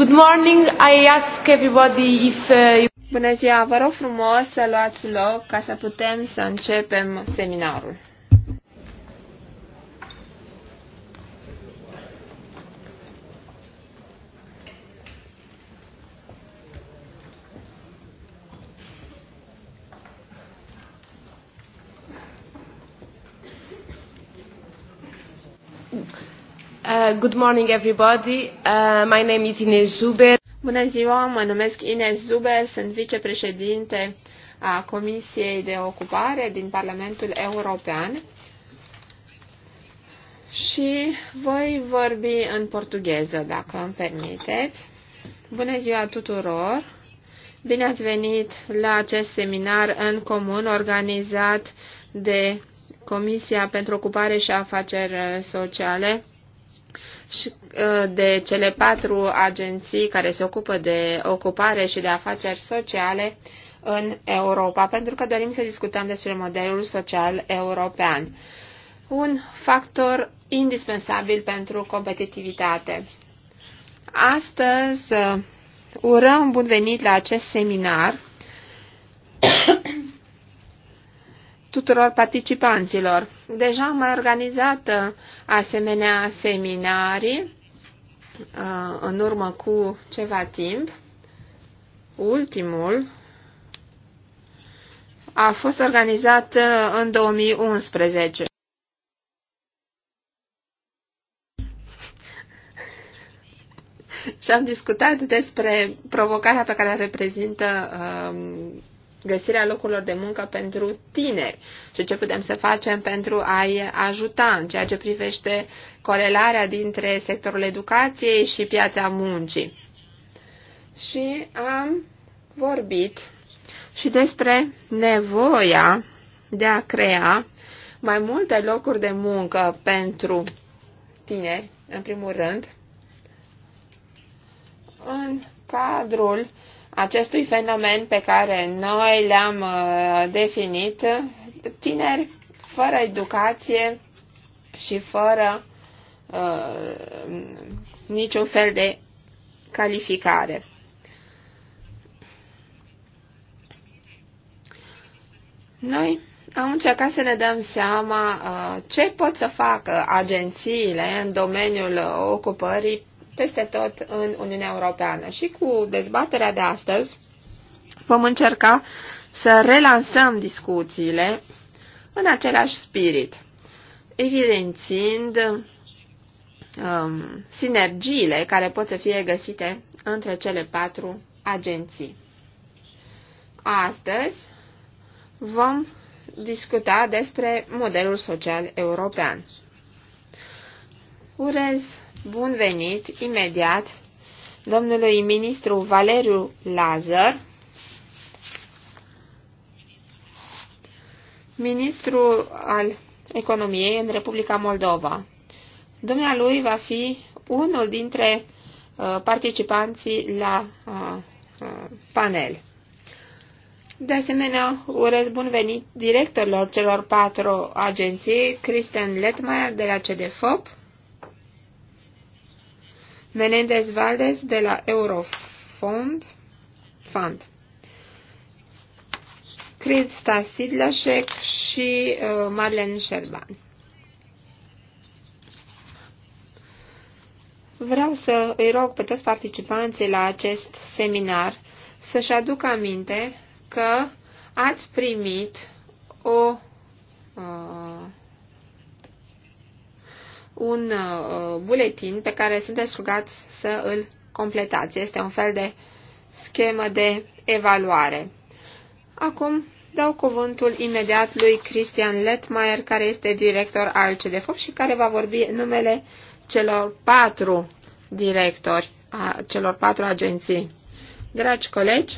Good morning. I ask everybody if uh, you... Bună ziua, vă rog frumos să luați loc ca să putem să începem seminarul. Uh, good morning everybody. Uh, my name is Ines Zuber. Bună ziua, mă numesc Ines Zuber, sunt vicepreședinte a Comisiei de Ocupare din Parlamentul European și voi vorbi în portugheză, dacă îmi permiteți. Bună ziua tuturor! Bine ați venit la acest seminar în comun organizat de Comisia pentru Ocupare și Afaceri Sociale și ă, de cele patru agenții care se ocupă de ocupare și de afaceri sociale în Europa, pentru că dorim să discutăm despre modelul social european, un factor indispensabil pentru competitivitate. Astăzi ă, urăm bun venit la acest seminar tuturor participanților. Deja am mai organizat uh, asemenea seminarii uh, în urmă cu ceva timp. Ultimul a fost organizat uh, în 2011. Și am discutat despre provocarea pe care reprezintă uh, găsirea locurilor de muncă pentru tineri și ce putem să facem pentru a-i ajuta în ceea ce privește corelarea dintre sectorul educației și piața muncii. Și am vorbit și despre nevoia de a crea mai multe locuri de muncă pentru tineri, în primul rând, în cadrul acestui fenomen pe care noi le-am uh, definit tineri fără educație și fără uh, niciun fel de calificare. Noi am încercat să ne dăm seama uh, ce pot să facă agențiile în domeniul ocupării peste tot în Uniunea Europeană. Și cu dezbaterea de astăzi vom încerca să relansăm discuțiile în același spirit, evidențiind um, sinergiile care pot să fie găsite între cele patru agenții. Astăzi vom discuta despre modelul social european. Urez bun venit imediat domnului ministru Valeriu Lazar, ministru al economiei în Republica Moldova. Dumnealui va fi unul dintre uh, participanții la uh, uh, panel. De asemenea, urez bun venit directorilor celor patru agenții, Kristen Letmaier de la CDFOP, Menendez Valdes de la Eurofond Fund. Cred Stasidlașec și uh, Madeleine Șerban. Vreau să îi rog pe toți participanții la acest seminar să-și aducă aminte că ați primit o uh, un uh, buletin pe care sunteți rugați să îl completați. Este un fel de schemă de evaluare. Acum dau cuvântul imediat lui Christian Letmaier, care este director al CDFOP și care va vorbi în numele celor patru directori, a celor patru agenții. Dragi colegi,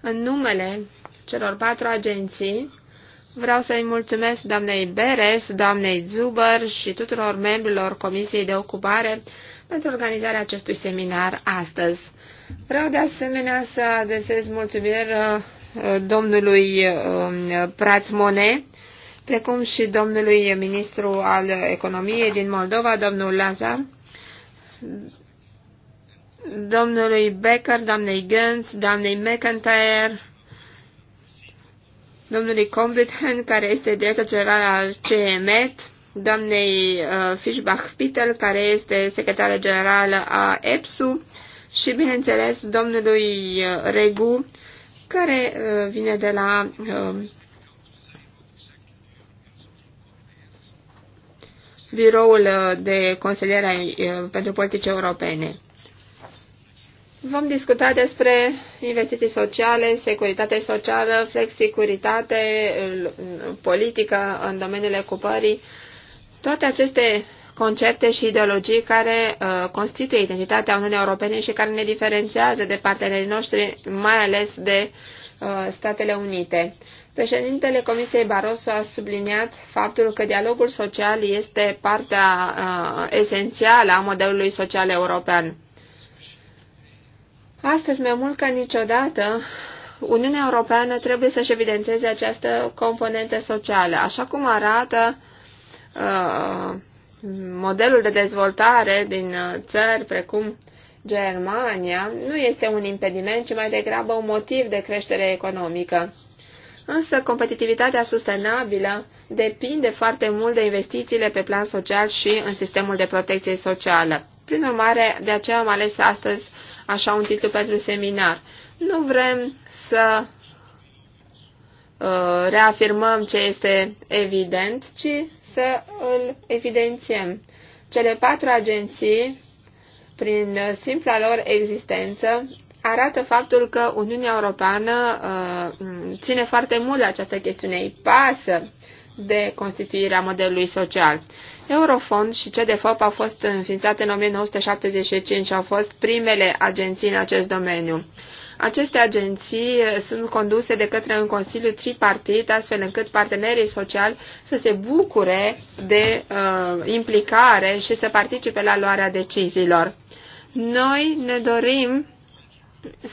în numele celor patru agenții, Vreau să-i mulțumesc doamnei Beres, doamnei Zuber și tuturor membrilor Comisiei de Ocupare pentru organizarea acestui seminar astăzi. Vreau de asemenea să adresez mulțumiri uh, domnului um, Praț Monet, precum și domnului ministru al economiei din Moldova, domnul Lazar, domnului Becker, doamnei Gönz, doamnei McIntyre, domnului Convithen, care este director general al CEMET, doamnei uh, fischbach pittel care este secretară generală a EPSU, și, bineînțeles, domnului uh, Regu, care uh, vine de la uh, biroul uh, de consiliere uh, pentru politici europene. Vom discuta despre investiții sociale, securitate socială, flexicuritate, politică în domeniile ocupării, toate aceste concepte și ideologii care uh, constituie identitatea Uniunii Europene și care ne diferențiază de partenerii noștri, mai ales de uh, Statele Unite. Președintele Comisiei Barroso a subliniat faptul că dialogul social este partea uh, esențială a modelului social european. Astăzi, mai mult ca niciodată, Uniunea Europeană trebuie să-și evidențeze această componentă socială, așa cum arată uh, modelul de dezvoltare din uh, țări precum Germania nu este un impediment, ci mai degrabă un motiv de creștere economică. Însă competitivitatea sustenabilă depinde foarte mult de investițiile pe plan social și în sistemul de protecție socială. Prin urmare, de aceea am ales astăzi așa un titlu pentru seminar. Nu vrem să uh, reafirmăm ce este evident, ci să îl evidențiem. Cele patru agenții, prin simpla lor existență, arată faptul că Uniunea Europeană uh, ține foarte mult la această chestiune, îi pasă de constituirea modelului social. Eurofond și CDFOP au fost înființate în 1975 și au fost primele agenții în acest domeniu. Aceste agenții sunt conduse de către un consiliu tripartit, astfel încât partenerii sociali să se bucure de uh, implicare și să participe la luarea deciziilor. Noi ne dorim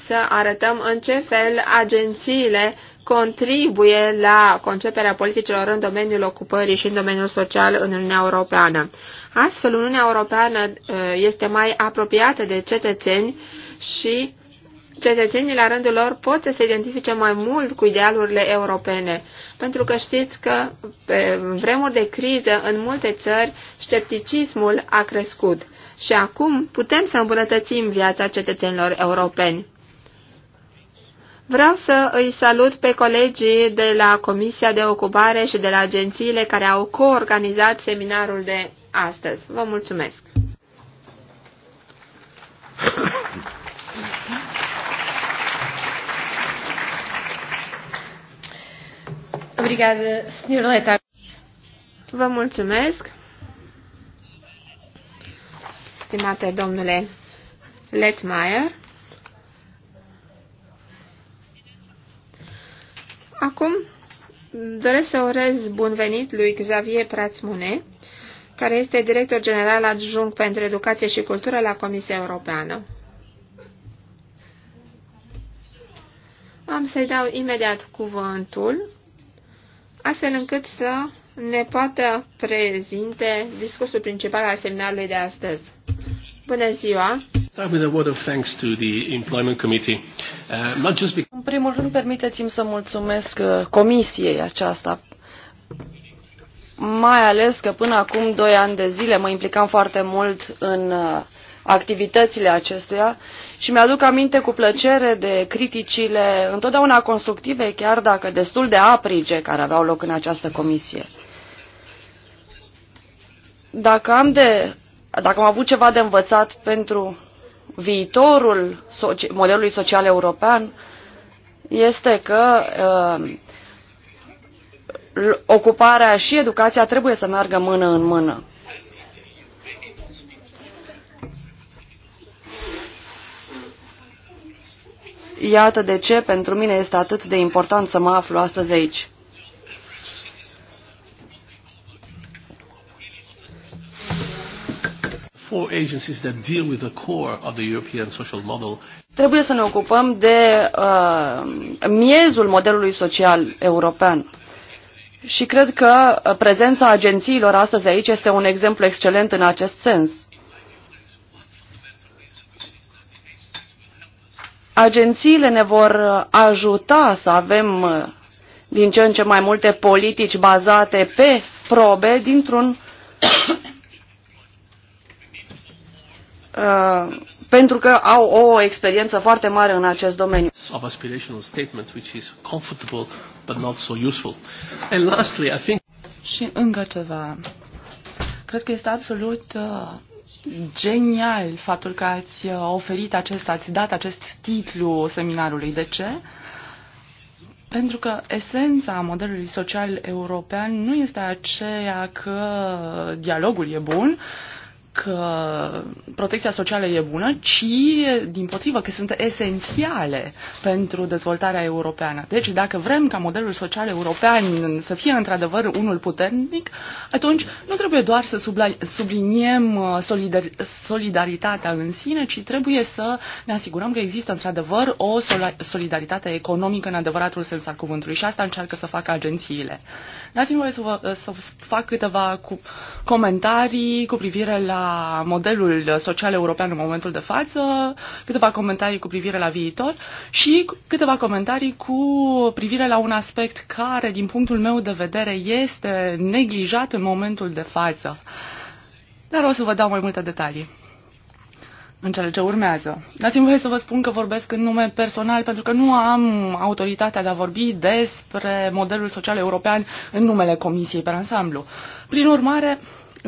să arătăm în ce fel agențiile contribuie la conceperea politicilor în domeniul ocupării și în domeniul social în Uniunea Europeană. Astfel, Uniunea Europeană uh, este mai apropiată de cetățeni și cetățenii la rândul lor pot să se identifice mai mult cu idealurile europene, pentru că știți că pe vremuri de criză în multe țări scepticismul a crescut și acum putem să îmbunătățim viața cetățenilor europeni. Vreau să îi salut pe colegii de la Comisia de Ocupare și de la agențiile care au coorganizat seminarul de astăzi. Vă mulțumesc! Vă mulțumesc, stimate domnule Letmaier. Acum doresc să urez bun venit lui Xavier Prațmune, care este director general adjunct pentru educație și cultură la Comisia Europeană. Am să-i dau imediat cuvântul, astfel încât să ne poată prezinte discursul principal al seminarului de astăzi. Bună ziua! În primul rând, permiteți-mi să mulțumesc uh, comisiei aceasta, mai ales că până acum doi ani de zile mă implicam foarte mult în uh, activitățile acestuia și mi-aduc aminte cu plăcere de criticile întotdeauna constructive, chiar dacă destul de aprige, care aveau loc în această comisie. Dacă am, de, dacă am avut ceva de învățat pentru viitorul modelului social european este că uh, ocuparea și educația trebuie să meargă mână în mână. Iată de ce pentru mine este atât de important să mă aflu astăzi aici. four agencies that deal with the core of the European social model. Trebuie să ne ocupăm de uh, miezul modelului social european. Și cred că uh, prezența agențiilor astăzi aici este un exemplu excelent în acest sens. Agențiile ne vor uh, ajuta să avem uh, din ce în ce mai multe politici bazate pe probe dintr-un Uh, pentru că au o experiență foarte mare în acest domeniu. Of aspirational statements which is comfortable but not so useful. And lastly, I think și încă ceva. Cred că este absolut uh, genial faptul că ați uh, oferit acest, ați dat acest titlu seminarului. De ce? Pentru că esența modelului social european nu este aceea că dialogul e bun, că protecția socială e bună, ci, din potrivă, că sunt esențiale pentru dezvoltarea europeană. Deci, dacă vrem ca modelul social european să fie, într-adevăr, unul puternic, atunci nu trebuie doar să subliniem uh, solidar- solidaritatea în sine, ci trebuie să ne asigurăm că există, într-adevăr, o solidaritate economică în adevăratul sens al cuvântului. Și asta încearcă să facă agențiile. Dați-mi voie să, vă, să fac câteva cu comentarii cu privire la modelul social european în momentul de față, câteva comentarii cu privire la viitor și câteva comentarii cu privire la un aspect care, din punctul meu de vedere, este neglijat în momentul de față. Dar o să vă dau mai multe detalii în cele ce urmează. Dați-mi voie să vă spun că vorbesc în nume personal pentru că nu am autoritatea de a vorbi despre modelul social european în numele Comisiei pe ansamblu. Prin urmare,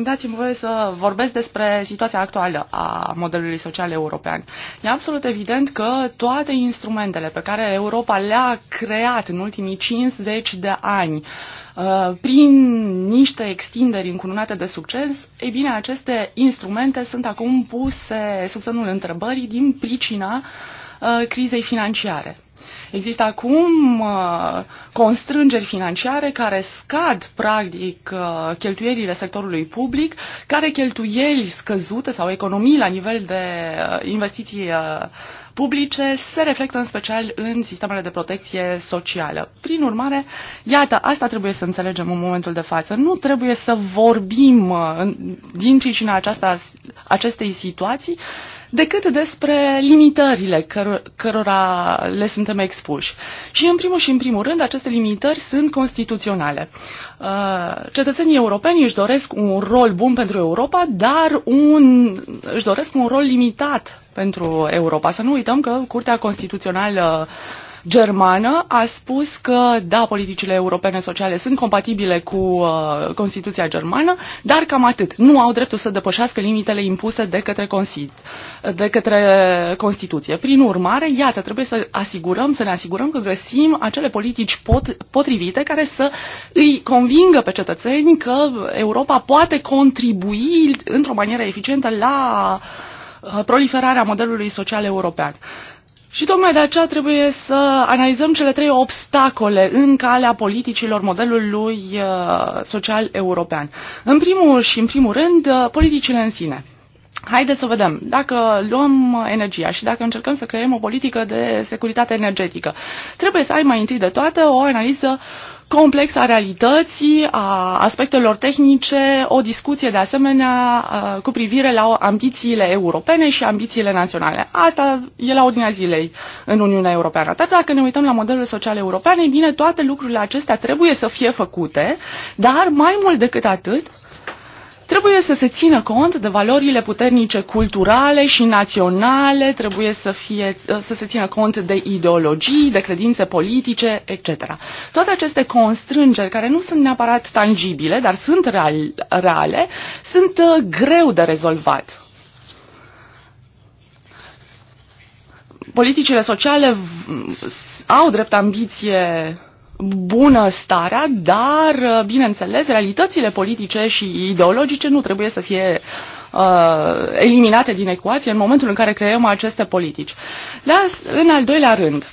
dați-mi voie să vorbesc despre situația actuală a modelului social european. E absolut evident că toate instrumentele pe care Europa le-a creat în ultimii 50 de ani uh, prin niște extinderi încununate de succes, ei bine, aceste instrumente sunt acum puse sub semnul întrebării din pricina uh, crizei financiare. Există acum uh, constrângeri financiare care scad, practic, uh, cheltuielile sectorului public, care cheltuieli scăzute sau economii la nivel de uh, investiții publice se reflectă în special în sistemele de protecție socială. Prin urmare, iată, asta trebuie să înțelegem în momentul de față. Nu trebuie să vorbim din pricina aceasta, acestei situații decât despre limitările căr- cărora le suntem expuși. Și în primul și în primul rând, aceste limitări sunt constituționale. Uh, cetățenii europeni își doresc un rol bun pentru Europa, dar un, își doresc un rol limitat pentru Europa. Să nu uităm că Curtea Constituțională germană a spus că, da, politicile europene sociale sunt compatibile cu uh, Constituția germană, dar cam atât. Nu au dreptul să depășească limitele impuse de către, Consit, de către Constituție. Prin urmare, iată, trebuie să asigurăm, să ne asigurăm că găsim acele politici pot, potrivite care să îi convingă pe cetățeni că Europa poate contribui într-o manieră eficientă la uh, proliferarea modelului social european. Și tocmai de aceea trebuie să analizăm cele trei obstacole în calea politicilor modelului uh, social european. În primul și în primul rând, uh, politicile în sine. Haideți să vedem. Dacă luăm uh, energia și dacă încercăm să creăm o politică de securitate energetică, trebuie să ai mai întâi de toate o analiză uh, complex a realității, a aspectelor tehnice, o discuție de asemenea cu privire la ambițiile europene și ambițiile naționale. Asta e la ordinea zilei în Uniunea Europeană. Atât dacă ne uităm la modelul social european, bine, toate lucrurile acestea trebuie să fie făcute, dar mai mult decât atât, Trebuie să se țină cont de valorile puternice culturale și naționale, trebuie să, fie, să se țină cont de ideologii, de credințe politice, etc. Toate aceste constrângeri, care nu sunt neapărat tangibile, dar sunt real, reale, sunt uh, greu de rezolvat. Politicile sociale au drept ambiție bună starea, dar, uh, bineînțeles, realitățile politice și ideologice nu trebuie să fie uh, eliminate din ecuație în momentul în care creăm aceste politici. Dar, în al doilea rând,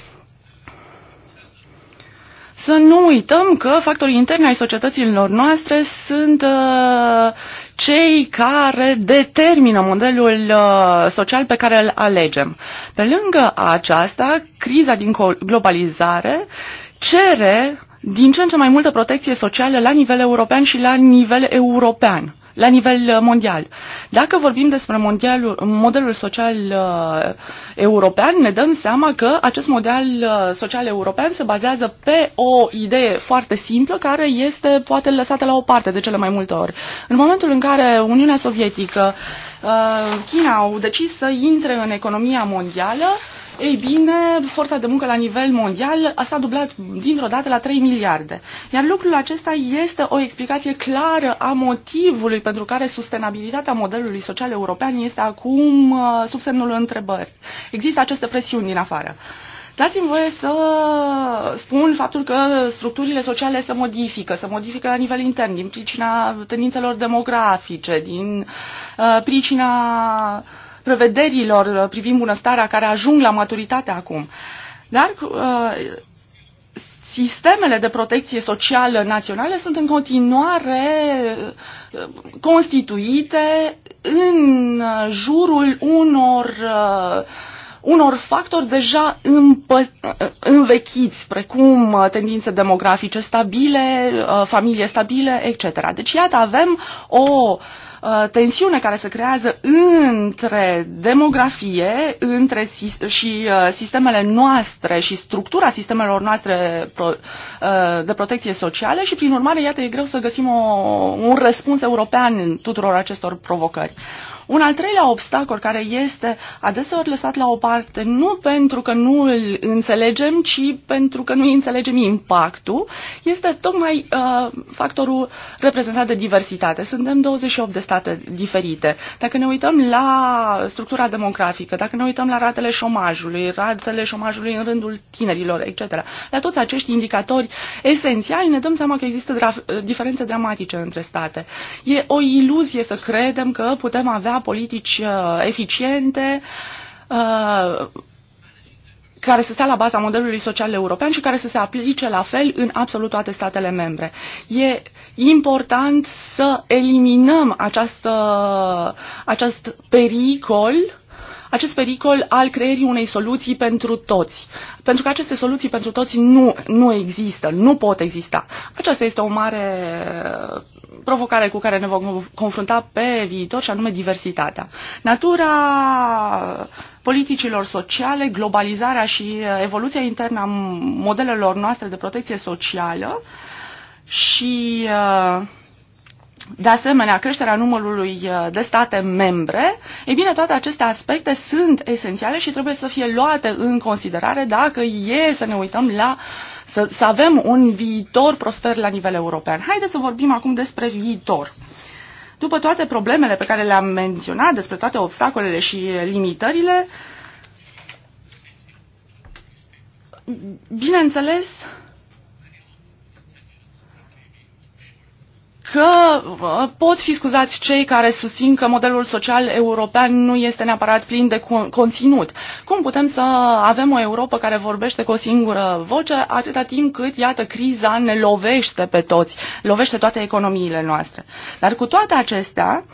să nu uităm că factorii interni ai societăților noastre sunt uh, cei care determină modelul uh, social pe care îl alegem. Pe lângă aceasta, criza din globalizare cere din ce în ce mai multă protecție socială la nivel european și la nivel european, la nivel uh, mondial. Dacă vorbim despre mondialul, modelul social uh, european, ne dăm seama că acest model uh, social european se bazează pe o idee foarte simplă care este poate lăsată la o parte de cele mai multe ori. În momentul în care Uniunea Sovietică, uh, China au decis să intre în economia mondială, uh, ei bine, forța de muncă la nivel mondial s-a dublat dintr-o dată la 3 miliarde. Iar lucrul acesta este o explicație clară a motivului pentru care sustenabilitatea modelului social european este acum uh, sub semnul întrebării. Există aceste presiuni din afară. Dați-mi voie să spun faptul că structurile sociale se modifică, se modifică la nivel intern, din pricina tendințelor demografice, din uh, pricina prevederilor privind bunăstarea care ajung la maturitate acum. Dar uh, sistemele de protecție socială naționale sunt în continuare uh, constituite în jurul unor uh, unor factori deja uh, învechiți, precum uh, tendințe demografice stabile, familie stabile, etc. Deci, iată, avem o Uh, tensiune care se creează între demografie între și uh, sistemele noastre și structura sistemelor noastre uh, de protecție socială și, prin urmare, iată, e greu să găsim o, un răspuns european în tuturor acestor provocări. Un al treilea obstacol care este adeseori lăsat la o parte, nu pentru că nu îl înțelegem, ci pentru că nu înțelegem impactul, este tocmai uh, factorul reprezentat de diversitate. Suntem 28 de state diferite. Dacă ne uităm la structura demografică, dacă ne uităm la ratele șomajului, ratele șomajului în rândul tinerilor, etc., la toți acești indicatori esențiali ne dăm seama că există diferențe dramatice între state. E o iluzie să credem că putem avea politici uh, eficiente uh, care să stea la baza modelului social european și care să se aplice la fel în absolut toate statele membre. E important să eliminăm această, acest pericol acest pericol al creierii unei soluții pentru toți. Pentru că aceste soluții pentru toți nu, nu există, nu pot exista. Aceasta este o mare provocare cu care ne vom confrunta pe viitor și anume diversitatea. Natura politicilor sociale, globalizarea și evoluția internă a modelelor noastre de protecție socială și uh, de asemenea creșterea numărului uh, de state membre, ei bine, toate aceste aspecte sunt esențiale și trebuie să fie luate în considerare dacă e să ne uităm la să, să avem un viitor prosper la nivel european. Haideți să vorbim acum despre viitor. După toate problemele pe care le-am menționat, despre toate obstacolele și limitările, bineînțeles, că uh, pot fi scuzați cei care susțin că modelul social european nu este neapărat plin de conținut. Cum putem să avem o Europa care vorbește cu o singură voce atâta timp cât, iată, criza ne lovește pe toți, lovește toate economiile noastre. Dar cu toate acestea, uh,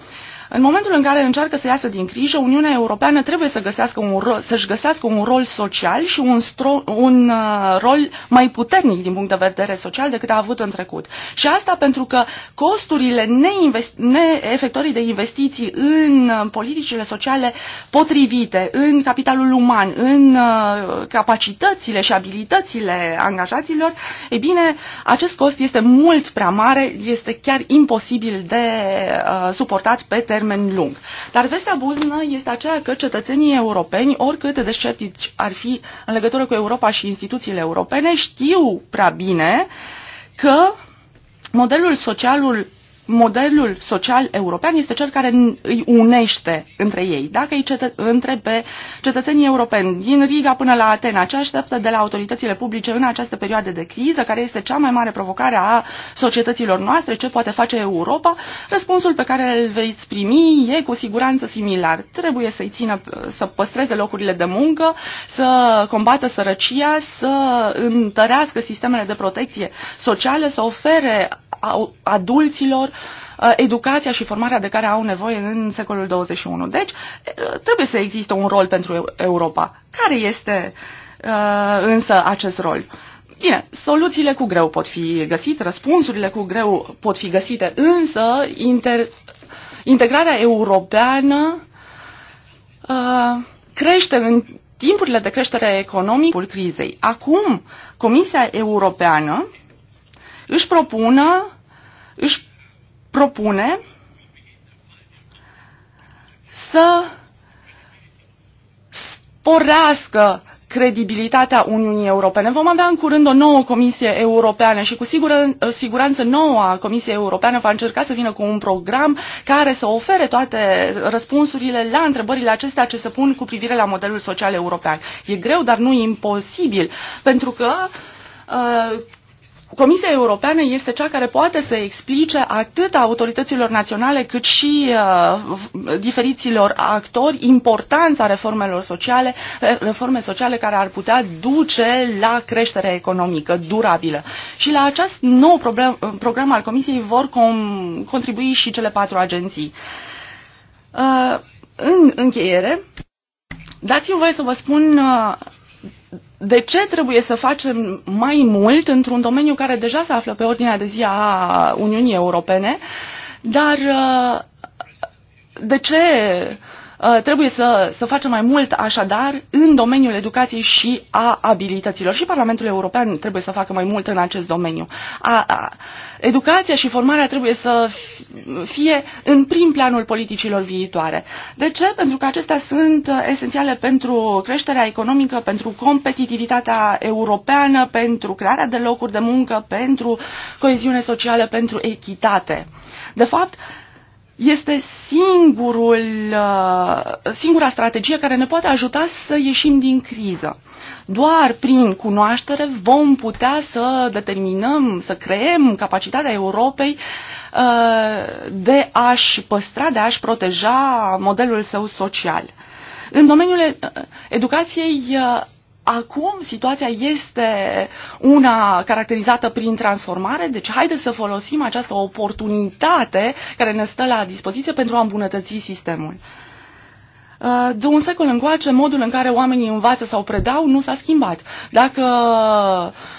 în momentul în care încearcă să iasă din criză, Uniunea Europeană trebuie să găsească un să-și găsească un rol social și un, stro, un uh, rol mai puternic din punct de vedere social decât a avut în trecut. Și asta pentru că costurile neefectorii de investiții în uh, politicile sociale potrivite, în capitalul uman, în uh, capacitățile și abilitățile angajaților, e bine, acest cost este mult prea mare, este chiar imposibil de uh, suportat pe termen termen lung. Dar vestea bună este aceea că cetățenii europeni, oricât de sceptici ar fi în legătură cu Europa și instituțiile europene, știu prea bine că modelul socialul modelul social european este cel care îi unește între ei. Dacă îi cetă- între pe cetățenii europeni din Riga până la Atena, ce așteaptă de la autoritățile publice în această perioadă de criză, care este cea mai mare provocare a societăților noastre, ce poate face Europa, răspunsul pe care îl veți primi e cu siguranță similar. Trebuie să-i țină, să păstreze locurile de muncă, să combată sărăcia, să întărească sistemele de protecție socială, să ofere adulților uh, educația și formarea de care au nevoie în secolul 21. Deci, uh, trebuie să existe un rol pentru Europa. Care este uh, însă acest rol? Bine, soluțiile cu greu pot fi găsite, răspunsurile cu greu pot fi găsite, însă inter, integrarea europeană uh, crește în timpurile de creștere economică crizei. Acum, Comisia Europeană își propună, își propune să sporească credibilitatea Uniunii Europene. Vom avea în curând o nouă Comisie Europeană și cu sigură, eh, siguranță noua Comisie Europeană va încerca să vină cu un program care să ofere toate răspunsurile la întrebările acestea ce se pun cu privire la modelul social european. E greu, dar nu imposibil, pentru că uh, Comisia Europeană este cea care poate să explice atât autorităților naționale cât și uh, diferiților actori importanța reformelor sociale, reforme sociale care ar putea duce la creștere economică durabilă. Și la acest nou problem, program al Comisiei vor com, contribui și cele patru agenții. Uh, în încheiere, dați-mi voie să vă spun uh, de ce trebuie să facem mai mult într-un domeniu care deja se află pe ordinea de zi a Uniunii Europene, dar uh, de ce Uh, trebuie să, să facem mai mult așadar în domeniul educației și a abilităților. Și Parlamentul European trebuie să facă mai mult în acest domeniu. A, a, educația și formarea trebuie să fie în prim planul politicilor viitoare. De ce? Pentru că acestea sunt uh, esențiale pentru creșterea economică, pentru competitivitatea europeană, pentru crearea de locuri de muncă, pentru coeziune socială, pentru echitate. De fapt, este singurul, uh, singura strategie care ne poate ajuta să ieșim din criză. Doar prin cunoaștere vom putea să determinăm, să creăm capacitatea Europei uh, de a-și păstra, de a-și proteja modelul său social. În domeniul uh, educației Acum situația este una caracterizată prin transformare, deci haideți să folosim această oportunitate care ne stă la dispoziție pentru a îmbunătăți sistemul. Uh, de un secol încoace, modul în care oamenii învață sau predau nu s-a schimbat. Dacă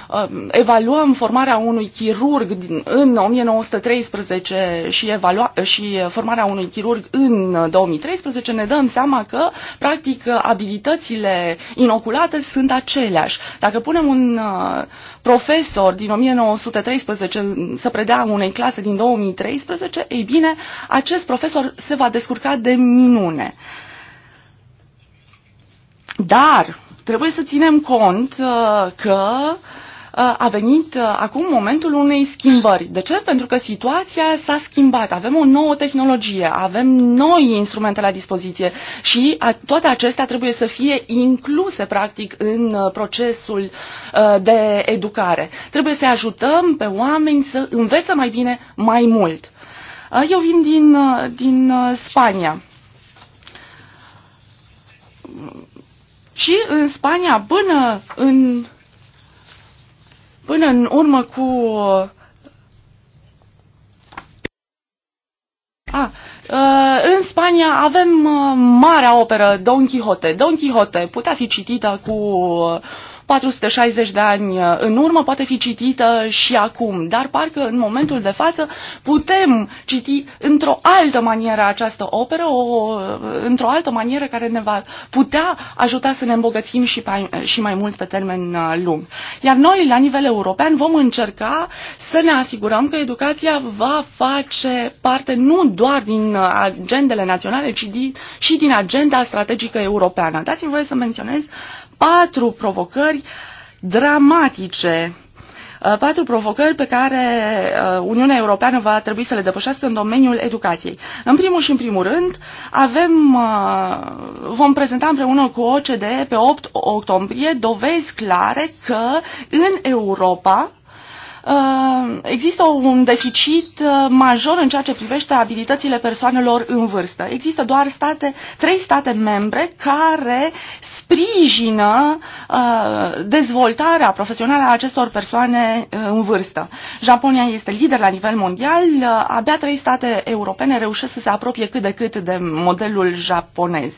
uh, evaluăm formarea unui chirurg în 1913 și, evalua, și formarea unui chirurg în 2013, ne dăm seama că, practic, abilitățile inoculate sunt aceleași. Dacă punem un uh, profesor din 1913 să predea unei clase din 2013, ei bine, acest profesor se va descurca de minune. Dar trebuie să ținem cont uh, că uh, a venit uh, acum momentul unei schimbări. De ce? Pentru că situația s-a schimbat. Avem o nouă tehnologie, avem noi instrumente la dispoziție și toate acestea trebuie să fie incluse, practic, în procesul de educare. Trebuie să ajutăm pe oameni să învețe mai bine, mai mult. Eu vin din, din Spania și în Spania, până în, până în urmă cu... A, în Spania avem marea operă Don Quixote. Don Quixote putea fi citită cu 460 de ani uh, în urmă, poate fi citită și acum, dar parcă în momentul de față putem citi într-o altă manieră această operă, o, uh, într-o altă manieră care ne va putea ajuta să ne îmbogățim și, pe, și mai mult pe termen uh, lung. Iar noi, la nivel european, vom încerca să ne asigurăm că educația va face parte nu doar din agendele naționale, ci din, și din agenda strategică europeană. Dați-mi voie să menționez patru provocări dramatice uh, patru provocări pe care uh, Uniunea Europeană va trebui să le depășească în domeniul educației. În primul și în primul rând, avem, uh, vom prezenta împreună cu OCDE pe 8 octombrie dovezi clare că în Europa Uh, există un deficit uh, major în ceea ce privește abilitățile persoanelor în vârstă. Există doar state, trei state membre care sprijină uh, dezvoltarea profesională a acestor persoane în vârstă. Japonia este lider la nivel mondial, abia trei state europene reușesc să se apropie cât de cât de modelul japonez.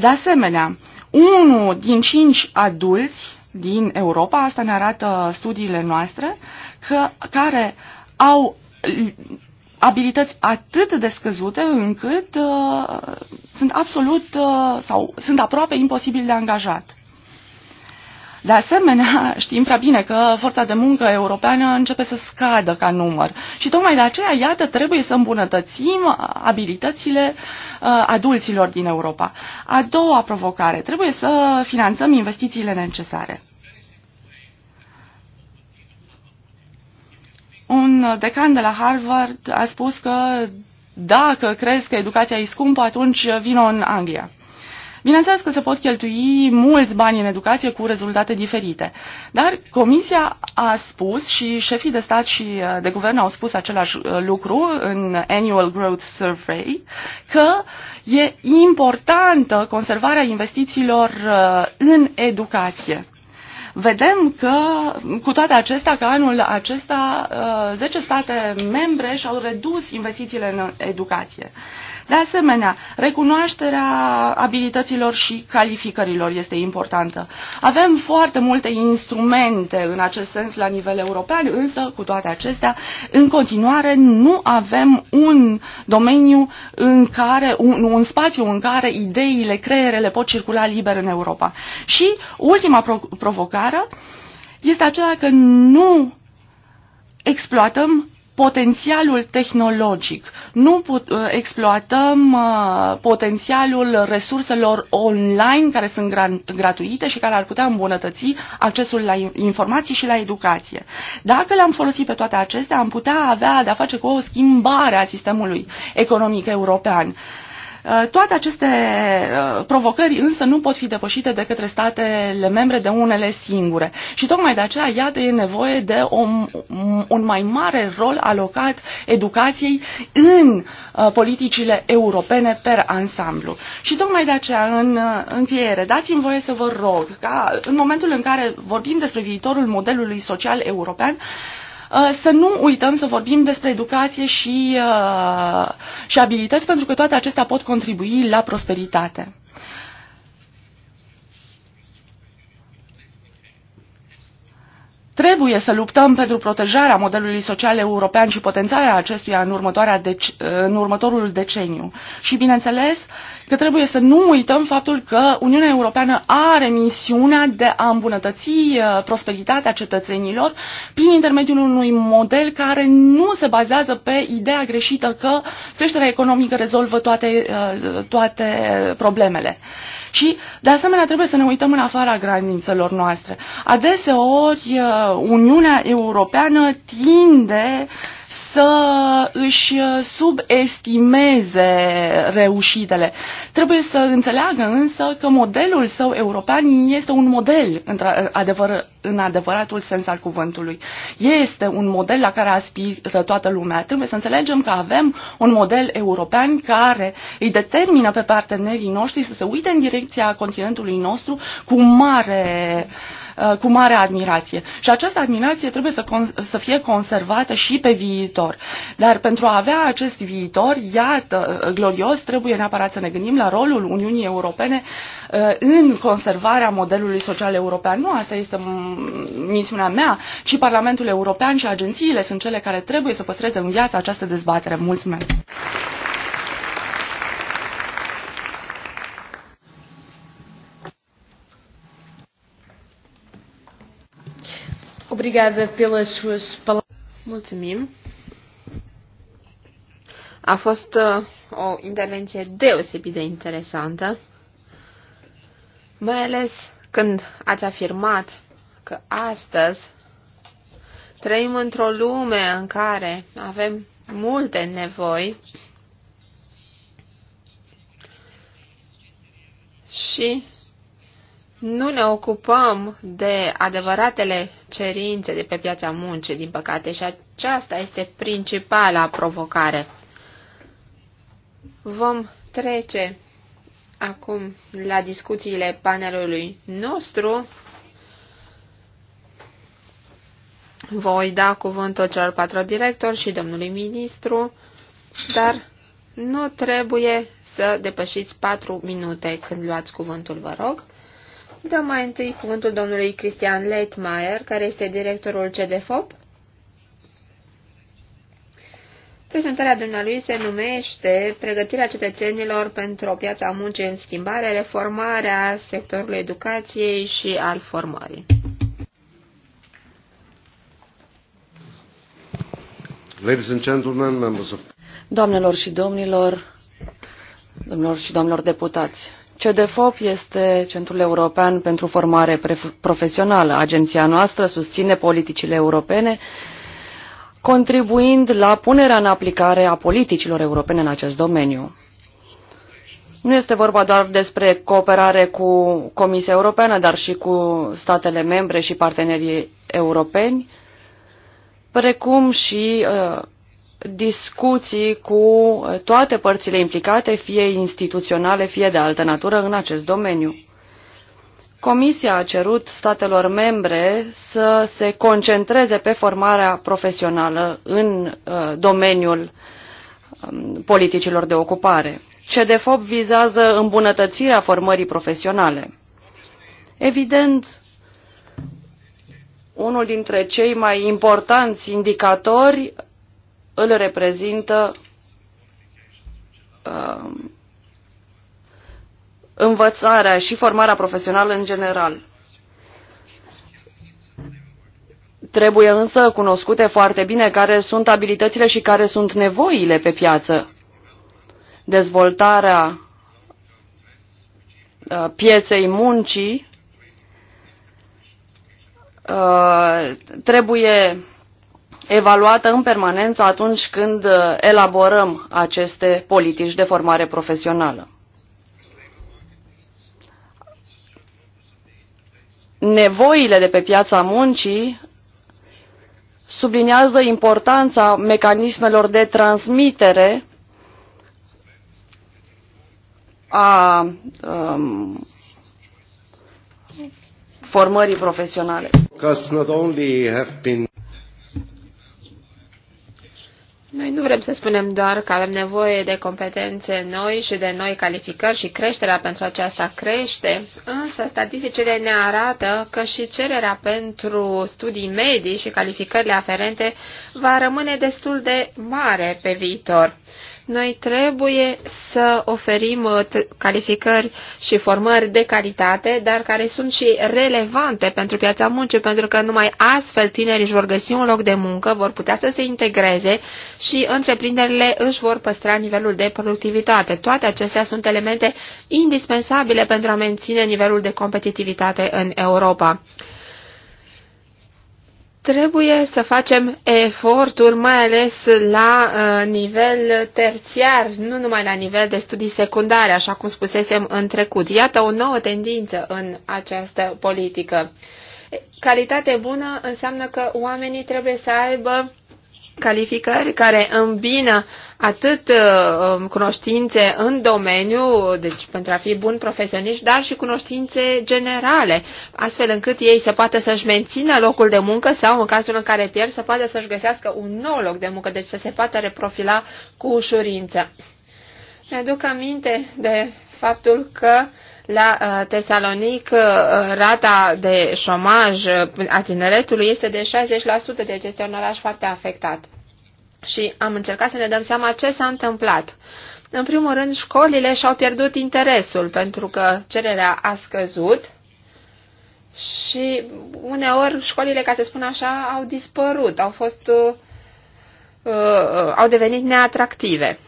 De asemenea, unul din cinci adulți din Europa, asta ne arată studiile noastre, că, care au abilități atât de scăzute încât uh, sunt absolut uh, sau sunt aproape imposibil de angajat. De asemenea, știm prea bine că forța de muncă europeană începe să scadă ca număr și tocmai de aceea, iată, trebuie să îmbunătățim abilitățile uh, adulților din Europa. A doua provocare, trebuie să finanțăm investițiile necesare. Un decan de la Harvard a spus că dacă crezi că educația e scumpă, atunci vino în Anglia. Bineînțeles că se pot cheltui mulți bani în educație cu rezultate diferite, dar Comisia a spus și șefii de stat și uh, de guvern au spus același uh, lucru în Annual Growth Survey, că e importantă conservarea investițiilor uh, în educație vedem că, cu toate acestea, că anul acesta 10 uh, state membre și-au redus investițiile în educație. De asemenea, recunoașterea abilităților și calificărilor este importantă. Avem foarte multe instrumente în acest sens la nivel european, însă, cu toate acestea, în continuare nu avem un domeniu în care, un, un spațiu în care ideile, creierele pot circula liber în Europa. Și ultima pro- provocare este aceea că nu exploatăm potențialul tehnologic, nu put, uh, exploatăm uh, potențialul resurselor online care sunt gran, gratuite și care ar putea îmbunătăți accesul la informații și la educație. Dacă le-am folosit pe toate acestea, am putea avea de-a face cu o schimbare a sistemului economic european. Uh, Uh, toate aceste uh, provocări însă nu pot fi depășite de către statele membre de unele singure. Și tocmai de aceea, iată, e nevoie de o, un mai mare rol alocat educației în uh, politicile europene per ansamblu. Și tocmai de aceea, în încheiere, dați-mi voie să vă rog ca în momentul în care vorbim despre viitorul modelului social european, Uh, să nu uităm să vorbim despre educație și, uh, și abilități, pentru că toate acestea pot contribui la prosperitate. Trebuie să luptăm pentru protejarea modelului social european și potențarea acestuia în, deci- în următorul deceniu. Și, bineînțeles, că trebuie să nu uităm faptul că Uniunea Europeană are misiunea de a îmbunătăți uh, prosperitatea cetățenilor prin intermediul unui model care nu se bazează pe ideea greșită că creșterea economică rezolvă toate, uh, toate problemele. Și, de asemenea, trebuie să ne uităm în afara granițelor noastre. Adeseori, uh, Uniunea Europeană tinde uh, să își uh, subestimeze reușitele. Trebuie să înțeleagă însă că modelul său european este un model în, adevăr, în adevăratul sens al cuvântului. Este un model la care aspiră toată lumea. Trebuie să înțelegem că avem un model european care îi determină pe partenerii noștri să se uite în direcția continentului nostru cu mare uh, Uh, cu mare admirație. Și această admirație trebuie să, să fie conservată și pe viitor. Dar pentru a avea acest viitor, iată, uh, glorios, trebuie neapărat să ne gândim la rolul Uniunii Europene uh, în conservarea modelului social european. Nu asta este mm, misiunea mea, ci Parlamentul European și agențiile sunt cele care trebuie să păstreze în viață această dezbatere. Mulțumesc! Obrigada pelas suas palavras. Mulțumim. A fost uh, o intervenție deosebit de interesantă, mai ales când ați afirmat că astăzi trăim într-o lume în care avem multe nevoi și nu ne ocupăm de adevăratele cerințe de pe piața muncii, din păcate, și aceasta este principala provocare. Vom trece acum la discuțiile panelului nostru. Voi da cuvântul celor patru directori și domnului ministru, dar nu trebuie să depășiți patru minute când luați cuvântul, vă rog. Dăm mai întâi cuvântul domnului Cristian Leitmaier, care este directorul CDFOP. Prezentarea dumnealui se numește Pregătirea cetățenilor pentru o piață a muncii în schimbare, reformarea sectorului educației și al formării. Ladies and gentlemen, members of... Doamnelor și domnilor, domnilor și domnilor deputați, CDFOP este Centrul European pentru Formare Profesională. Agenția noastră susține politicile europene, contribuind la punerea în aplicare a politicilor europene în acest domeniu. Nu este vorba doar despre cooperare cu Comisia Europeană, dar și cu statele membre și partenerii europeni, precum și uh, discuții cu toate părțile implicate, fie instituționale, fie de altă natură, în acest domeniu. Comisia a cerut statelor membre să se concentreze pe formarea profesională în uh, domeniul um, politicilor de ocupare. de fapt vizează îmbunătățirea formării profesionale. Evident, unul dintre cei mai importanți indicatori îl reprezintă uh, învățarea și formarea profesională în general. Trebuie însă cunoscute foarte bine care sunt abilitățile și care sunt nevoile pe piață. Dezvoltarea uh, pieței muncii uh, trebuie evaluată în permanență atunci când uh, elaborăm aceste politici de formare profesională. Nevoile de pe piața muncii subliniază importanța mecanismelor de transmitere a um, formării profesionale. Because not only have been Noi nu vrem să spunem doar că avem nevoie de competențe noi și de noi calificări și creșterea pentru aceasta crește, însă statisticile ne arată că și cererea pentru studii medii și calificările aferente va rămâne destul de mare pe viitor. Noi trebuie să oferim uh, calificări și formări de calitate, dar care sunt și relevante pentru piața muncii, pentru că numai astfel tinerii își vor găsi un loc de muncă, vor putea să se integreze și întreprinderile își vor păstra nivelul de productivitate. Toate acestea sunt elemente indispensabile pentru a menține nivelul de competitivitate în Europa. Trebuie să facem eforturi, mai ales la uh, nivel terțiar, nu numai la nivel de studii secundare, așa cum spusesem în trecut. Iată o nouă tendință în această politică. Calitate bună înseamnă că oamenii trebuie să aibă calificări care îmbină atât uh, um, cunoștințe în domeniu, deci pentru a fi bun profesioniști, dar și cunoștințe generale, astfel încât ei să poată să-și mențină locul de muncă sau, în cazul în care pierd, să poată să-și găsească un nou loc de muncă, deci să se poată reprofila cu ușurință. Mi-aduc aminte de faptul că la uh, Tesalonic uh, rata de șomaj a tineretului este de 60%, deci este un oraș foarte afectat și am încercat să ne dăm seama ce s-a întâmplat. În primul rând, școlile și-au pierdut interesul pentru că cererea a scăzut și uneori școlile, ca să spun așa, au dispărut, au fost uh, uh, au devenit neatractive.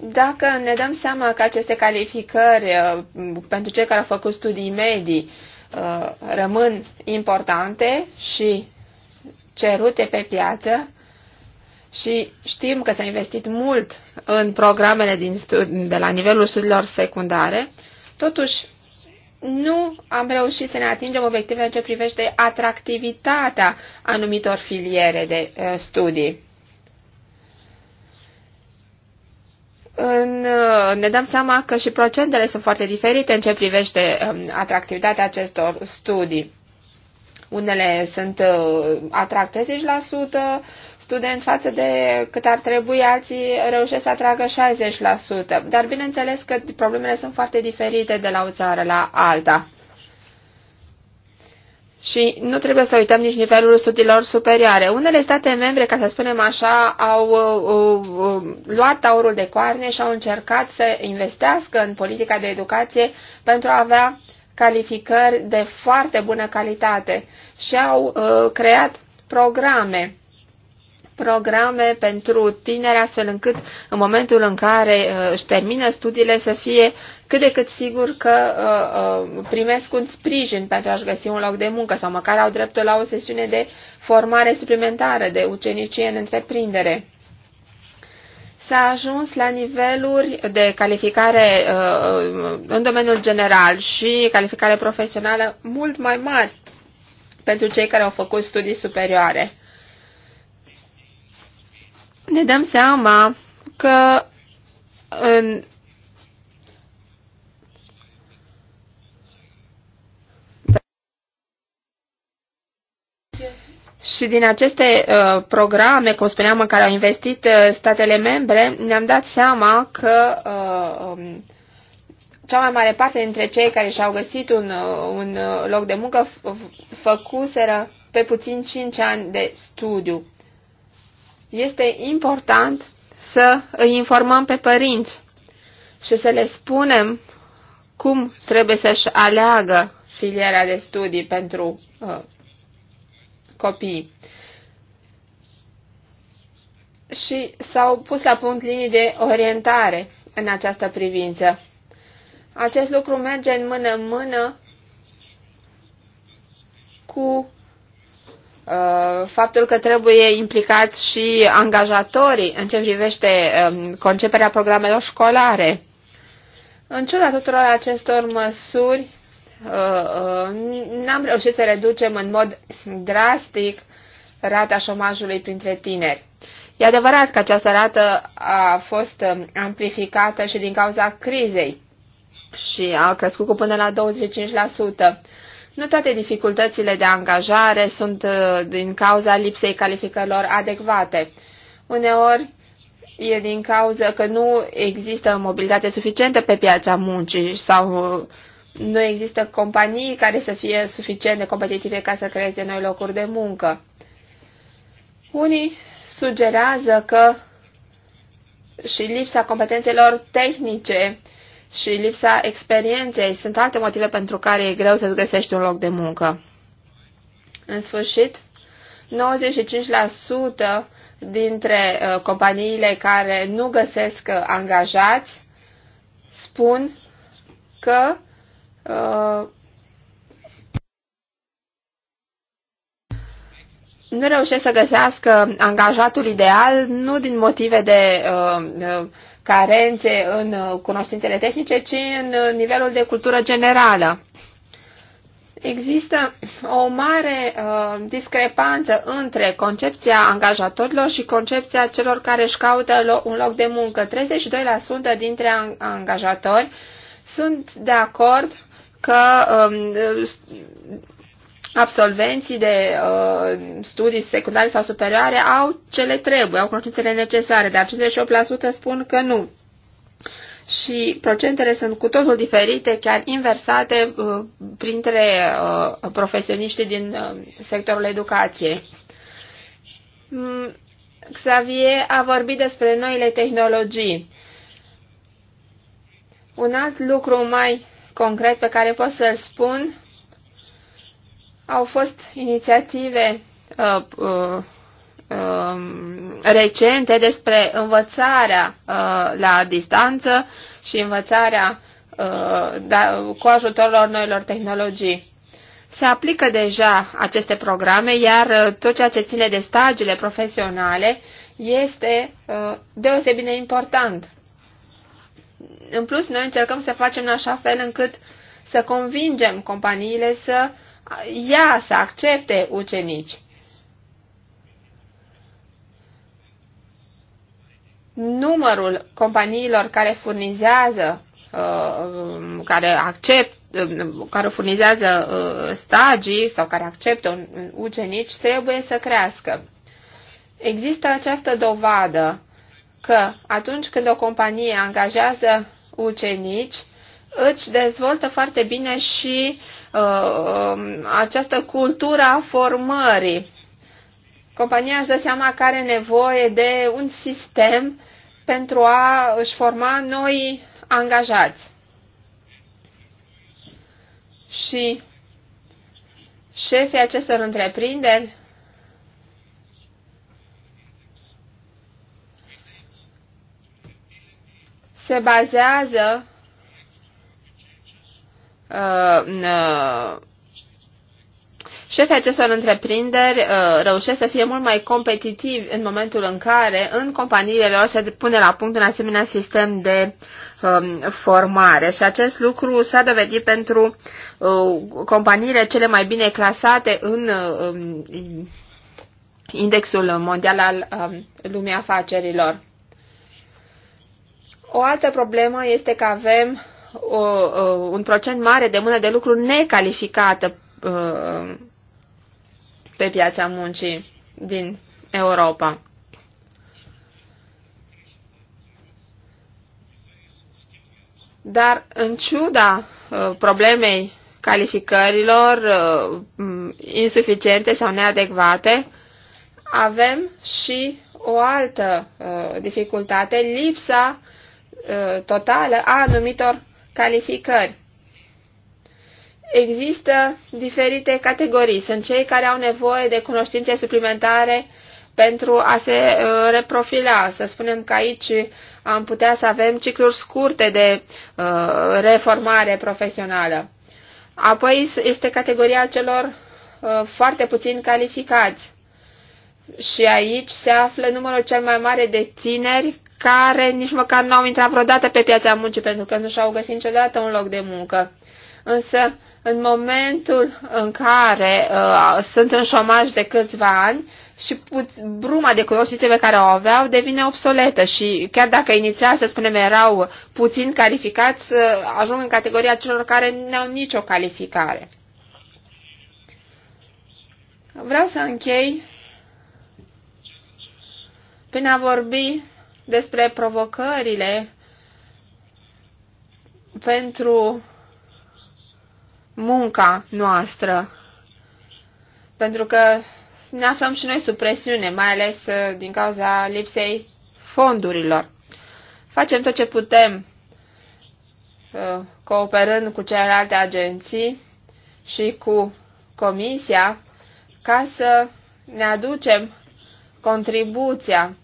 Dacă ne dăm seama că aceste calificări uh, pentru cei care au făcut studii medii uh, rămân importante și cerute pe piață, și știm că s-a investit mult în programele din de la nivelul studiilor secundare, totuși nu am reușit să ne atingem obiectivele în ce privește atractivitatea anumitor filiere de uh, studii. În, uh, ne dăm seama că și procentele sunt foarte diferite în ce privește um, atractivitatea acestor studii. Unele sunt uh, atrag 30%, Student față de cât ar trebui, alții reușesc să atragă 60%. Dar bineînțeles că problemele sunt foarte diferite de la o țară la alta. Și nu trebuie să uităm nici nivelul studiilor superioare. Unele state membre, ca să spunem așa, au uh, uh, uh luat taurul de coarne și au încercat să investească în politica de educație pentru a avea calificări de foarte bună calitate și au uh, creat programe programe pentru tineri, astfel încât în momentul în care uh, își termină studiile să fie cât de cât sigur că uh, uh, primesc un sprijin pentru a-și găsi un loc de muncă sau măcar au dreptul la o sesiune de formare suplimentară de ucenicie în întreprindere. S-a ajuns la niveluri de calificare în domeniul general și calificare profesională mult mai mari pentru cei care au făcut studii superioare ne dăm seama că în Și din aceste uh, programe, cum spuneam, în care au investit uh, statele membre, ne-am dat seama că uh, um, cea mai mare parte dintre cei care și-au găsit un, uh, un uh, loc de muncă făcuseră pe puțin 5 ani de studiu este important să îi informăm pe părinți și să le spunem cum trebuie să-și aleagă filiera de studii pentru uh, copii. Și s-au pus la punct linii de orientare în această privință. Acest lucru merge în mână-mână cu Uh, faptul că trebuie implicați și angajatorii în ce privește um, conceperea programelor școlare. În ciuda tuturor acestor măsuri, uh, uh, n-am reușit să reducem în mod drastic rata șomajului printre tineri. E adevărat că această rată a fost um, amplificată și din cauza crizei și a crescut cu până la 25%. Nu toate dificultățile de angajare sunt uh, din cauza lipsei calificărilor adecvate. Uneori e din cauza că nu există mobilitate suficientă pe piața muncii sau uh, nu există companii care să fie suficient de competitive ca să creeze noi locuri de muncă. Unii sugerează că și lipsa competențelor tehnice și lipsa experienței sunt alte motive pentru care e greu să-ți găsești un loc de muncă. În sfârșit, 95% dintre uh, companiile care nu găsesc uh, angajați spun că uh, nu reușesc să găsească angajatul ideal, nu din motive de uh, uh carențe în uh, cunoștințele tehnice, ci în uh, nivelul de cultură generală. Există o mare uh, discrepanță între concepția angajatorilor și concepția celor care își caută lo- un loc de muncă. 32% dintre an- angajatori sunt de acord că um, absolvenții de uh, studii secundare sau superioare au ce le trebuie, au cunoștințele necesare, dar 58% spun că nu. Și procentele sunt cu totul diferite, chiar inversate uh, printre uh, profesioniștii din uh, sectorul educației. Mm, Xavier a vorbit despre noile tehnologii. Un alt lucru mai concret pe care pot să-l spun au fost inițiative uh, uh, uh, recente despre învățarea uh, la distanță și învățarea uh, da, cu ajutorul noilor tehnologii. Se aplică deja aceste programe, iar uh, tot ceea ce ține de stagiile profesionale este uh, deosebit de important. În plus, noi încercăm să facem în așa fel încât să convingem companiile să ia să accepte ucenici. Numărul companiilor care furnizează, uh, care accept, uh, care furnizează uh, stagii sau care acceptă ucenici trebuie să crească. Există această dovadă că atunci când o companie angajează ucenici, își dezvoltă foarte bine și Uh, această cultură a formării. Compania își dă seama că are nevoie de un sistem pentru a își forma noi angajați. Și șefii acestor întreprinderi se bazează uh, uh, șefii acestor întreprinderi uh, reușesc să fie mult mai competitivi în momentul în care în companiile lor se pune la punct un asemenea sistem de um, formare și acest lucru s-a dovedit pentru uh, companiile cele mai bine clasate în uh, indexul mondial al um, lumii afacerilor. O altă problemă este că avem o, un procent mare de mână de lucru necalificată uh, pe piața muncii din Europa. Dar în ciuda uh, problemei calificărilor uh, insuficiente sau neadecvate, avem și o altă dificultate, lipsa totală a anumitor calificări. Există diferite categorii. Sunt cei care au nevoie de cunoștințe suplimentare pentru a se uh, reprofila. Să spunem că aici am putea să avem cicluri scurte de uh, reformare profesională. Apoi este categoria celor uh, foarte puțin calificați. Și aici se află numărul cel mai mare de tineri care nici măcar nu au intrat vreodată pe piața muncii pentru că nu și-au găsit niciodată un loc de muncă. Însă, în momentul în care uh, sunt în șomaj de câțiva ani și bruma de cunoștințe pe care o aveau devine obsoletă și chiar dacă inițial, să spunem, erau puțin calificați, uh, ajung în categoria celor care nu au nicio calificare. Vreau să închei prin a vorbi despre provocările pentru munca noastră. Pentru că ne aflăm și noi sub presiune, mai ales uh, din cauza lipsei fondurilor. Facem tot ce putem uh, cooperând cu celelalte agenții și cu Comisia ca să ne aducem contribuția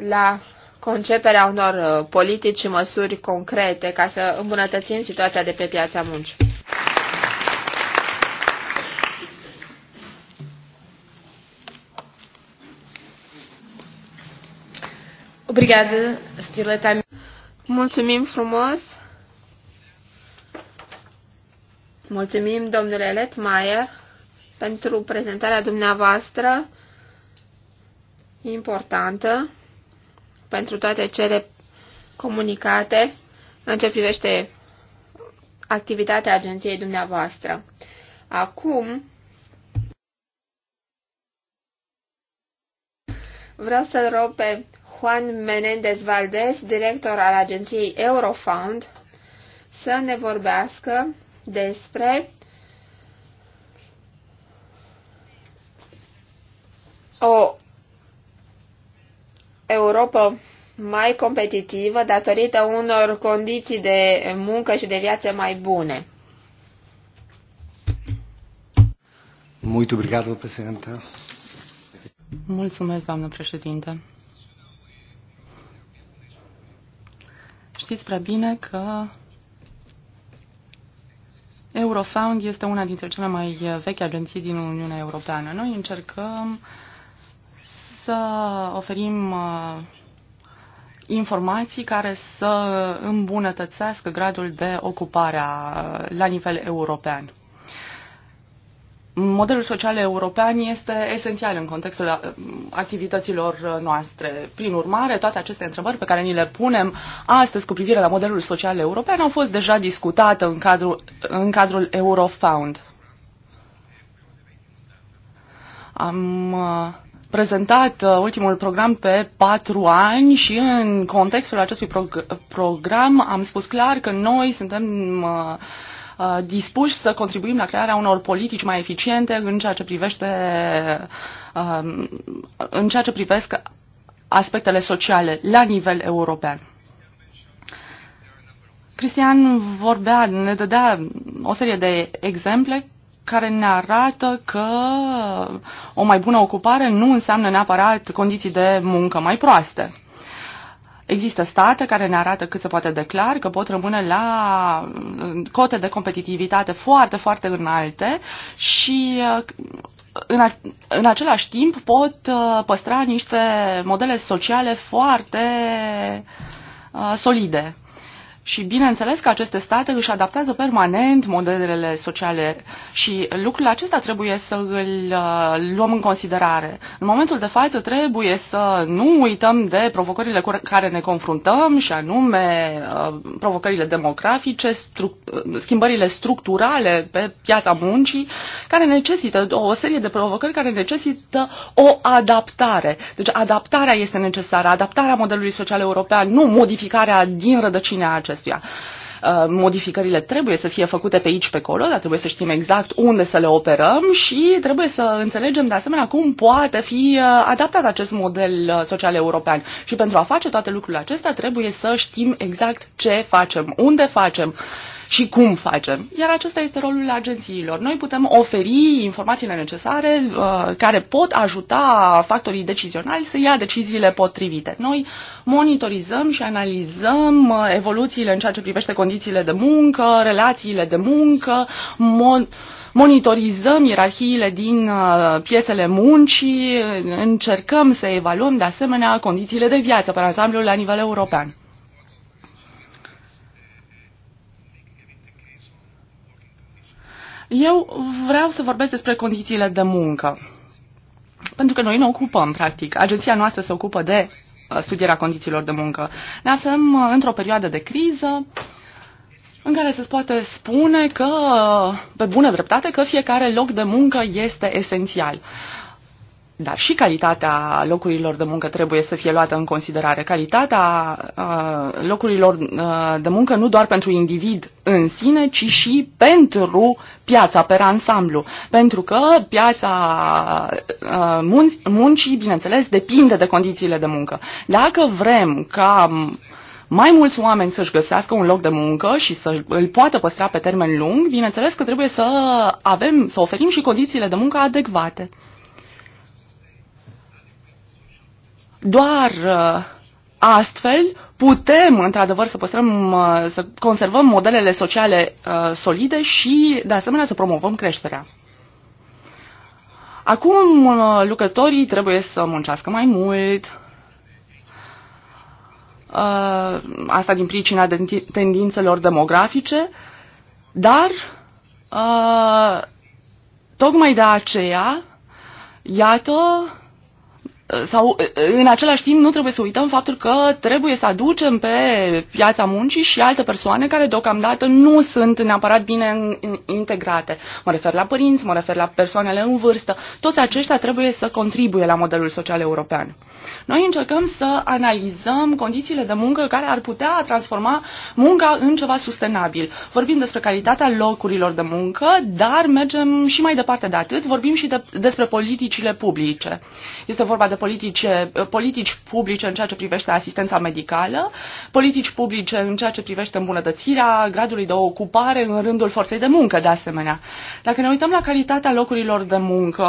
la conceperea unor uh, politici și măsuri concrete ca să îmbunătățim situația de pe piața muncii. Obrigada, Tami. Mulțumim frumos. Mulțumim, domnule Letmaier, pentru prezentarea dumneavoastră importantă pentru toate cele comunicate în ce privește activitatea agenției dumneavoastră. Acum vreau să rog pe Juan Menendez Valdez, director al agenției Eurofound, să ne vorbească despre o Europa mai competitivă datorită unor condiții de muncă și de viață mai bune. Muito obrigado, Presidente. Mulțumesc, doamnă președinte. Știți prea bine că Eurofound este una dintre cele mai vechi agenții din Uniunea Europeană. Noi încercăm uh, să oferim uh, informații care să îmbunătățească gradul de ocupare la nivel european. Modelul social european este esențial în contextul uh, activităților noastre. Prin urmare, toate aceste întrebări pe care ni le punem astăzi cu privire la modelul social european au fost deja discutate în cadrul, în cadrul Eurofound. Am uh, prezentat uh, ultimul program pe patru ani și în contextul acestui prog- program am spus clar că noi suntem uh, uh, dispuși să contribuim la crearea unor politici mai eficiente în ceea ce privește um, în ceea ce privesc aspectele sociale la nivel european. Cristian vorbea, ne dădea o serie de exemple care ne arată că o mai bună ocupare nu înseamnă neapărat condiții de muncă mai proaste. Există state care ne arată cât se poate declar că pot rămâne la cote de competitivitate foarte, foarte înalte și în, a, în același timp pot uh, păstra niște modele sociale foarte uh, solide. Și bineînțeles că aceste state își adaptează permanent modelele sociale și lucrul acesta trebuie să îl uh, luăm în considerare. În momentul de față trebuie să nu uităm de provocările cu care ne confruntăm și anume uh, provocările demografice, stru- uh, schimbările structurale pe piața muncii, care necesită o serie de provocări care necesită o adaptare. Deci adaptarea este necesară, adaptarea modelului social european, nu modificarea din rădăcinea acestea acestuia. Uh, modificările trebuie să fie făcute pe aici, pe acolo, dar trebuie să știm exact unde să le operăm și trebuie să înțelegem de asemenea cum poate fi uh, adaptat acest model uh, social european. Și pentru a face toate lucrurile acestea trebuie să știm exact ce facem, unde facem, și cum facem. Iar acesta este rolul agențiilor. Noi putem oferi informațiile necesare uh, care pot ajuta factorii decizionali să ia deciziile potrivite. Noi monitorizăm și analizăm uh, evoluțiile în ceea ce privește condițiile de muncă, relațiile de muncă, mon- monitorizăm ierarhiile din uh, piețele muncii, încercăm să evaluăm de asemenea condițiile de viață pe ansamblu la nivel european. Eu vreau să vorbesc despre condițiile de muncă. Pentru că noi ne ocupăm, practic. Agenția noastră se ocupă de uh, studierea condițiilor de muncă. Ne aflăm uh, într-o perioadă de criză în care se poate spune că, uh, pe bună dreptate, că fiecare loc de muncă este esențial. Dar și calitatea locurilor de muncă trebuie să fie luată în considerare. Calitatea uh, locurilor uh, de muncă nu doar pentru individ în sine, ci și pentru piața pe ansamblu. Pentru că piața uh, mun- muncii, bineînțeles, depinde de condițiile de muncă. Dacă vrem ca mai mulți oameni să-și găsească un loc de muncă și să îl poată păstra pe termen lung, bineînțeles că trebuie să avem, să oferim și condițiile de muncă adecvate. Doar uh, astfel putem, într-adevăr, să păstrăm, uh, să conservăm modelele sociale uh, solide și, de asemenea, să promovăm creșterea. Acum lucrătorii trebuie să muncească mai mult, asta din pricina tendințelor demografice, dar tocmai de aceea, iată, sau în același timp nu trebuie să uităm faptul că trebuie să aducem pe piața muncii și alte persoane care deocamdată nu sunt neapărat bine integrate. Mă refer la părinți, mă refer la persoanele în vârstă. Toți aceștia trebuie să contribuie la modelul social european. Noi încercăm să analizăm condițiile de muncă care ar putea transforma munca în ceva sustenabil. Vorbim despre calitatea locurilor de muncă, dar mergem și mai departe de atât, vorbim și de, despre politicile publice. Este vorba de de politice, politici publice în ceea ce privește asistența medicală, politici publice în ceea ce privește îmbunătățirea gradului de ocupare în rândul forței de muncă, de asemenea. Dacă ne uităm la calitatea locurilor de muncă,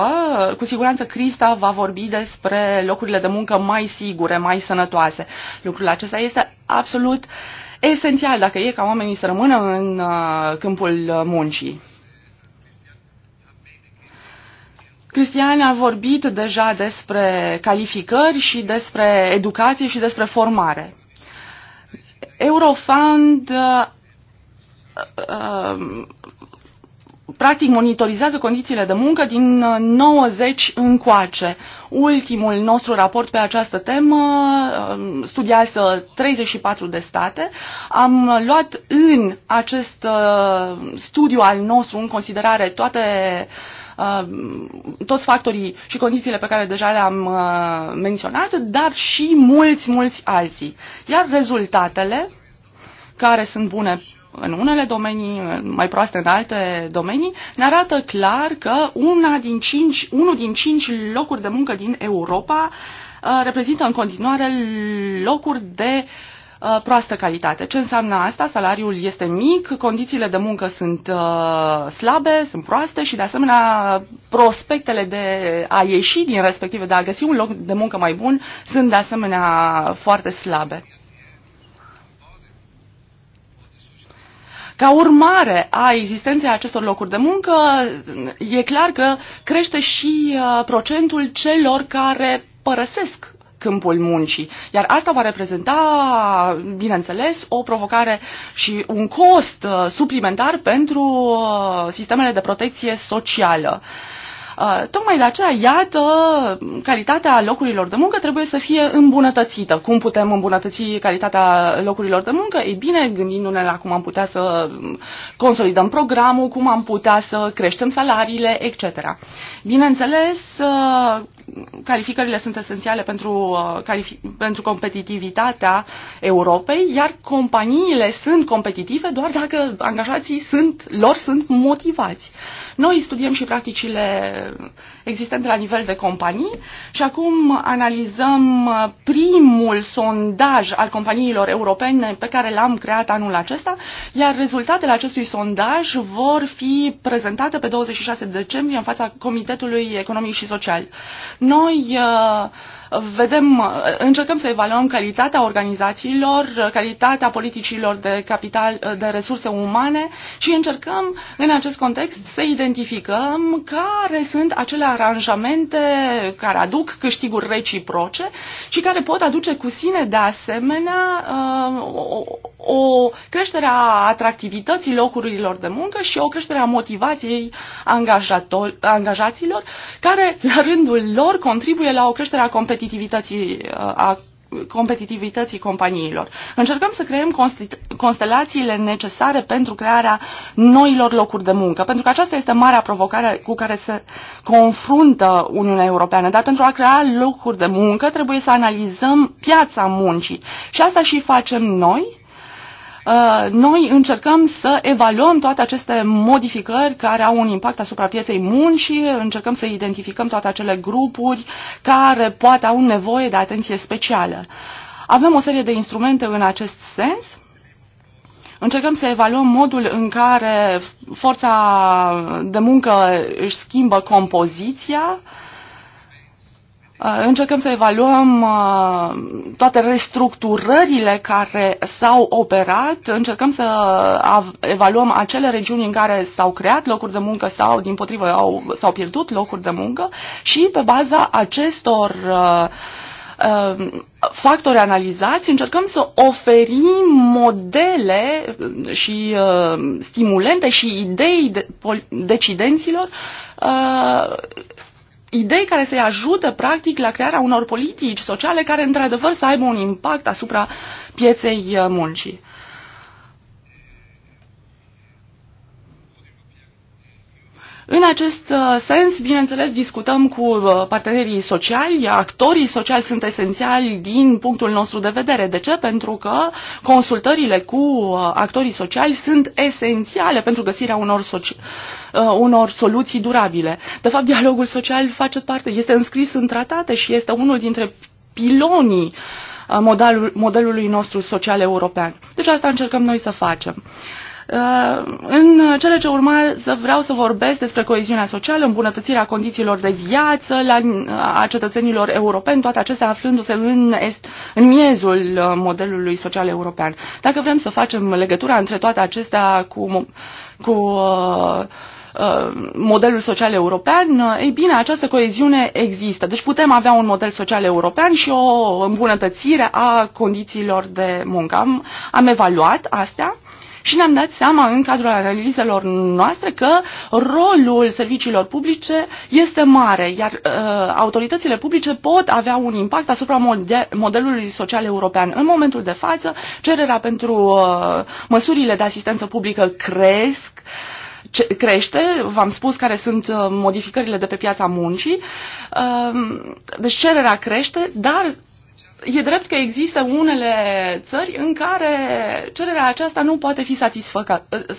cu siguranță Crista va vorbi despre locurile de muncă mai sigure, mai sănătoase. Lucrul acesta este absolut esențial dacă e ca oamenii să rămână în uh, câmpul muncii. Cristian a vorbit deja despre calificări și despre educație și despre formare. Eurofund uh, uh, practic monitorizează condițiile de muncă din 90 încoace. Ultimul nostru raport pe această temă uh, studiază 34 de state. Am luat în acest studiu al nostru în considerare toate uh, Uh, toți factorii și condițiile pe care deja le-am uh, menționat, dar și mulți, mulți alții. Iar rezultatele, care sunt bune în unele domenii, mai proaste în alte domenii, ne arată clar că una din cinci, unul din cinci locuri de muncă din Europa uh, reprezintă în continuare locuri de uh, Uh, proastă calitate. Ce înseamnă asta? Salariul este mic, condițiile de muncă sunt uh, slabe, sunt proaste și, de asemenea, prospectele de a ieși din respective, de a găsi un loc de muncă mai bun, sunt, de asemenea, foarte slabe. Ca urmare a existenței acestor locuri de muncă, e clar că crește și uh, procentul celor care părăsesc câmpul muncii. Iar asta va reprezenta, bineînțeles, o provocare și un cost uh, suplimentar pentru uh, sistemele de protecție socială. Uh, tocmai de aceea, iată, calitatea locurilor de muncă trebuie să fie îmbunătățită. Cum putem îmbunătăți calitatea locurilor de muncă? Ei bine, gândindu-ne la cum am putea să consolidăm programul, cum am putea să creștem salariile, etc. Bineînțeles, uh, calificările sunt esențiale pentru, uh, pentru competitivitatea Europei, iar companiile sunt competitive doar dacă angajații sunt, lor sunt motivați. Noi studiem și practicile existente la nivel de companii și acum analizăm uh, primul sondaj al companiilor europene pe care l-am creat anul acesta, iar rezultatele acestui sondaj vor fi prezentate pe 26 decembrie în fața Comitetului Economic și Social. Noi uh, vedem, încercăm să evaluăm calitatea organizațiilor, calitatea politicilor de capital, de resurse umane și încercăm în acest context să identificăm care sunt acele aranjamente care aduc câștiguri reciproce și care pot aduce cu sine de asemenea uh, o creștere a atractivității locurilor de muncă și o creștere a motivației angajaților, care la rândul lor contribuie la o creștere a competitivității uh, a competitivității companiilor. Încercăm să creăm constelațiile necesare pentru crearea noilor locuri de muncă, pentru că aceasta este marea provocare cu care se confruntă Uniunea Europeană. Dar pentru a crea locuri de muncă trebuie să analizăm piața muncii și asta și facem noi Uh, noi încercăm să evaluăm toate aceste modificări care au un impact asupra pieței muncii, încercăm să identificăm toate acele grupuri care poate au nevoie de atenție specială. Avem o serie de instrumente în acest sens. Încercăm să evaluăm modul în care forța de muncă își schimbă compoziția, uh, Uh, încercăm să evaluăm uh, toate restructurările care s-au operat, încercăm să evaluăm acele regiuni în care s-au creat locuri de muncă sau, din potrivă, au, s-au pierdut locuri de muncă și pe baza acestor uh, factori analizați, încercăm să oferim modele și stimulente și idei de, decidenților idei care să-i ajută, practic, la crearea unor politici sociale care, într-adevăr, să aibă un impact asupra pieței uh, muncii. În acest uh, sens, bineînțeles, discutăm cu uh, partenerii sociali, actorii sociali sunt esențiali din punctul nostru de vedere. De ce? Pentru că consultările cu uh, actorii sociali sunt esențiale pentru găsirea unor, soci- unor soluții durabile. De fapt, dialogul social face parte, este înscris în tratate și este unul dintre pilonii modelului nostru social european. Deci asta încercăm noi să facem. Uh, Uh, în cele ce urmează vreau să vorbesc despre coeziunea socială, îmbunătățirea condițiilor de viață la, a cetățenilor europeni, toate acestea aflându-se în, est, în miezul uh, modelului social european. Dacă vrem să facem legătura între toate acestea cu, uh, cu uh, modelul social european, ei bine, această coeziune există. Deci putem avea un model social european și o îmbunătățire a condițiilor de muncă. Am, am evaluat astea și ne-am dat seama în cadrul analizelor noastre că rolul serviciilor publice este mare, iar uh, autoritățile publice pot avea un impact asupra mode- modelului social european. În momentul de față, cererea pentru uh, măsurile de asistență publică cresc, ce, crește, v-am spus care sunt uh, modificările de pe piața muncii, uh, deci cererea crește, dar E drept că există unele țări în care cererea aceasta nu poate fi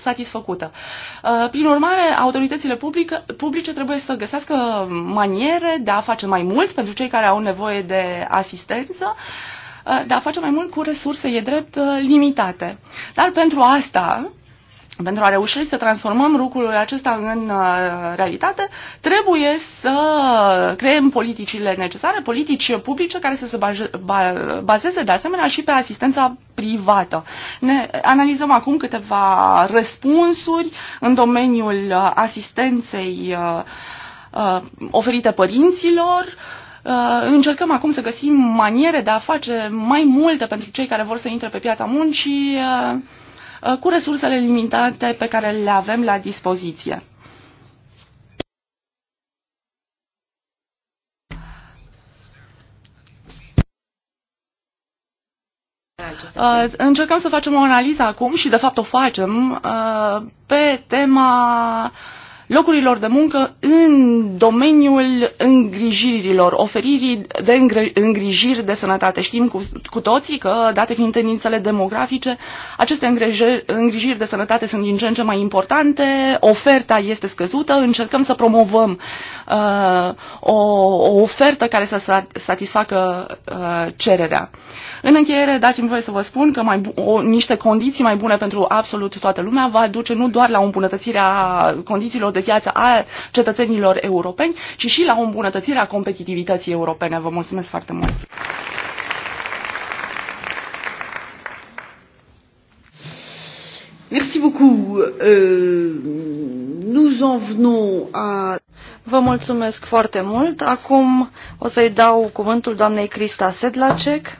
satisfăcută. Uh, prin urmare, autoritățile publică, publice trebuie să găsească maniere de a face mai mult pentru cei care au nevoie de asistență, uh, de a face mai mult cu resurse, e drept, uh, limitate. Dar pentru asta pentru a reuși să transformăm lucrul acesta în uh, realitate, trebuie să creăm politicile necesare, politici publice care să se bazeze de asemenea și pe asistența privată. Ne analizăm acum câteva răspunsuri în domeniul uh, asistenței uh, oferite părinților, încercăm acum să găsim maniere de a face mai multe pentru cei care vor să intre pe piața muncii Uh, cu resursele limitate pe care le avem la dispoziție. Uh, încercăm să facem o analiză acum și de fapt o facem uh, pe tema locurilor de muncă în domeniul îngrijirilor, oferirii de îngrijiri de sănătate. Știm cu, cu toții că, date fiind tendințele demografice, aceste îngrijiri de sănătate sunt din ce în ce mai importante, oferta este scăzută, încercăm să promovăm uh, o, o ofertă care să satisfacă uh, cererea. În încheiere, dați-mi voie să vă spun că mai, o, niște condiții mai bune pentru absolut toată lumea va duce nu doar la îmbunătățirea condițiilor de de viață a cetățenilor europeni, ci și la o îmbunătățire a competitivității europene. Vă mulțumesc foarte mult! Merci beaucoup. Euh, nous en venons à... Vă mulțumesc foarte mult. Acum o să-i dau cuvântul doamnei Crista Sedlacek,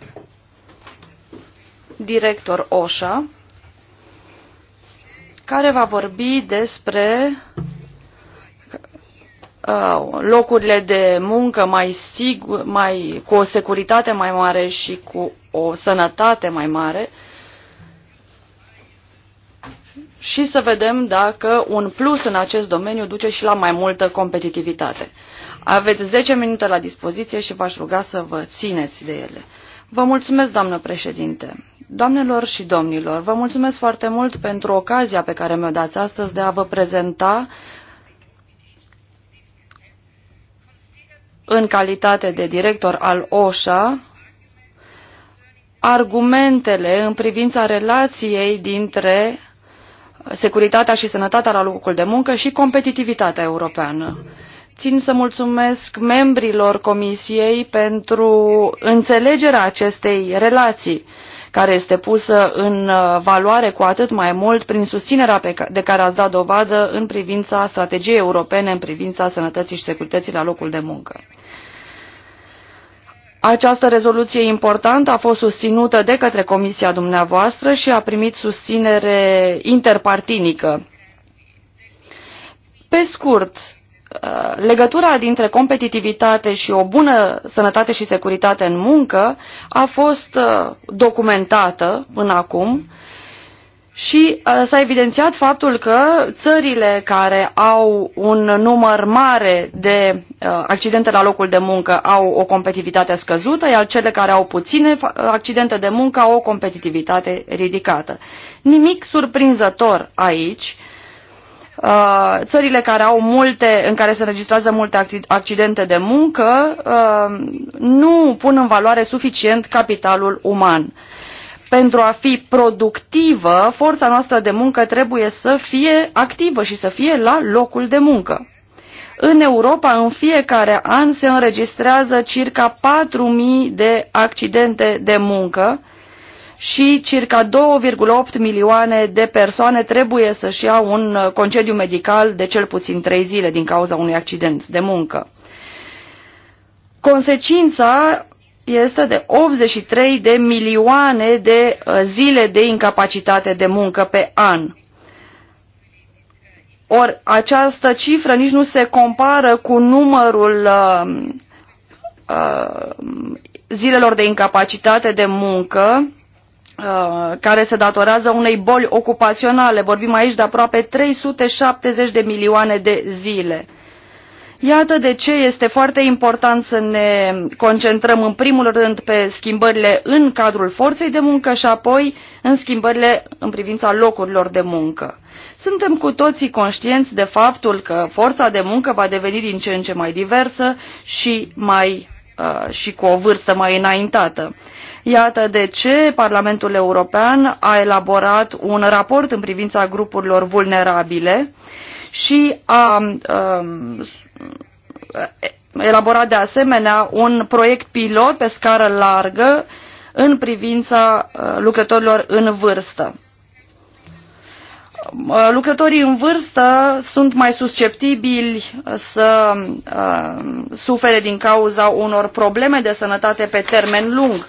director OSHA, care va vorbi despre Uh, locurile de muncă mai sigur, mai, cu o securitate mai mare și cu o sănătate mai mare și să vedem dacă un plus în acest domeniu duce și la mai multă competitivitate. Aveți 10 minute la dispoziție și v-aș ruga să vă țineți de ele. Vă mulțumesc, doamnă președinte. Doamnelor și domnilor, vă mulțumesc foarte mult pentru ocazia pe care mi-o dați astăzi de a vă prezenta în calitate de director al OSHA, argumentele în privința relației dintre securitatea și sănătatea la locul de muncă și competitivitatea europeană. Țin să mulțumesc membrilor Comisiei pentru înțelegerea acestei relații care este pusă în uh, valoare cu atât mai mult prin susținerea pe de care ați dat dovadă în privința strategiei europene, în privința sănătății și securității la locul de muncă. Această rezoluție importantă a fost susținută de către Comisia dumneavoastră și a primit susținere interpartinică. Pe scurt, Uh, legătura dintre competitivitate și o bună sănătate și securitate în muncă a fost uh, documentată până acum și uh, s-a evidențiat faptul că țările care au un număr mare de accidente la locul de muncă au o competitivitate scăzută, iar cele care au puține accidente de muncă au o competitivitate ridicată. Nimic surprinzător aici, Uh, țările care au multe, în care se înregistrează multe accidente de muncă uh, nu pun în valoare suficient capitalul uman. Pentru a fi productivă, forța noastră de muncă trebuie să fie activă și să fie la locul de muncă. În Europa, în fiecare an, se înregistrează circa 4.000 de accidente de muncă, și circa 2,8 milioane de persoane trebuie să-și iau un uh, concediu medical de cel puțin 3 zile din cauza unui accident de muncă. Consecința este de 83 de milioane de uh, zile de incapacitate de muncă pe an. Ori această cifră nici nu se compară cu numărul uh, uh, zilelor de incapacitate de muncă Uh, care se datorează unei boli ocupaționale. Vorbim aici de aproape 370 de milioane de zile. Iată de ce este foarte important să ne concentrăm în primul rând pe schimbările în cadrul forței de muncă și apoi în schimbările în privința locurilor de muncă. Suntem cu toții conștienți de faptul că forța de muncă va deveni din ce în ce mai diversă și, mai, uh, și cu o vârstă mai înaintată. Iată de ce Parlamentul European a elaborat un raport în privința grupurilor vulnerabile și a um, elaborat de asemenea un proiect pilot pe scară largă în privința uh, lucrătorilor în vârstă. Uh, lucrătorii în vârstă sunt mai susceptibili să uh, sufere din cauza unor probleme de sănătate pe termen lung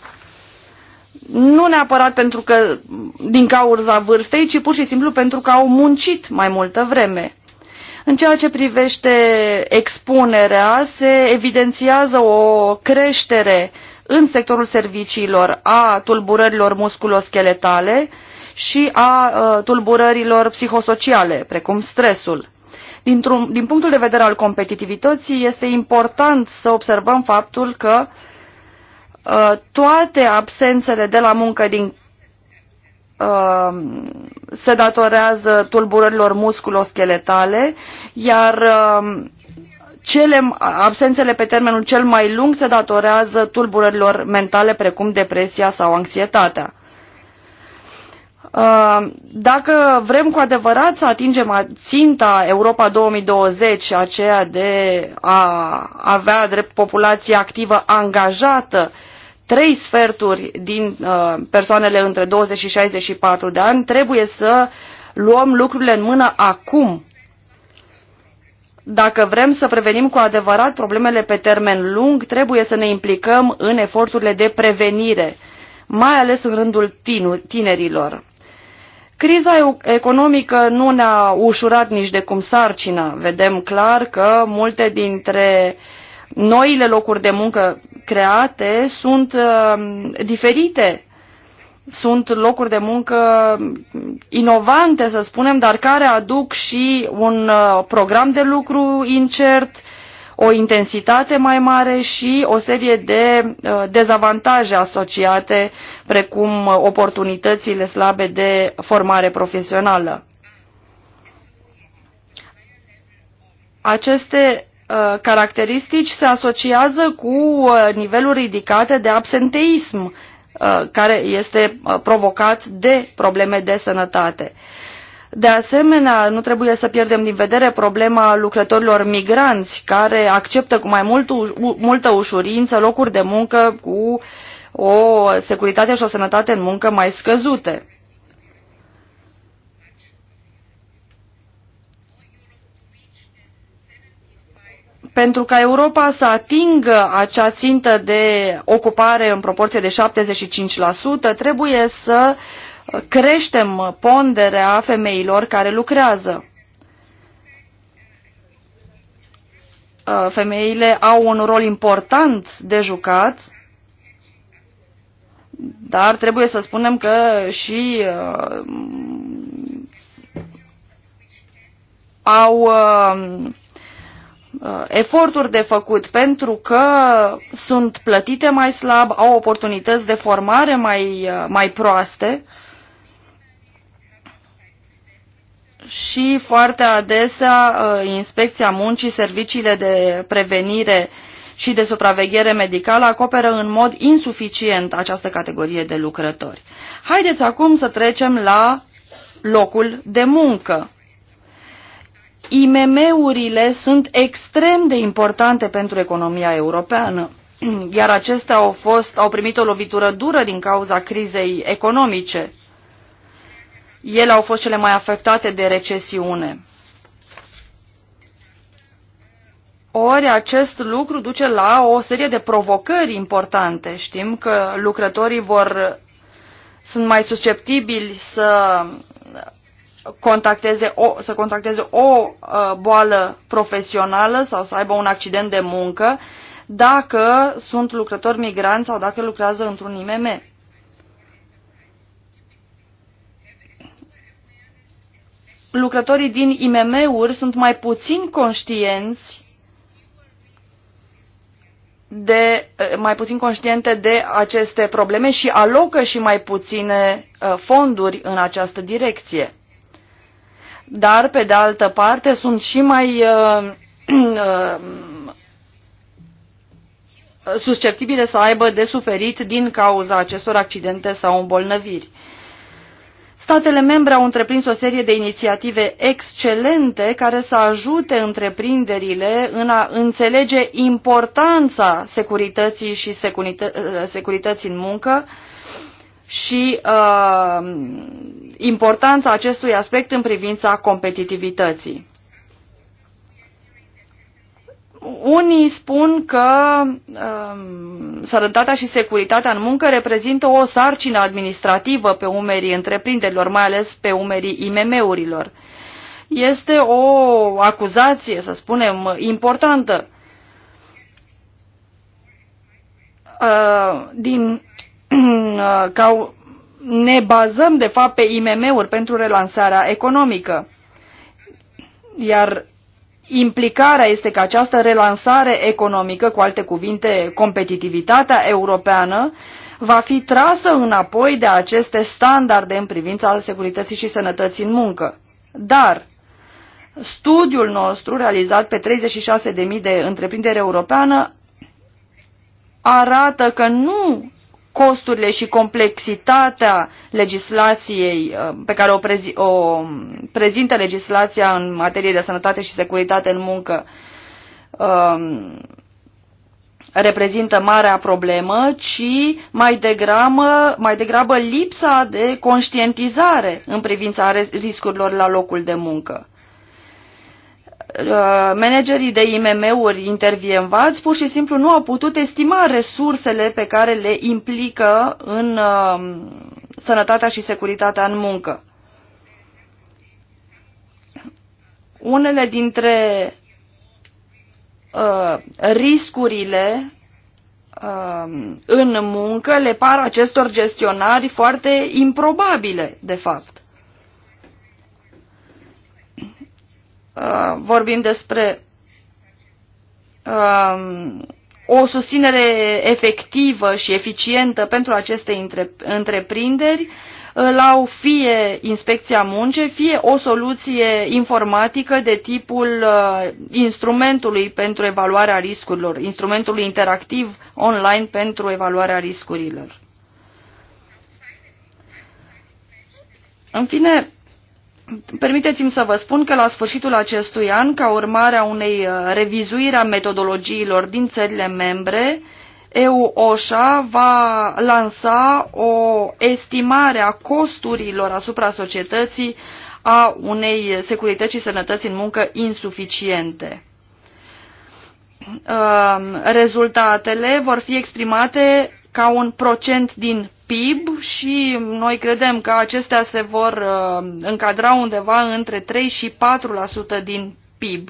nu neapărat pentru că din cauza vârstei, ci pur și simplu pentru că au muncit mai multă vreme. În ceea ce privește expunerea, se evidențiază o creștere în sectorul serviciilor a tulburărilor musculoscheletale și a tulburărilor psihosociale, precum stresul. Din punctul de vedere al competitivității, este important să observăm faptul că uh, Uh, toate absențele de la muncă din, uh, se datorează tulburărilor musculoscheletale, iar uh, cele, absențele pe termenul cel mai lung se datorează tulburărilor mentale precum depresia sau anxietatea. Dacă vrem cu adevărat să atingem ținta Europa 2020, aceea de a avea drept populație activă angajată, trei sferturi din uh, persoanele între 20 și 64 de ani, trebuie să luăm lucrurile în mână acum. Dacă vrem să prevenim cu adevărat problemele pe termen lung, trebuie să ne implicăm în eforturile de prevenire, mai ales în rândul tinerilor. Criza economică nu ne-a ușurat nici de cum sarcina. Vedem clar că multe dintre noile locuri de muncă create sunt uh, diferite. Sunt locuri de muncă inovante, să spunem, dar care aduc și un uh, program de lucru incert, o intensitate mai mare și o serie de uh, dezavantaje asociate, precum oportunitățile slabe de formare profesională. Aceste Uh, caracteristici se asociază cu uh, niveluri ridicate de absenteism, uh, care este provocat de probleme de sănătate. De asemenea, nu trebuie să pierdem din vedere problema lucrătorilor migranți, care acceptă cu mai mult, multă ușurință locuri de muncă cu o securitate și o sănătate în muncă mai scăzute. pentru ca Europa să atingă acea țintă de ocupare în proporție de 75%, trebuie să creștem ponderea femeilor care lucrează. Uh, femeile au un rol important de jucat, dar trebuie să spunem că și uh, au uh, Uh, eforturi de făcut pentru că sunt plătite mai slab, au oportunități de formare mai, uh, mai proaste și foarte adesea uh, inspecția muncii, serviciile de prevenire și de supraveghere medicală acoperă în mod insuficient această categorie de lucrători. Haideți acum să trecem la locul de muncă IMM-urile sunt extrem de importante pentru economia europeană, iar acestea au, fost, au primit o lovitură dură din cauza crizei economice. Ele au fost cele mai afectate de recesiune. Ori acest lucru duce la o serie de provocări importante. Știm că lucrătorii vor, sunt mai susceptibili să contacteze o, să contacteze o uh, boală profesională sau să aibă un accident de muncă dacă sunt lucrători migranți sau dacă lucrează într-un IMM. Lucrătorii din IMM-uri sunt mai puțin conștienți de, uh, mai puțin conștiente de aceste probleme și alocă și mai puține uh, fonduri în această direcție dar pe de altă parte sunt și mai uh, uh, susceptibile să aibă de suferit din cauza acestor accidente sau îmbolnăviri. Statele membre au întreprins o serie de inițiative excelente care să ajute întreprinderile în a înțelege importanța securității și uh, securității în muncă, și uh, importanța acestui aspect în privința competitivității. Unii spun că um, și securitatea în muncă reprezintă o sarcină administrativă pe umerii întreprinderilor, mai ales pe umerii IMM-urilor. Este o acuzație, să spunem, importantă. Uh, din ca ne bazăm de fapt pe IMM-uri pentru relansarea economică. Iar implicarea este că această relansare economică, cu alte cuvinte, competitivitatea europeană, va fi trasă înapoi de aceste standarde în privința securității și sănătății în muncă. Dar studiul nostru, realizat pe 36.000 de întreprinderi europeană, arată că nu costurile și complexitatea legislației uh, pe care o, prezi, o prezintă legislația în materie de sănătate și securitate în muncă um, reprezintă marea problemă, ci mai degrabă, mai degrabă lipsa de conștientizare în privința riscurilor la locul de muncă. Uh, managerii de IMM-uri intervievați pur și simplu nu au putut estima resursele pe care le implică în uh, sănătatea și securitatea în muncă. Unele dintre uh, riscurile uh, în muncă le par acestor gestionari foarte improbabile, de fapt. Uh, vorbim despre um, o susținere efectivă și eficientă pentru aceste întreprinderi, uh, la o fie inspecția muncii, fie o soluție informatică de tipul uh, instrumentului pentru evaluarea riscurilor, instrumentului interactiv online pentru evaluarea riscurilor. În fine, Permiteți-mi să vă spun că la sfârșitul acestui an, ca urmare a unei uh, revizuiri a metodologiilor din țările membre, EU-OSHA va lansa o estimare a costurilor asupra societății a unei securități și sănătăți în muncă insuficiente. Uh, rezultatele vor fi exprimate ca un procent din PIB și noi credem că acestea se vor uh, încadra undeva între 3 și 4% din PIB.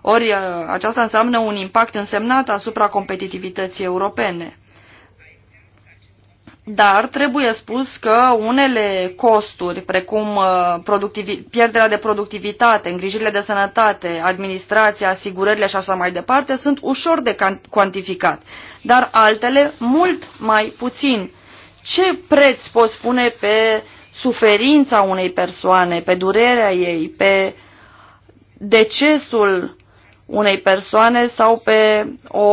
Ori uh, aceasta înseamnă un impact însemnat asupra competitivității europene. Dar trebuie spus că unele costuri, precum uh, pierderea de productivitate, îngrijirile de sănătate, administrația, asigurările și așa mai departe, sunt ușor de cuantificat, dar altele mult mai puțin ce preț poți pune pe suferința unei persoane, pe durerea ei, pe decesul unei persoane sau pe o,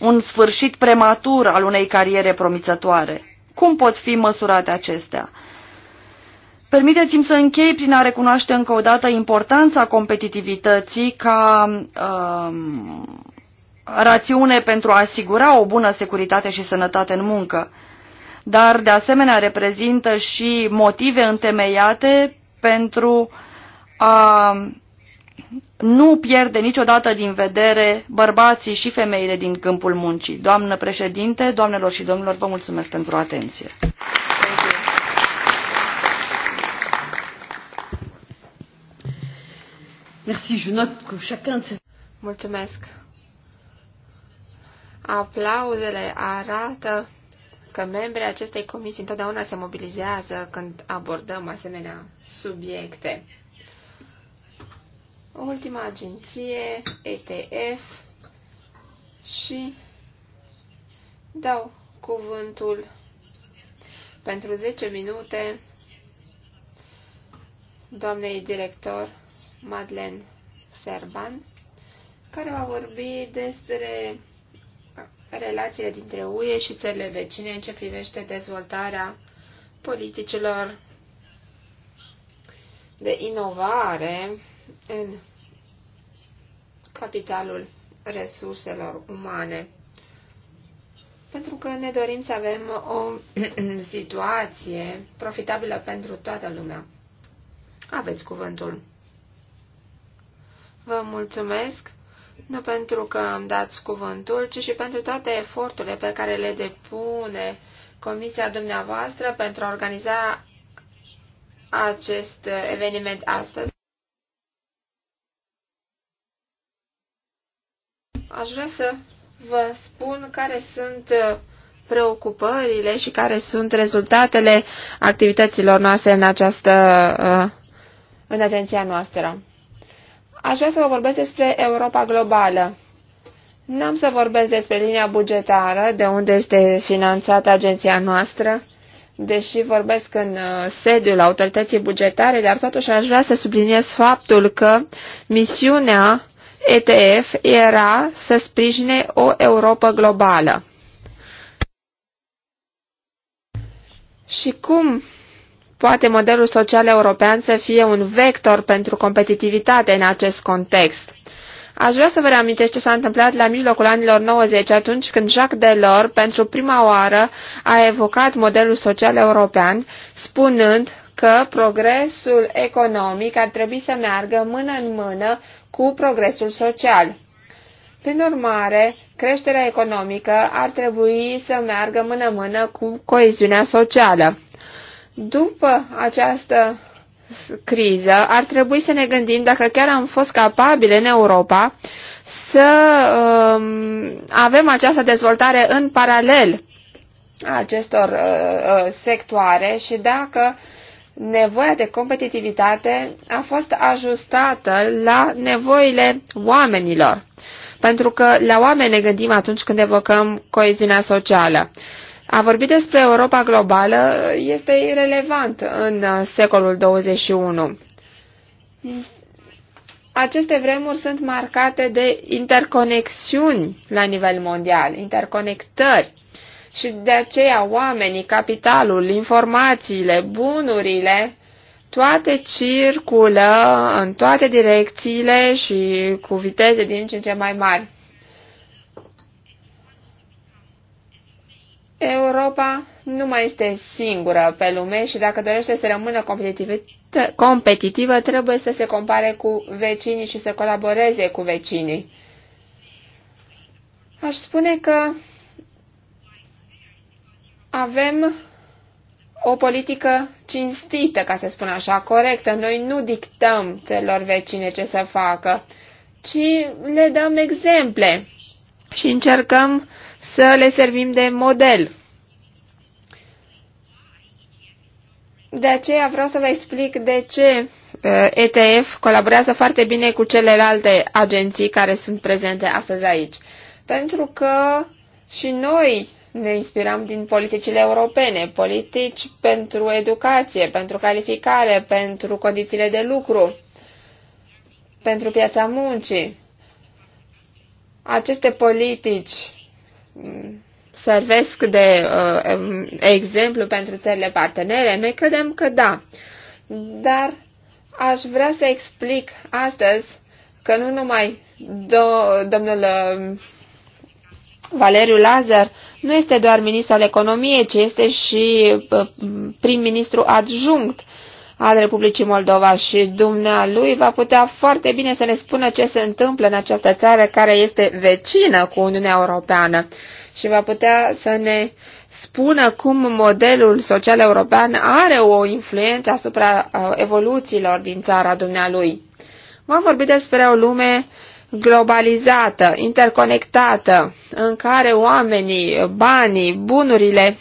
un sfârșit prematur al unei cariere promițătoare. Cum pot fi măsurate acestea? Permiteți-mi să închei prin a recunoaște încă o dată importanța competitivității ca um, rațiune pentru a asigura o bună securitate și sănătate în muncă, dar de asemenea reprezintă și motive întemeiate pentru a nu pierde niciodată din vedere bărbații și femeile din câmpul muncii. Doamnă președinte, doamnelor și domnilor, vă mulțumesc pentru atenție. Mulțumesc. Aplauzele arată că membrii acestei comisii întotdeauna se mobilizează când abordăm asemenea subiecte. Ultima agenție, ETF și dau cuvântul pentru 10 minute doamnei director Madeleine Serban, care va vorbi despre relațiile dintre UE și țările vecine în ce privește dezvoltarea politicilor de inovare în capitalul resurselor umane. Pentru că ne dorim să avem o situație profitabilă pentru toată lumea. Aveți cuvântul. Vă mulțumesc nu pentru că îmi dați cuvântul, ci și pentru toate eforturile pe care le depune comisia dumneavoastră pentru a organiza acest eveniment astăzi. Aș vrea să vă spun care sunt preocupările și care sunt rezultatele activităților noastre în această în atenția noastră aș vrea să vă vorbesc despre Europa globală. N-am să vorbesc despre linia bugetară, de unde este finanțată agenția noastră, deși vorbesc în uh, sediul autorității bugetare, dar totuși aș vrea să subliniez faptul că misiunea ETF era să sprijine o Europa globală. Și cum poate modelul social european să fie un vector pentru competitivitate în acest context. Aș vrea să vă reamintesc ce s-a întâmplat la mijlocul anilor 90, atunci când Jacques Delors, pentru prima oară, a evocat modelul social european, spunând că progresul economic ar trebui să meargă mână în mână cu progresul social. Prin urmare, creșterea economică ar trebui să meargă mână-mână cu coeziunea socială. După această criză, ar trebui să ne gândim dacă chiar am fost capabile în Europa să um, avem această dezvoltare în paralel a acestor uh, uh sectoare și dacă nevoia de competitivitate a fost ajustată la nevoile oamenilor. Pentru că la oameni ne gândim atunci când evocăm coeziunea socială. A vorbi despre Europa globală este irelevant în uh, secolul 21. Aceste vremuri sunt marcate de interconexiuni la nivel mondial, interconectări. Și de aceea oamenii, capitalul, informațiile, bunurile, toate circulă în toate direcțiile și cu viteze din ce în ce mai mari. Europa nu mai este singură pe lume și dacă dorește să rămână competitivă, trebuie să se compare cu vecinii și să colaboreze cu vecinii. Aș spune că avem o politică cinstită, ca să spun așa, corectă. Noi nu dictăm celor vecine ce să facă, ci le dăm exemple și încercăm să le servim de model. De aceea vreau să vă explic de ce uh, ETF colaborează foarte bine cu celelalte agenții care sunt prezente astăzi aici. Pentru că și noi ne inspirăm din politicile europene, politici pentru educație, pentru calificare, pentru condițiile de lucru, pentru piața muncii. Aceste politici servesc de uh, um, exemplu pentru țările partenere? Noi credem că da. Dar aș vrea să explic astăzi că nu numai do- domnul uh, Valeriu Lazar nu este doar ministru al economiei, ci este și uh, prim-ministru adjunct al Republicii Moldova și dumnealui va putea foarte bine să ne spună ce se întâmplă în această țară care este vecină cu Uniunea Europeană și va putea să ne spună cum modelul social european are o influență asupra evoluțiilor din țara dumnealui. Vom vorbi despre o lume globalizată, interconectată, în care oamenii, banii, bunurile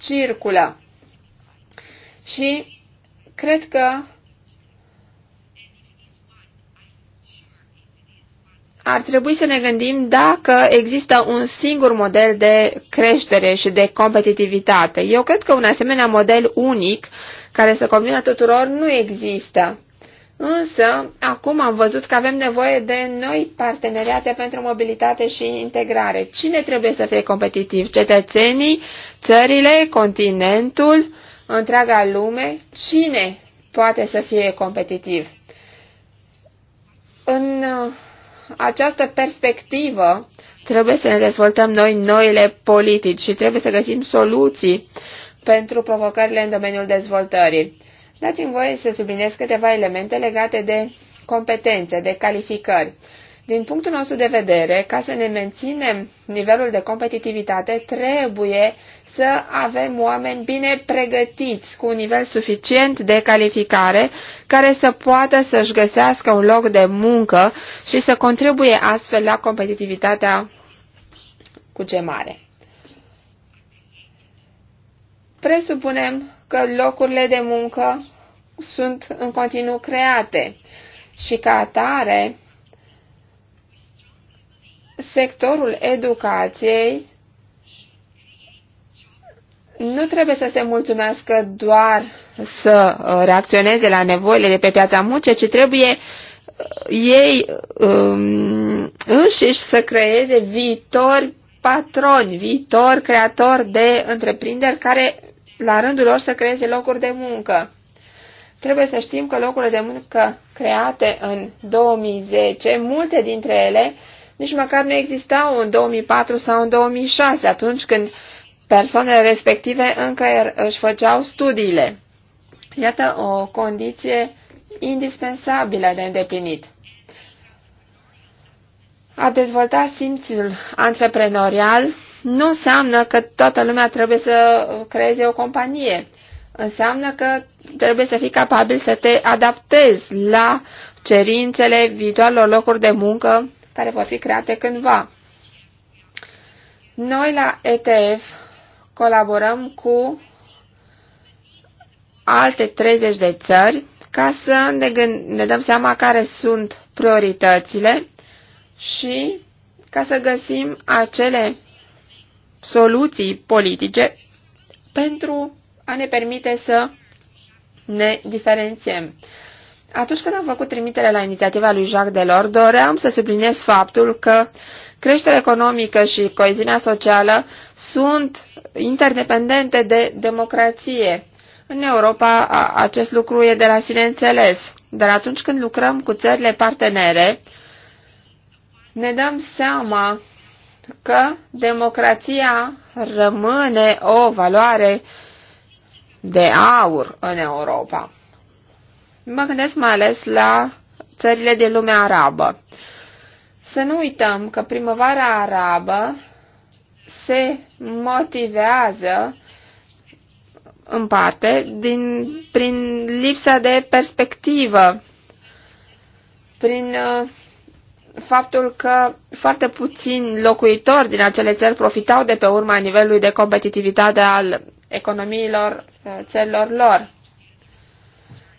circulă. Și Cred că ar trebui să ne gândim dacă există un singur model de creștere și de competitivitate. Eu cred că un asemenea model unic care să combină tuturor nu există. Însă, acum am văzut că avem nevoie de noi parteneriate pentru mobilitate și integrare. Cine trebuie să fie competitiv? Cetățenii, țările, continentul? întreaga lume, cine poate să fie competitiv? În uh, această perspectivă trebuie să ne dezvoltăm noi noile politici și trebuie să găsim soluții pentru provocările în domeniul dezvoltării. Dați-mi voie să subliniez câteva elemente legate de competențe, de calificări. Din punctul nostru de vedere, ca să ne menținem nivelul de competitivitate, trebuie să avem oameni bine pregătiți, cu un nivel suficient de calificare, care să poată să-și găsească un loc de muncă și să contribuie astfel la competitivitatea cu ce mare. Presupunem că locurile de muncă sunt în continuu create și ca atare sectorul educației nu trebuie să se mulțumească doar să uh, reacționeze la nevoile de pe piața muncii, ci trebuie uh, ei um, înșiși să creeze viitori patroni, viitor creator de întreprinderi care la rândul lor să creeze locuri de muncă. Trebuie să știm că locurile de muncă create în 2010, multe dintre ele nici măcar nu existau în 2004 sau în 2006, atunci când persoanele respective încă er, își făceau studiile. Iată o condiție indispensabilă de îndeplinit. A dezvolta simțul antreprenorial nu înseamnă că toată lumea trebuie să creeze o companie. Înseamnă că trebuie să fii capabil să te adaptezi la cerințele viitoarelor locuri de muncă care vor fi create cândva. Noi la ETF colaborăm cu alte 30 de țări ca să ne, gând- ne dăm seama care sunt prioritățile și ca să găsim acele soluții politice pentru a ne permite să ne diferențiem. Atunci când am făcut trimitere la inițiativa lui Jacques Delors, doream să subliniez faptul că creșterea economică și coeziunea socială sunt interdependente de democrație. În Europa acest lucru e de la sine înțeles, dar atunci când lucrăm cu țările partenere, ne dăm seama că democrația rămâne o valoare de aur în Europa. Mă gândesc mai ales la țările din lumea arabă. Să nu uităm că primăvara arabă se motivează în parte din, prin lipsa de perspectivă, prin uh, faptul că foarte puțini locuitori din acele țări profitau de pe urma nivelului de competitivitate al economiilor uh, țărilor lor.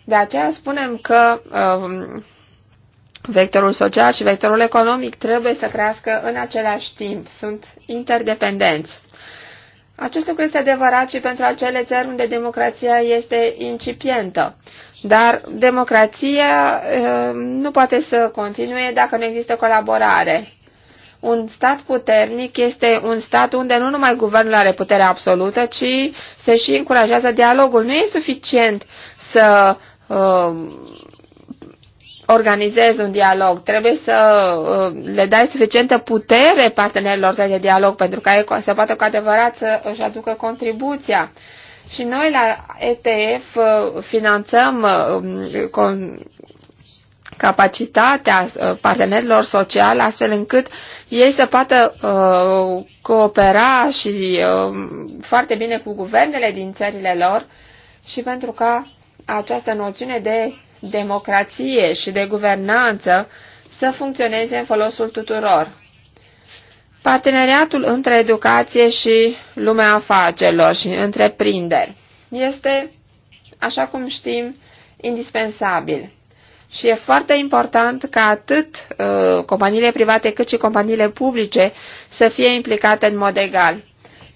De aceea spunem că uh, Vectorul social și vectorul economic trebuie să crească în același timp. Sunt interdependenți. Acest lucru este adevărat și pentru acele țări unde democrația este incipientă. Dar democrația ehm, nu poate să continue dacă nu există colaborare. Un stat puternic este un stat unde nu numai guvernul are puterea absolută, ci se și încurajează dialogul. Nu e suficient să E, ehm, organizezi un dialog, trebuie să uh, le dai suficientă putere partenerilor tăi de dialog pentru ca ei să poată cu adevărat să își aducă contribuția. Și noi la ETF uh, finanțăm uh, um, capacitatea partenerilor sociali astfel încât ei să poată coopera și um, foarte bine cu guvernele din țările lor și pentru ca această noțiune de democrație și de guvernanță să funcționeze în folosul tuturor. Parteneriatul între educație și lumea afacerilor și întreprinderi este, așa cum știm, indispensabil. Și e foarte important ca atât uh, companiile private cât și companiile publice să fie implicate în mod egal.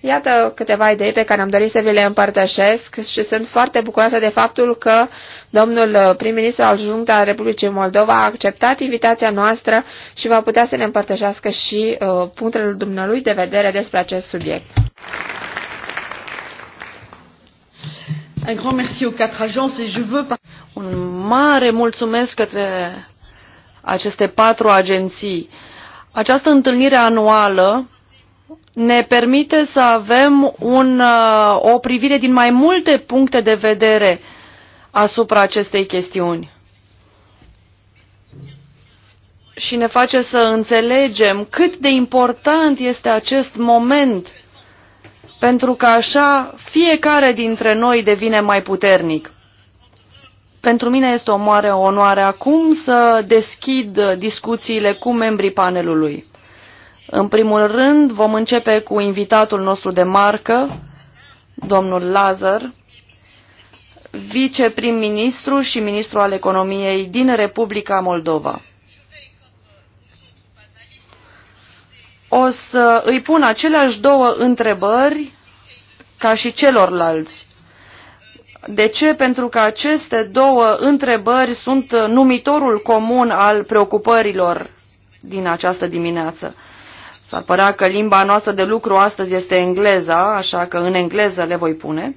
Iată câteva idei pe care am dorit să vi le împărtășesc și sunt foarte bucuroasă de faptul că domnul prim-ministru adjunct al Republicii Moldova a acceptat invitația noastră și va putea să ne împărtășească și uh, punctul dumnealui de vedere despre acest subiect. Un grand merci aux quatre agences et je veux un mare mulțumesc către aceste patru agenții. Această întâlnire anuală ne permite să avem un, uh, o privire din mai multe puncte de vedere asupra acestei chestiuni și ne face să înțelegem cât de important este acest moment pentru că așa fiecare dintre noi devine mai puternic. Pentru mine este o mare onoare acum să deschid discuțiile cu membrii panelului. În primul rând, vom începe cu invitatul nostru de marcă, domnul Lazar, viceprim-ministru și ministru al economiei din Republica Moldova. O să îi pun aceleași două întrebări ca și celorlalți. De ce? Pentru că aceste două întrebări sunt numitorul comun al preocupărilor din această dimineață. S-ar părea că limba noastră de lucru astăzi este engleza, așa că în engleză le voi pune.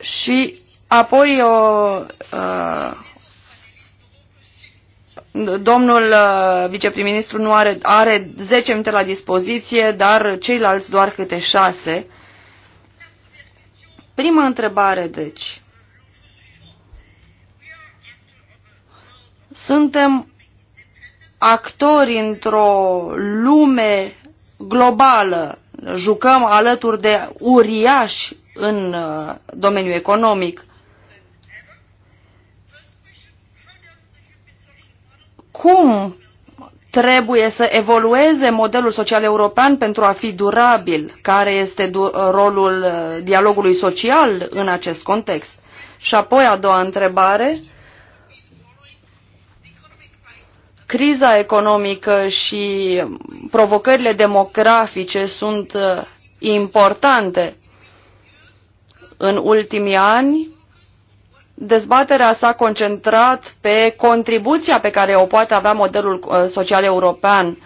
Și apoi o, uh, domnul viceprim-ministru nu are, are 10 minute la dispoziție, dar ceilalți doar câte 6. Prima întrebare, deci. Suntem actori într-o lume globală, jucăm alături de uriași în uh, domeniul economic. Cum trebuie să evolueze modelul social european pentru a fi durabil, care este uh, rolul uh, dialogului social în acest context. Și apoi a doua întrebare criza economică și provocările demografice sunt uh, importante. În ultimii ani, dezbaterea s-a concentrat pe contribuția pe care o poate avea modelul uh, social european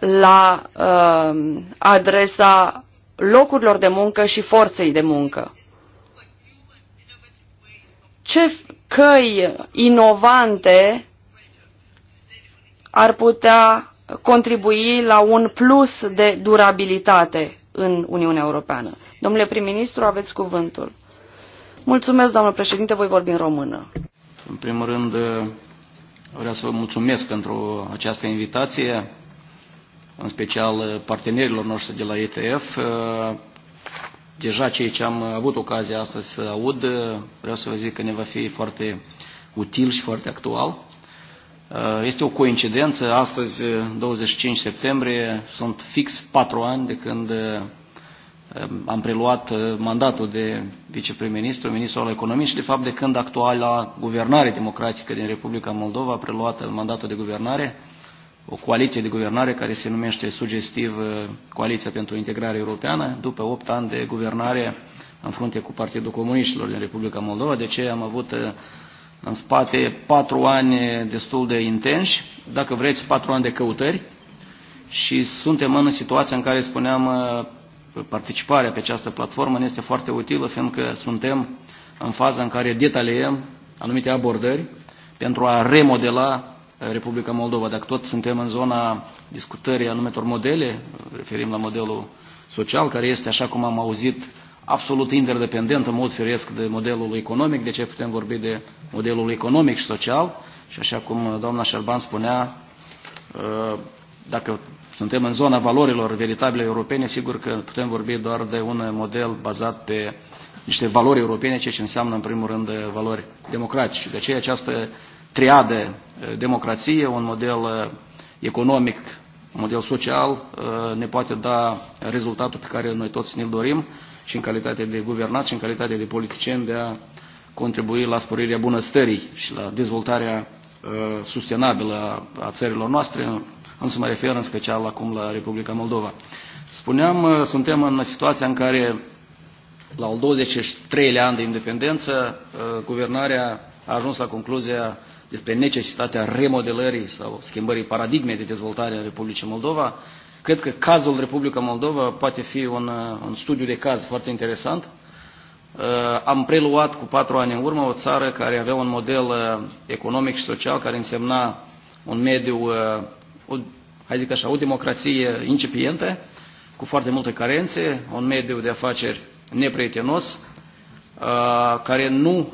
la uh, adresa locurilor de muncă și forței de muncă. Ce căi inovante ar putea contribui la un plus de durabilitate în Uniunea Europeană. Domnule prim-ministru, aveți cuvântul. Mulțumesc, doamnă președinte, voi vorbi în română. În primul rând, vreau să vă mulțumesc pentru această invitație, în special partenerilor noștri de la ETF. Deja cei ce am avut ocazia astăzi să aud, vreau să vă zic că ne va fi foarte util și foarte actual. Uh, este o coincidență, astăzi, 25 uh, septembrie, sunt fix patru ani de când uh, am preluat mandatul de viceprim-ministru, ministrul al economiei și, de fapt, de când actuala guvernare democratică din Republica Moldova a preluat mandatul de guvernare, o coaliție de guvernare care se numește sugestiv Coaliția pentru Integrare Europeană, după opt ani de guvernare în frunte cu Partidul Comuniștilor din Republica Moldova, de ce am avut în spate patru ani destul de intensi, dacă vreți patru ani de căutări și suntem în situația în care spuneam uh, participarea pe această platformă ne este foarte utilă, fiindcă suntem în faza în care detaliem anumite abordări pentru a remodela uh, Republica Moldova. Dacă tot suntem în zona discutării anumitor modele, referim la modelul social, care este, așa cum am auzit, absolut interdependent în mod firesc de modelul economic, de ce putem vorbi de modelul economic și social. Și așa cum doamna Șerban spunea, uh, dacă suntem în zona valorilor veritabile europene, sigur că putem vorbi doar de un model bazat pe niște valori europene, ceea ce înseamnă în primul rând valori democratice. De aceea această triadă uh, democrație, un model uh, economic, un model social, ne poate da rezultatul pe care noi toți ne-l dorim și în calitate de guvernat și în calitate de politicien de a contribui la sporirea bunăstării și la dezvoltarea uh, sustenabilă a țărilor noastre, însă mă refer în special acum la Republica Moldova. Spuneam, uh, suntem în situația în care la al 23-lea an de independență, uh, guvernarea a ajuns la concluzia despre necesitatea remodelării sau schimbării paradigmei de dezvoltare a Republicii Moldova Cred că cazul Republica Moldova poate fi un, uh, un studiu de caz foarte interesant. Uh, am preluat cu patru ani în urmă o țară care avea un model uh, economic și social care însemna un mediu, o, hai zic așa, o democrație incipientă, cu foarte multe carențe, un mediu de afaceri neprietenos, care nu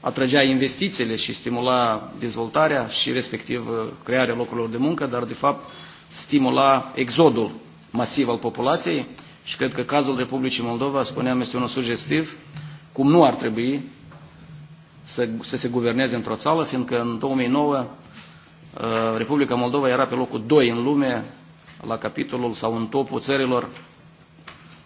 atrăgea investițiile și stimula dezvoltarea și respectiv crearea locurilor de muncă, dar de fapt stimula exodul masiv al populației și cred că cazul Republicii Moldova, spuneam, este unul sugestiv, cum nu ar trebui să, să se guverneze într-o țară, fiindcă în 2009 uh, Republica Moldova era pe locul 2 în lume la capitolul sau în topul țărilor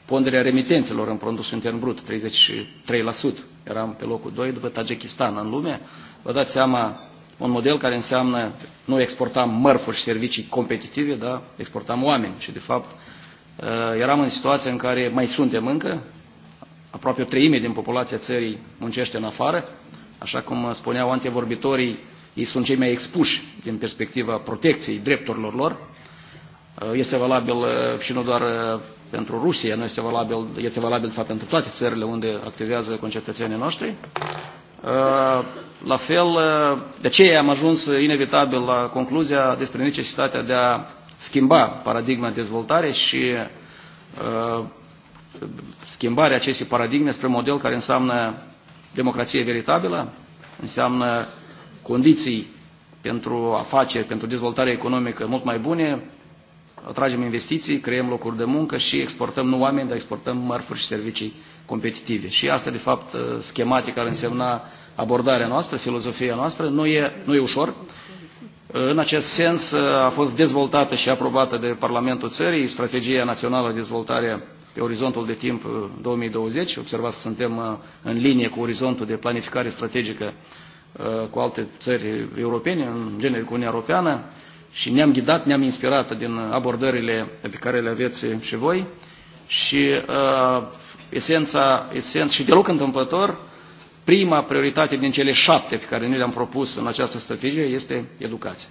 ponderea remitențelor în produsul intern brut, 33%. Eram pe locul 2 după Tajikistan în lume. Vă dați seama un model care înseamnă nu exportam mărfuri și servicii competitive, dar exportam oameni. Și, de fapt, uh, eram în situația în care mai suntem încă, aproape o treime din populația țării muncește în afară, așa cum spuneau antevorbitorii, ei sunt cei mai expuși din perspectiva protecției drepturilor lor. Uh, este valabil uh, și nu doar pentru Rusia, nu este valabil, este valabil de fapt pentru toate țările unde activează concetățenii noștri. Uh, la fel, uh, de aceea am ajuns inevitabil la concluzia despre necesitatea de a schimba paradigma dezvoltare și uh, schimbarea acestei paradigme spre model care înseamnă democrație veritabilă, înseamnă condiții pentru afaceri, pentru dezvoltare economică mult mai bune, atragem investiții, creăm locuri de muncă și exportăm nu oameni, dar exportăm mărfuri și servicii competitive. Și asta, de fapt, ă, schematic ar însemna abordarea noastră, filozofia noastră. Nu e, nu e ușor. Ă, în acest sens ă, a fost dezvoltată și aprobată de Parlamentul țării strategia națională de dezvoltare pe orizontul de timp 2020. Observați că suntem în linie cu orizontul de planificare strategică cu alte țări europene, în genere cu Uniunea Europeană și ne-am ghidat, ne-am inspirat din abordările pe care le aveți și voi și esența, esența și deloc întâmplător, prima prioritate din cele șapte pe care noi le-am propus în această strategie este educația.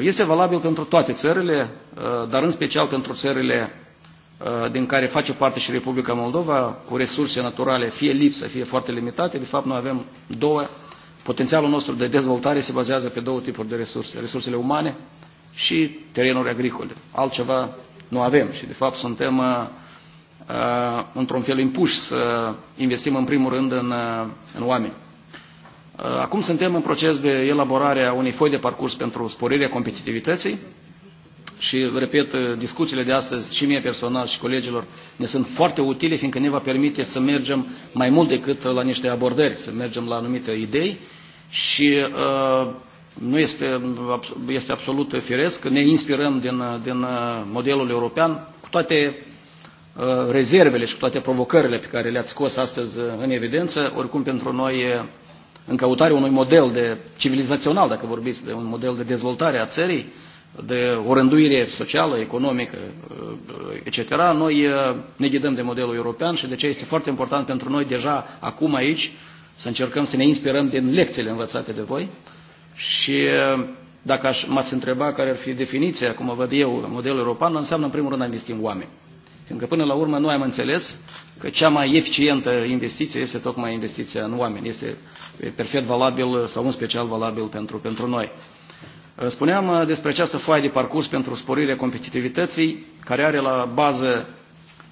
Este valabil pentru toate țările, uh, dar în special pentru țările uh, din care face parte și Republica Moldova, cu resurse naturale, fie lipsă, fie foarte limitate. De fapt, noi avem două. Potențialul nostru de dezvoltare se bazează pe două tipuri de resurse. Resursele umane și terenuri agricole. Altceva nu avem și, de fapt, suntem uh, Uh, într-un fel impuși să investim în primul rând în, uh, în oameni. Uh, acum suntem în proces de elaborare a unei foi de parcurs pentru sporirea competitivității și, repet, discuțiile de astăzi și mie personal și colegilor ne sunt foarte utile, fiindcă ne va permite să mergem mai mult decât la niște abordări, să mergem la anumite idei și nu este, este absolut firesc, ne inspirăm din, din modelul european, cu toate Uh, rezervele și cu toate provocările pe care le-ați scos astăzi uh, în evidență, oricum pentru noi în căutarea unui model de civilizațional, dacă vorbiți de un model de dezvoltare a țării, de o rânduire socială, economică, uh, etc., noi ne ghidăm de modelul european și de ce este foarte important pentru noi deja acum aici să încercăm să ne inspirăm din lecțiile învățate de voi și dacă m-ați întreba care ar fi definiția, cum văd eu, modelul european, înseamnă în primul rând a investi în oameni că până la urmă noi am înțeles că cea mai eficientă investiție este tocmai investiția în oameni. Este perfect valabil sau în special valabil pentru, pentru noi. Spuneam uh, despre această foaie de parcurs pentru sporirea competitivității, care are la bază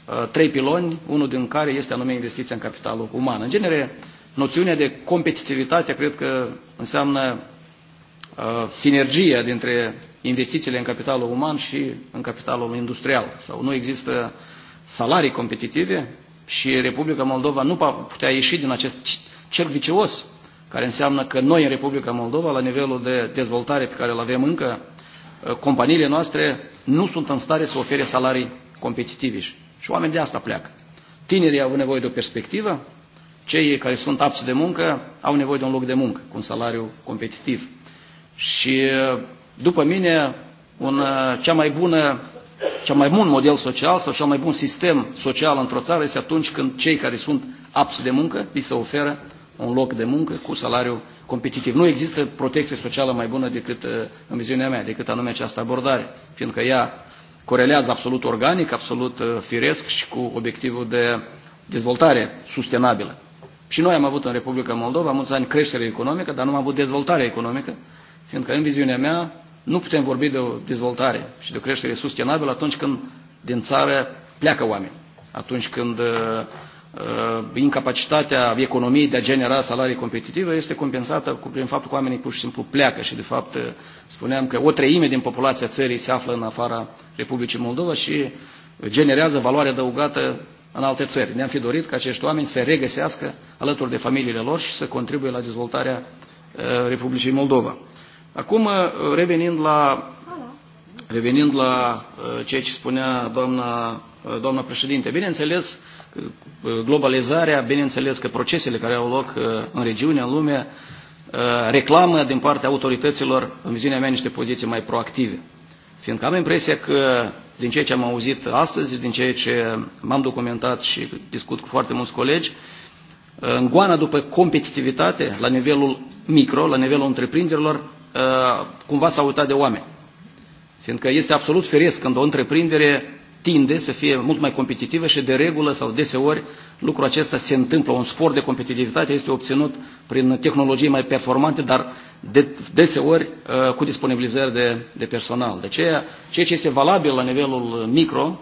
uh, trei piloni, unul din care este anume investiția în capitalul uman. În genere, noțiunea de competitivitate cred că înseamnă uh, sinergia dintre investițiile în capitalul uman și în capitalul industrial. Sau nu există salarii competitive și Republica Moldova nu putea ieși din acest cerc vicios, care înseamnă că noi în Republica Moldova, la nivelul de dezvoltare pe care îl avem încă, ă, companiile noastre nu sunt în stare să ofere salarii competitive. Și oamenii de asta pleacă. Tinerii au nevoie de o perspectivă, cei care sunt apți de muncă au nevoie de un loc de muncă cu un salariu competitiv. Și ă, după mine, un, uh, cea mai bună, cea mai bun model social sau cel mai bun sistem social într-o țară este atunci când cei care sunt apți de muncă li se oferă un loc de muncă cu salariu competitiv. Nu există protecție socială mai bună decât, uh, în viziunea mea, decât anume această abordare, fiindcă ea corelează absolut organic, absolut uh, firesc și cu obiectivul de dezvoltare sustenabilă. Și noi am avut în Republica Moldova mulți ani creștere economică, dar nu am avut dezvoltare economică, fiindcă în viziunea mea nu putem vorbi de o dezvoltare și de o creștere sustenabilă atunci când din țară pleacă oameni, atunci când uh, uh, incapacitatea economiei de a genera salarii competitive este compensată cu, prin faptul că oamenii pur și simplu pleacă și de fapt uh, spuneam că o treime din populația țării se află în afara Republicii Moldova și generează valoare adăugată în alte țări. Ne-am fi dorit ca acești oameni să regăsească alături de familiile lor și să contribuie la dezvoltarea uh, Republicii Moldova. Acum, uh, revenind la, revenind la uh, ceea ce spunea doamna, uh, doamna președinte, bineînțeles, globalizarea, bineînțeles că procesele care au loc în regiune, în lume, reclamă din partea autorităților, în viziunea mea, niște poziții mai proactive. Fiindcă am impresia că, din ceea ce am auzit astăzi, din ceea ce m-am documentat și discut cu foarte mulți colegi, în goana după competitivitate, la nivelul micro, la nivelul întreprinderilor, Uh, cumva s-a uitat de oameni. Fiindcă este absolut firesc când o întreprindere tinde să fie mult mai competitivă și de regulă sau deseori lucrul acesta se întâmplă. Un spor de competitivitate este obținut prin tehnologii mai performante, dar de, deseori uh, cu disponibilizări de, de personal. De aceea, ceea ce este valabil la nivelul micro,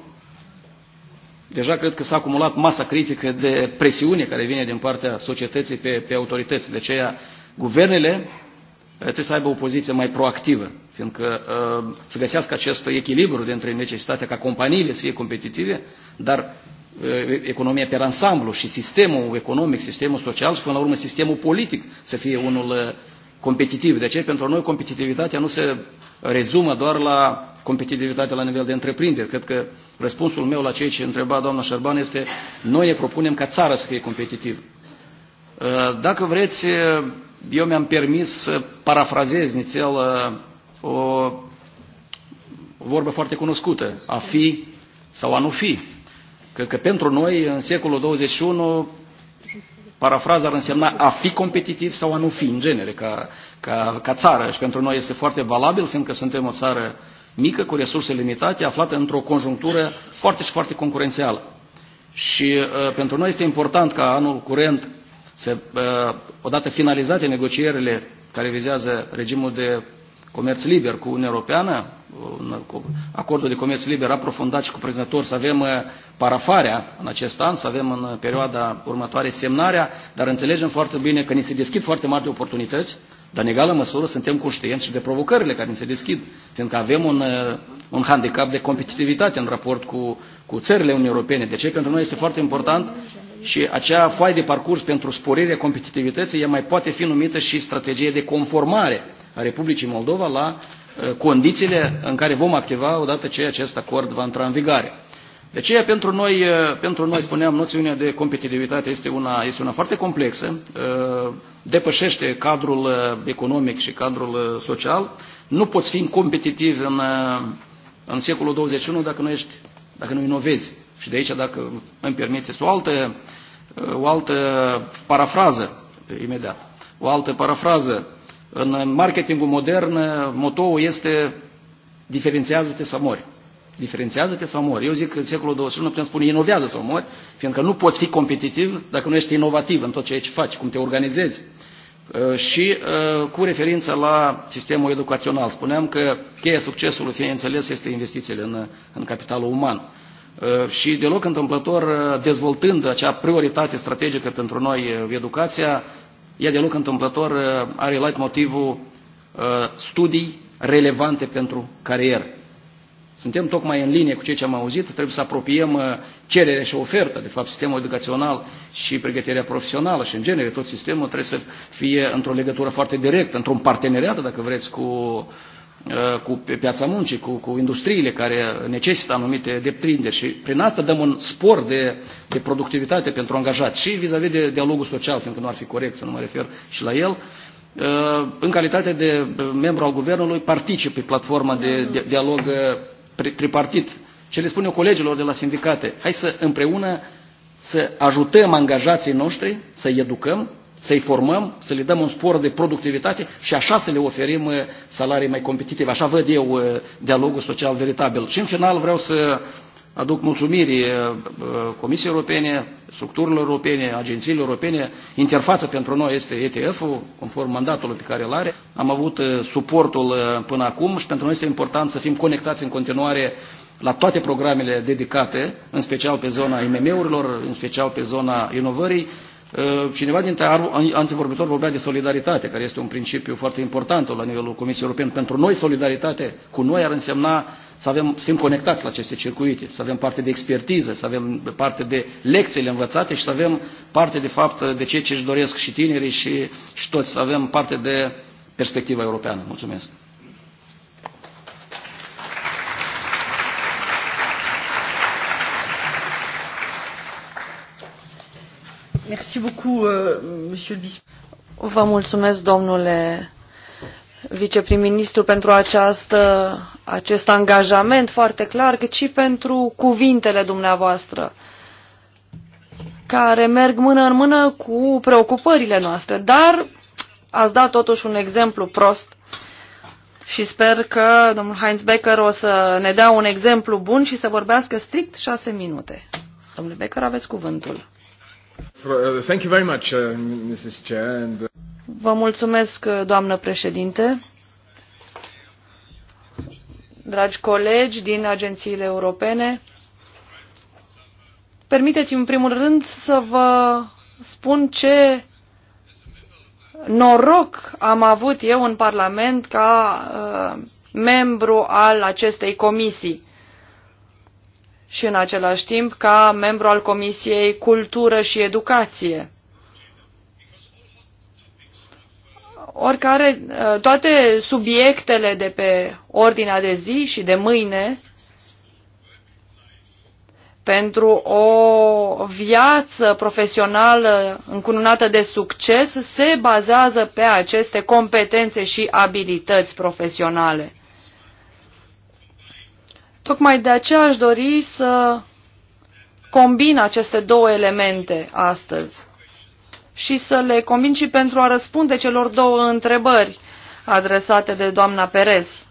deja cred că s-a acumulat masa critică de presiune care vine din partea societății pe, pe autorități. De aceea, guvernele trebuie să aibă o poziție mai proactivă, fiindcă uh, să găsească acest echilibru dintre necesitatea ca companiile să fie competitive, dar uh, economia pe ansamblu și sistemul economic, sistemul social și până la urmă sistemul politic să fie unul uh, competitiv. De aceea pentru noi competitivitatea nu se rezumă doar la competitivitatea la nivel de întreprinderi. Cred că răspunsul meu la cei ce întreba doamna Șerban este noi ne propunem ca țara să fie competitivă. Dacă vreți, eu mi-am permis să parafrazez nițel uh, o, vorbă foarte cunoscută, a fi sau a nu fi. Cred că pentru noi, în secolul 21, parafraza ar însemna a fi competitiv sau a nu fi, în genere, ca, ca, ca țară. Și pentru noi este foarte valabil, fiindcă suntem o țară mică, cu resurse limitate, aflată într-o conjunctură foarte și foarte concurențială. Și uh, pentru noi este important ca anul curent să, uh, odată finalizate negocierile care vizează regimul de comerț liber cu Uniunea Europeană, acordul de comerț liber aprofundat și prezentator, să avem uh, parafarea în acest an, să avem în perioada următoare semnarea, dar înțelegem foarte bine că ni se deschid foarte mari de oportunități, dar în egală măsură suntem conștienți și de provocările care ni se deschid, fiindcă avem un, uh, un handicap de competitivitate în raport cu, cu țările Uniunii Europene. De ce? Pentru noi este foarte important și acea foaie de parcurs pentru sporirea competitivității, ea mai poate fi numită și strategie de conformare a Republicii Moldova la uh, condițiile în care vom activa odată ce acest acord va intra în vigoare. De aceea, pentru noi, uh, pentru noi, spuneam, noțiunea de competitivitate este una, este una foarte complexă, uh, depășește cadrul economic și cadrul social. Nu poți fi competitiv în, în secolul 21 dacă nu, ești, dacă nu inovezi. Și de aici, dacă îmi permiteți, o altă, o altă parafrază, imediat, o altă parafrază. În marketingul modern, motoul este diferențiază-te să mori. Diferențiază-te sau mori. Eu zic că în secolul 21 putem spune inovează sau mori, fiindcă nu poți fi competitiv dacă nu ești inovativ în tot ceea ce faci, cum te organizezi. Uh, și uh, cu referință la sistemul educațional, spuneam că cheia succesului, fie înțeles, este investițiile în, în capitalul uman. Uh, și deloc întâmplător, uh, dezvoltând acea prioritate strategică pentru noi, uh, educația, ea deloc întâmplător are light motivul studii relevante pentru carieră. Suntem tocmai în linie cu ceea ce am auzit, trebuie să apropiem cererea și oferta, de fapt sistemul educațional și pregătirea profesională și în genere tot sistemul trebuie să fie într-o legătură foarte directă, într-un parteneriat, dacă vreți, cu Uh, cu piața muncii, cu, cu industriile care necesită anumite deprinderi și prin asta dăm un spor de, de productivitate pentru angajați și vis-a-vis -vis de dialogul social, fiindcă nu ar fi corect să nu mă refer și la el, uh, în calitate de uh, membru al guvernului particip pe platforma de, de dialog tripartit. Ce le spun eu colegilor de la sindicate, hai să împreună să ajutăm angajații noștri, să i educăm să-i formăm, să le dăm un spor de productivitate și așa să le oferim uh, salarii mai competitive. Așa văd eu uh, dialogul social veritabil. Și în final vreau să aduc mulțumiri uh, Comisiei Europene, structurilor europene, agențiilor europene. Interfața pentru noi este ETF-ul, conform mandatului pe care îl are. Am avut suportul până acum și pentru noi este important să fim conectați în continuare la toate programele dedicate, în special pe zona IMM-urilor, în special pe zona inovării, Ă, cineva dintre antevorbitori vorbea de solidaritate, care este un principiu foarte important la nivelul Comisiei Europene. Pentru noi, solidaritate cu noi ar însemna să, avem, să fim conectați la aceste circuite, să avem parte de expertiză, să avem parte de lecțiile învățate și să avem parte, de fapt, de ceea ce își doresc și tinerii și, și toți, să avem parte de perspectiva europeană. Mulțumesc! Euh, Vă mulțumesc, domnule viceprim-ministru, pentru această, acest angajament foarte clar, cât și pentru cuvintele dumneavoastră care merg mână în mână cu preocupările noastre. Dar ați dat totuși un exemplu prost și sper că domnul Heinz Becker o să ne dea un exemplu bun și să vorbească strict șase minute. Domnule Becker, aveți cuvântul. Uh, thank you very much, uh, Mrs. Chair. And... Uh, vă mulțumesc, doamnă președinte. Dragi colegi din agențiile europene, permiteți-mi în primul rând să vă spun ce noroc am avut eu în Parlament ca uh, membru al acestei comisii și în același timp ca membru al Comisiei Cultură și Educație. Oricare, toate subiectele de pe ordinea de zi și de mâine pentru o viață profesională încununată de succes se bazează pe aceste competențe și abilități profesionale. Tocmai de aceea aș dori să combin aceste două elemente astăzi și să le combin și pentru a răspunde celor două întrebări adresate de doamna Perez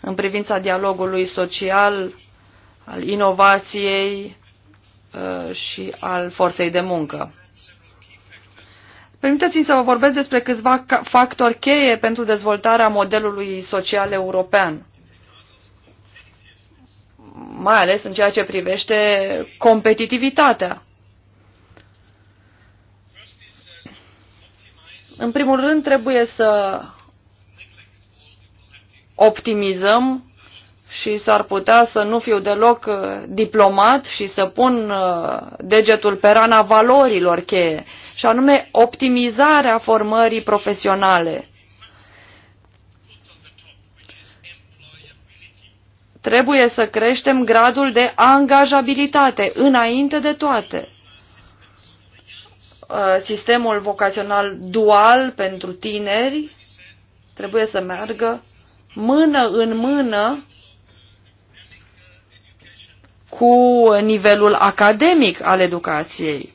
în privința dialogului social, al inovației uh, și al forței de muncă. Permiteți-mi să vă vorbesc despre câțiva factori cheie pentru dezvoltarea modelului social european mai ales în ceea ce privește competitivitatea. În primul rând, trebuie să optimizăm și s-ar putea să nu fiu deloc uh, diplomat și să pun uh, degetul pe rana valorilor cheie, și anume optimizarea formării profesionale. Trebuie să creștem gradul de angajabilitate înainte de toate. Uh, sistemul vocațional dual pentru tineri trebuie să meargă mână în mână cu nivelul academic al educației.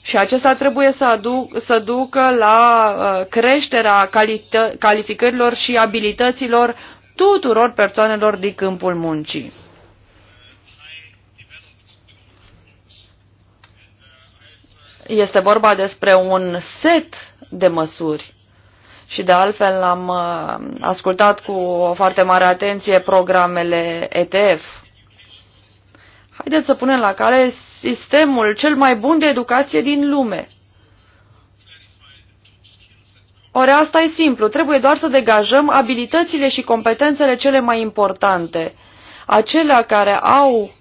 Și acesta trebuie să, aduc, să ducă la uh, creșterea calită, calificărilor și abilităților tuturor persoanelor din câmpul muncii. Este vorba despre un set de măsuri și de altfel am uh, ascultat cu foarte mare atenție programele ETF. Haideți să punem la cale sistemul cel mai bun de educație din lume. Ori asta e simplu, trebuie doar să degajăm abilitățile și competențele cele mai importante, acelea care au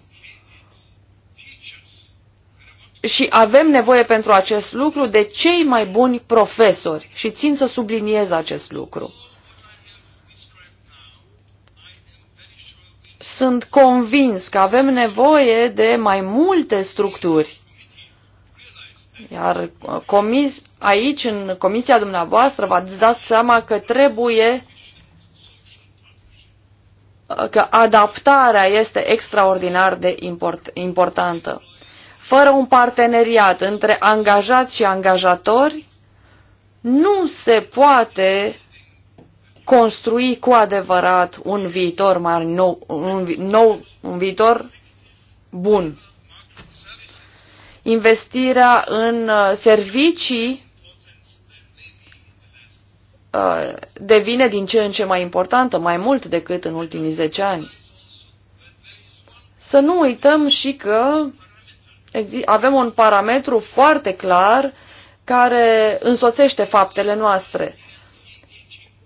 și avem nevoie pentru acest lucru de cei mai buni profesori și țin să subliniez acest lucru. Sunt convins că avem nevoie de mai multe structuri iar comis, aici, în comisia dumneavoastră, v-ați dat seama că trebuie că adaptarea este extraordinar de import, importantă. Fără un parteneriat între angajați și angajatori, nu se poate construi cu adevărat un viitor mai nou, un, nou, un viitor bun investirea în uh, servicii uh, devine din ce în ce mai importantă, mai mult decât în ultimii 10 ani. Să nu uităm și că avem un parametru foarte clar care însoțește faptele noastre.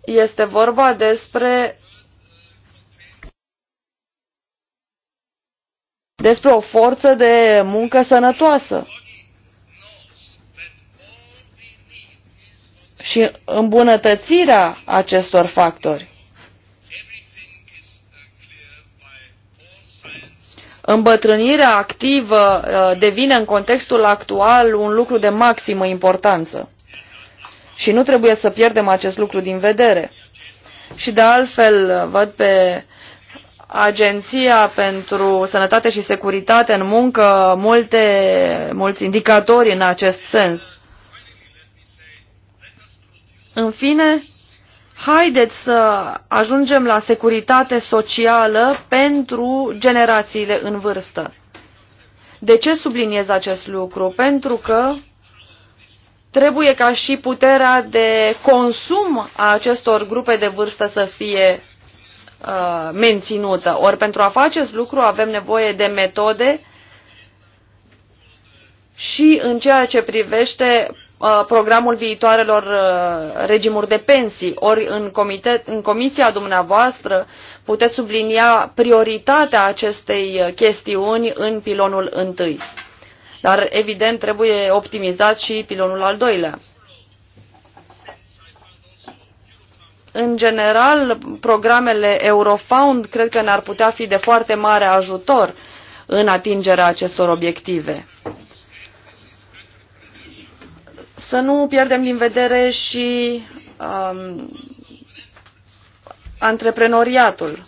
Este vorba despre despre o forță de muncă sănătoasă. și îmbunătățirea acestor factori. Îmbătrânirea activă uh, devine în contextul actual un lucru de maximă importanță și nu trebuie să pierdem acest lucru din vedere. Și de altfel, uh, văd pe Agenția pentru Sănătate și Securitate în Muncă multe, mulți indicatori în acest sens. În fine, haideți să ajungem la securitate socială pentru generațiile în vârstă. De ce subliniez acest lucru? Pentru că trebuie ca și puterea de consum a acestor grupe de vârstă să fie Uh, menținută. Ori pentru a face acest lucru avem nevoie de metode și în ceea ce privește uh, programul viitoarelor uh, regimuri de pensii. Ori în, comitet, în comisia dumneavoastră puteți sublinia prioritatea acestei chestiuni în pilonul întâi. Dar, evident, trebuie optimizat și pilonul al doilea. În general, programele Eurofound cred că ne-ar putea fi de foarte mare ajutor în atingerea acestor obiective. Să nu pierdem din vedere și um, antreprenoriatul.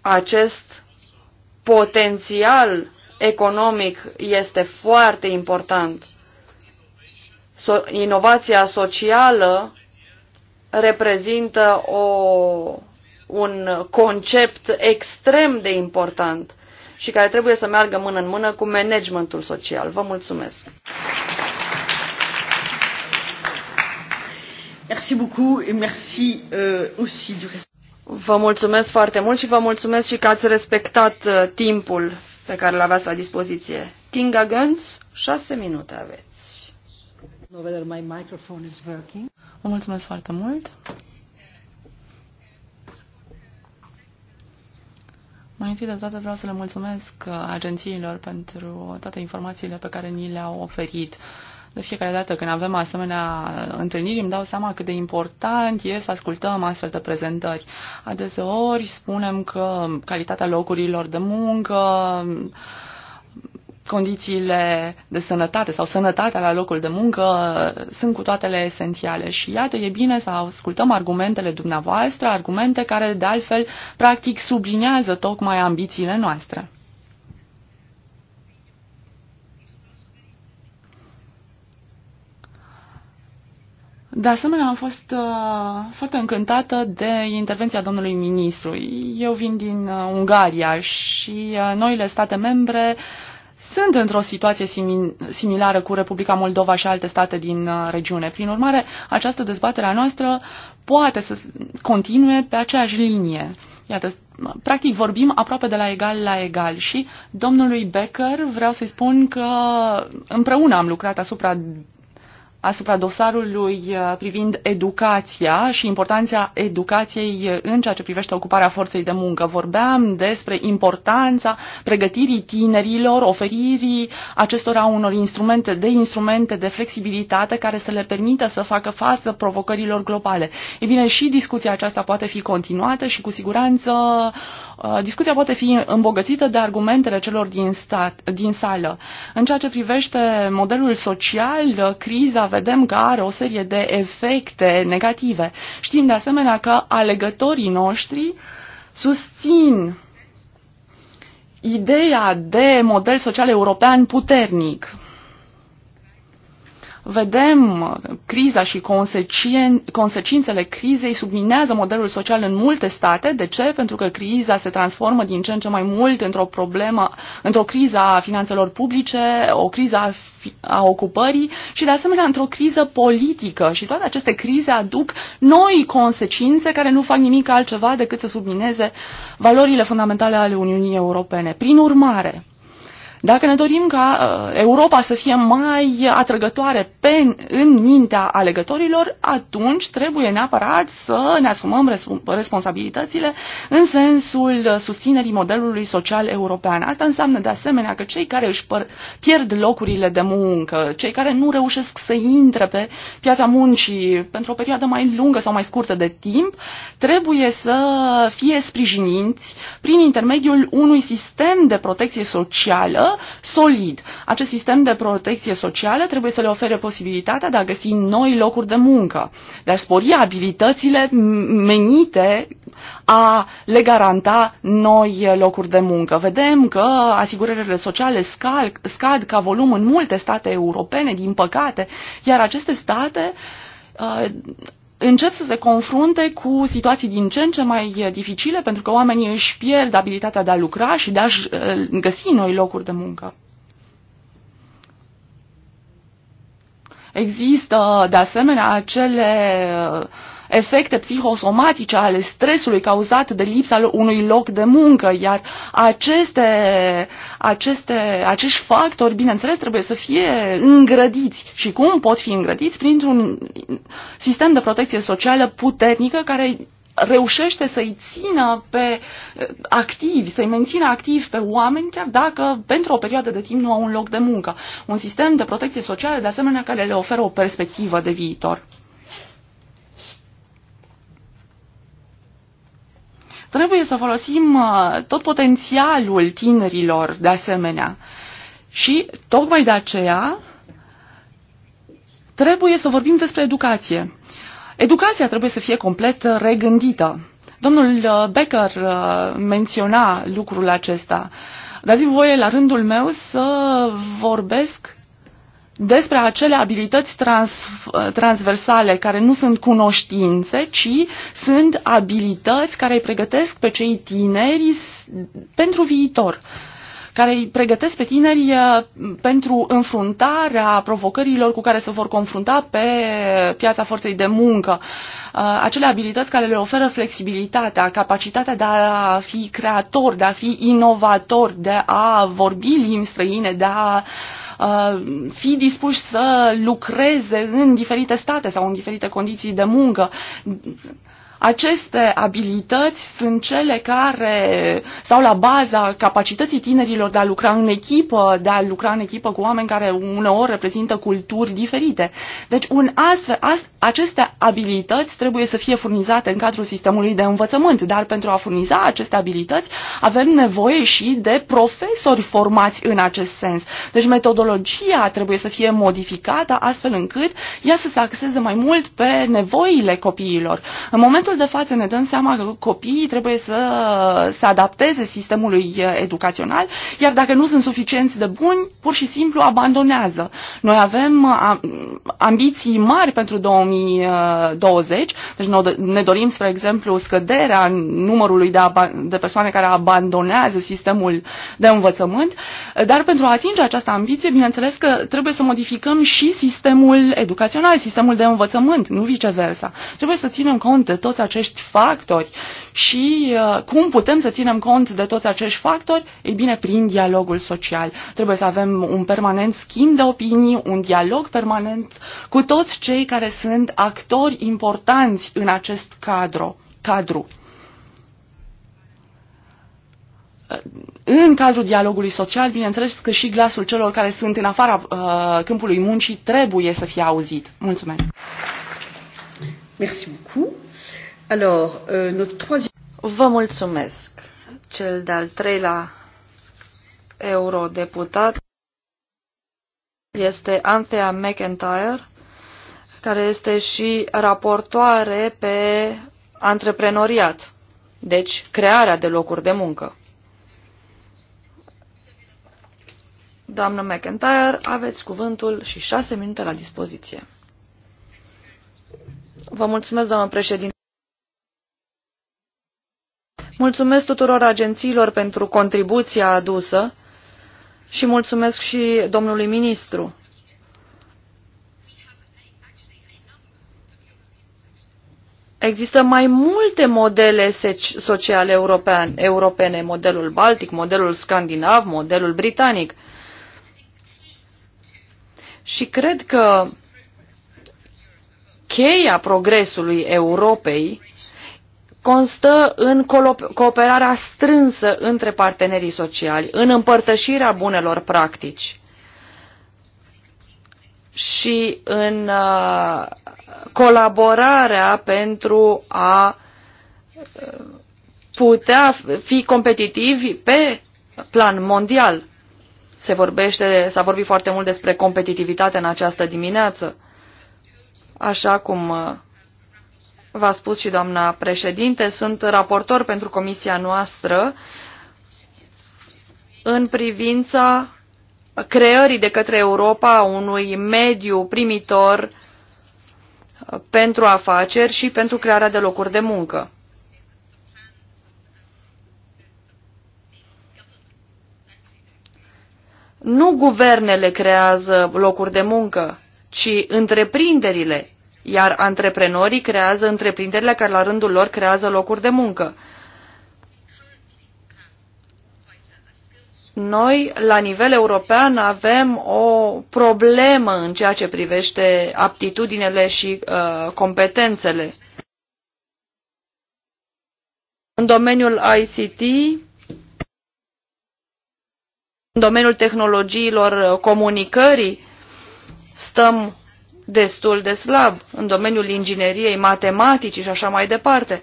Acest potențial economic este foarte important inovația socială reprezintă o, un concept extrem de important și care trebuie să meargă mână în mână cu managementul social. Vă mulțumesc! Merci beaucoup et merci euh, aussi du Vă mulțumesc foarte mult și vă mulțumesc și că ați respectat uh, timpul pe care l-aveați la dispoziție. Kinga Gönz, șase minute aveți. Whether my microphone is working. Vă mulțumesc foarte mult. Mai întâi de toate vreau să le mulțumesc uh, agențiilor pentru toate informațiile pe care ni le-au oferit. De fiecare dată când avem asemenea întâlniri îmi dau seama cât de important e să ascultăm astfel de prezentări. Adeseori spunem că calitatea locurilor de muncă, condițiile de sănătate sau sănătatea la locul de muncă uh, sunt cu toatele esențiale și iată, e bine să ascultăm argumentele dumneavoastră, argumente care de altfel practic sublinează tocmai ambițiile noastre. De asemenea, am fost uh, foarte încântată de intervenția domnului ministru. Eu vin din uh, Ungaria și uh, noile state membre uh, sunt într-o situație similară cu Republica Moldova și alte state din uh, regiune. Prin urmare, această dezbatere a noastră poate să continue pe aceeași linie. Iată, practic vorbim aproape de la egal la egal și domnului Becker vreau să-i spun că împreună am lucrat asupra asupra dosarului uh, privind educația și importanța educației uh, în ceea ce privește ocuparea forței de muncă. Vorbeam despre importanța pregătirii tinerilor, oferirii acestora unor instrumente de instrumente de flexibilitate care să le permită să facă față provocărilor globale. E bine, și discuția aceasta poate fi continuată și cu siguranță Uh, discuția poate fi îmbogățită de argumentele celor din, stat, din sală. În ceea ce privește modelul social, criza vedem că are o serie de efecte negative. Știm de asemenea că alegătorii noștri susțin ideea de model social european puternic vedem criza și consecințele crizei subminează modelul social în multe state. De ce? Pentru că criza se transformă din ce în ce mai mult într-o problemă, într-o criză a finanțelor publice, o criză a, a ocupării și de asemenea într-o criză politică. Și toate aceste crize aduc noi consecințe care nu fac nimic altceva decât să submineze valorile fundamentale ale Uniunii Europene. Prin urmare, dacă ne dorim ca uh, Europa să fie mai atrăgătoare pe, în mintea alegătorilor, atunci trebuie neapărat să ne asumăm responsabilitățile în sensul susținerii modelului social european. Asta înseamnă de asemenea că cei care își pierd locurile de muncă, cei care nu reușesc să intre pe piața muncii pentru o perioadă mai lungă sau mai scurtă de timp, trebuie să fie sprijiniți prin intermediul unui sistem de protecție socială solid. Acest sistem de protecție socială trebuie să le ofere posibilitatea de a găsi noi locuri de muncă, de a spori abilitățile menite a le garanta noi locuri de muncă. Vedem că asigurările sociale scal, scad ca volum în multe state europene, din păcate, iar aceste state uh, încep să se confrunte cu situații din ce în ce mai eh, dificile pentru că oamenii își pierd abilitatea de a lucra și de a-și eh, găsi noi locuri de muncă. Există, de asemenea, acele uh, efecte psihosomatice ale stresului cauzat de lipsa unui loc de muncă, iar aceste, aceste, acești factori, bineînțeles, trebuie să fie îngrădiți. Și cum pot fi îngrădiți? Printr-un sistem de protecție socială puternică care reușește să-i țină pe eh, activi, să-i mențină activi pe oameni, chiar dacă pentru o perioadă de timp nu au un loc de muncă. Un sistem de protecție socială, de asemenea, care le oferă o perspectivă de viitor. Trebuie să folosim uh, tot potențialul tinerilor de asemenea. Și tocmai de aceea trebuie să vorbim despre educație. Educația trebuie să fie complet regândită. Domnul uh, Becker uh, menționa lucrul acesta. Dați-mi voie la rândul meu să vorbesc despre acele abilități trans, transversale care nu sunt cunoștințe, ci sunt abilități care îi pregătesc pe cei tineri pentru viitor care îi pregătesc pe tineri uh, pentru înfruntarea provocărilor cu care se vor confrunta pe piața forței de muncă. Uh, acele abilități care le oferă flexibilitatea, capacitatea de a fi creator, de a fi inovator, de a vorbi limbi străine, de a uh, Uh, fi dispuși să lucreze în diferite state sau în diferite condiții de muncă aceste abilități sunt cele care stau la baza capacității tinerilor de a lucra în echipă, de a lucra în echipă cu oameni care uneori reprezintă culturi diferite. Deci un astfel, ast, aceste abilități trebuie să fie furnizate în cadrul sistemului de învățământ, dar pentru a furniza aceste abilități avem nevoie și de profesori formați în acest sens. Deci metodologia trebuie să fie modificată astfel încât ea să se axeze mai mult pe nevoile copiilor. În momentul momentul de față ne dăm seama că copiii trebuie să se adapteze sistemului educațional, iar dacă nu sunt suficienți de buni, pur și simplu abandonează. Noi avem ambiții mari pentru 2020, deci ne dorim, spre exemplu, scăderea numărului de, de persoane care abandonează sistemul de învățământ, dar pentru a atinge această ambiție, bineînțeles că trebuie să modificăm și sistemul educațional, sistemul de învățământ, nu viceversa. Trebuie să ținem cont de toți acești factori și uh, cum putem să ținem cont de toți acești factori? Ei bine, prin dialogul social. Trebuie să avem un permanent schimb de opinii, un dialog permanent cu toți cei care sunt actori importanți în acest cadru. cadru. în cadrul dialogului social, bineînțeles că și glasul celor care sunt în afara uh, câmpului muncii trebuie să fie auzit. Mulțumesc! Merci beaucoup. Alors, euh, notre troisième... Vă mulțumesc. Cel de-al treilea eurodeputat este Anthea McIntyre, care este și raportoare pe antreprenoriat, deci crearea de locuri de muncă. Doamnă McIntyre, aveți cuvântul și șase minute la dispoziție. Vă mulțumesc, doamnă președinte. Mulțumesc tuturor agențiilor pentru contribuția adusă și mulțumesc și domnului ministru. Există mai multe modele sociale european, europene, modelul baltic, modelul scandinav, modelul britanic. Și cred că cheia progresului Europei constă în cooperarea strânsă între partenerii sociali, în împărtășirea bunelor practici și în uh, colaborarea pentru a uh, putea fi competitivi pe plan mondial. Se vorbește, s-a vorbit foarte mult despre competitivitate în această dimineață, așa cum uh, V-a spus și doamna președinte, sunt raportor pentru comisia noastră în privința creării de către Europa unui mediu primitor uh, pentru afaceri și pentru crearea de locuri de muncă. Nu guvernele creează locuri de muncă, ci întreprinderile iar antreprenorii creează întreprinderile care la rândul lor creează locuri de muncă. Noi, la nivel european, avem o problemă în ceea ce privește aptitudinele și uh, competențele. În domeniul ICT, în domeniul tehnologiilor uh, comunicării, stăm destul de slab în domeniul ingineriei, matematicii și așa mai departe.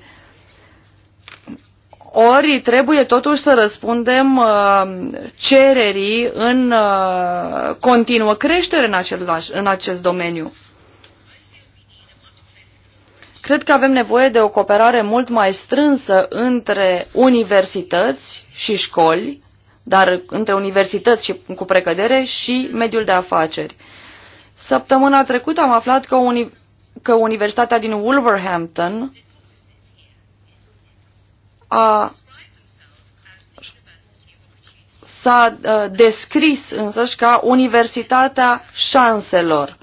Ori trebuie totuși să răspundem uh, cererii în uh, continuă creștere în, acel, în acest domeniu. Cred că avem nevoie de o cooperare mult mai strânsă între universități și școli, dar între universități și cu precădere și mediul de afaceri. Săptămâna trecută am aflat că, uni că Universitatea din Wolverhampton a s-a uh, descris însăși ca Universitatea Șanselor,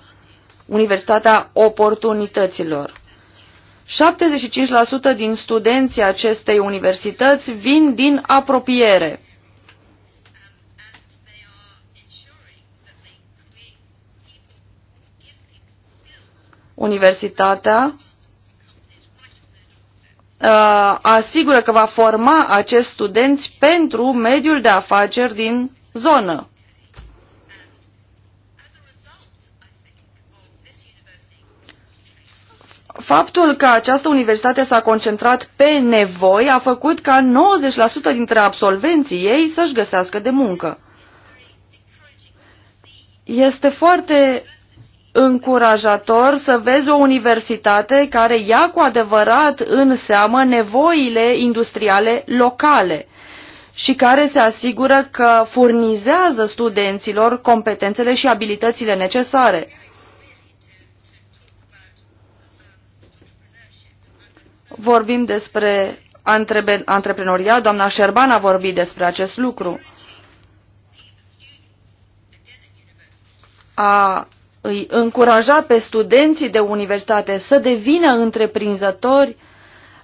Universitatea Oportunităților. 75% din studenții acestei universități vin din apropiere. Universitatea uh, asigură că va forma acești studenți pentru mediul de afaceri din zonă. Faptul că această universitate s-a concentrat pe nevoi a făcut ca 90% dintre absolvenții ei să-și găsească de muncă. Este foarte încurajator să vezi o universitate care ia cu adevărat în seamă nevoile industriale locale și care se asigură că furnizează studenților competențele și abilitățile necesare. Vorbim despre antreprenoriat, doamna Șerban a vorbit despre acest lucru. A îi încuraja pe studenții de universitate să devină întreprinzători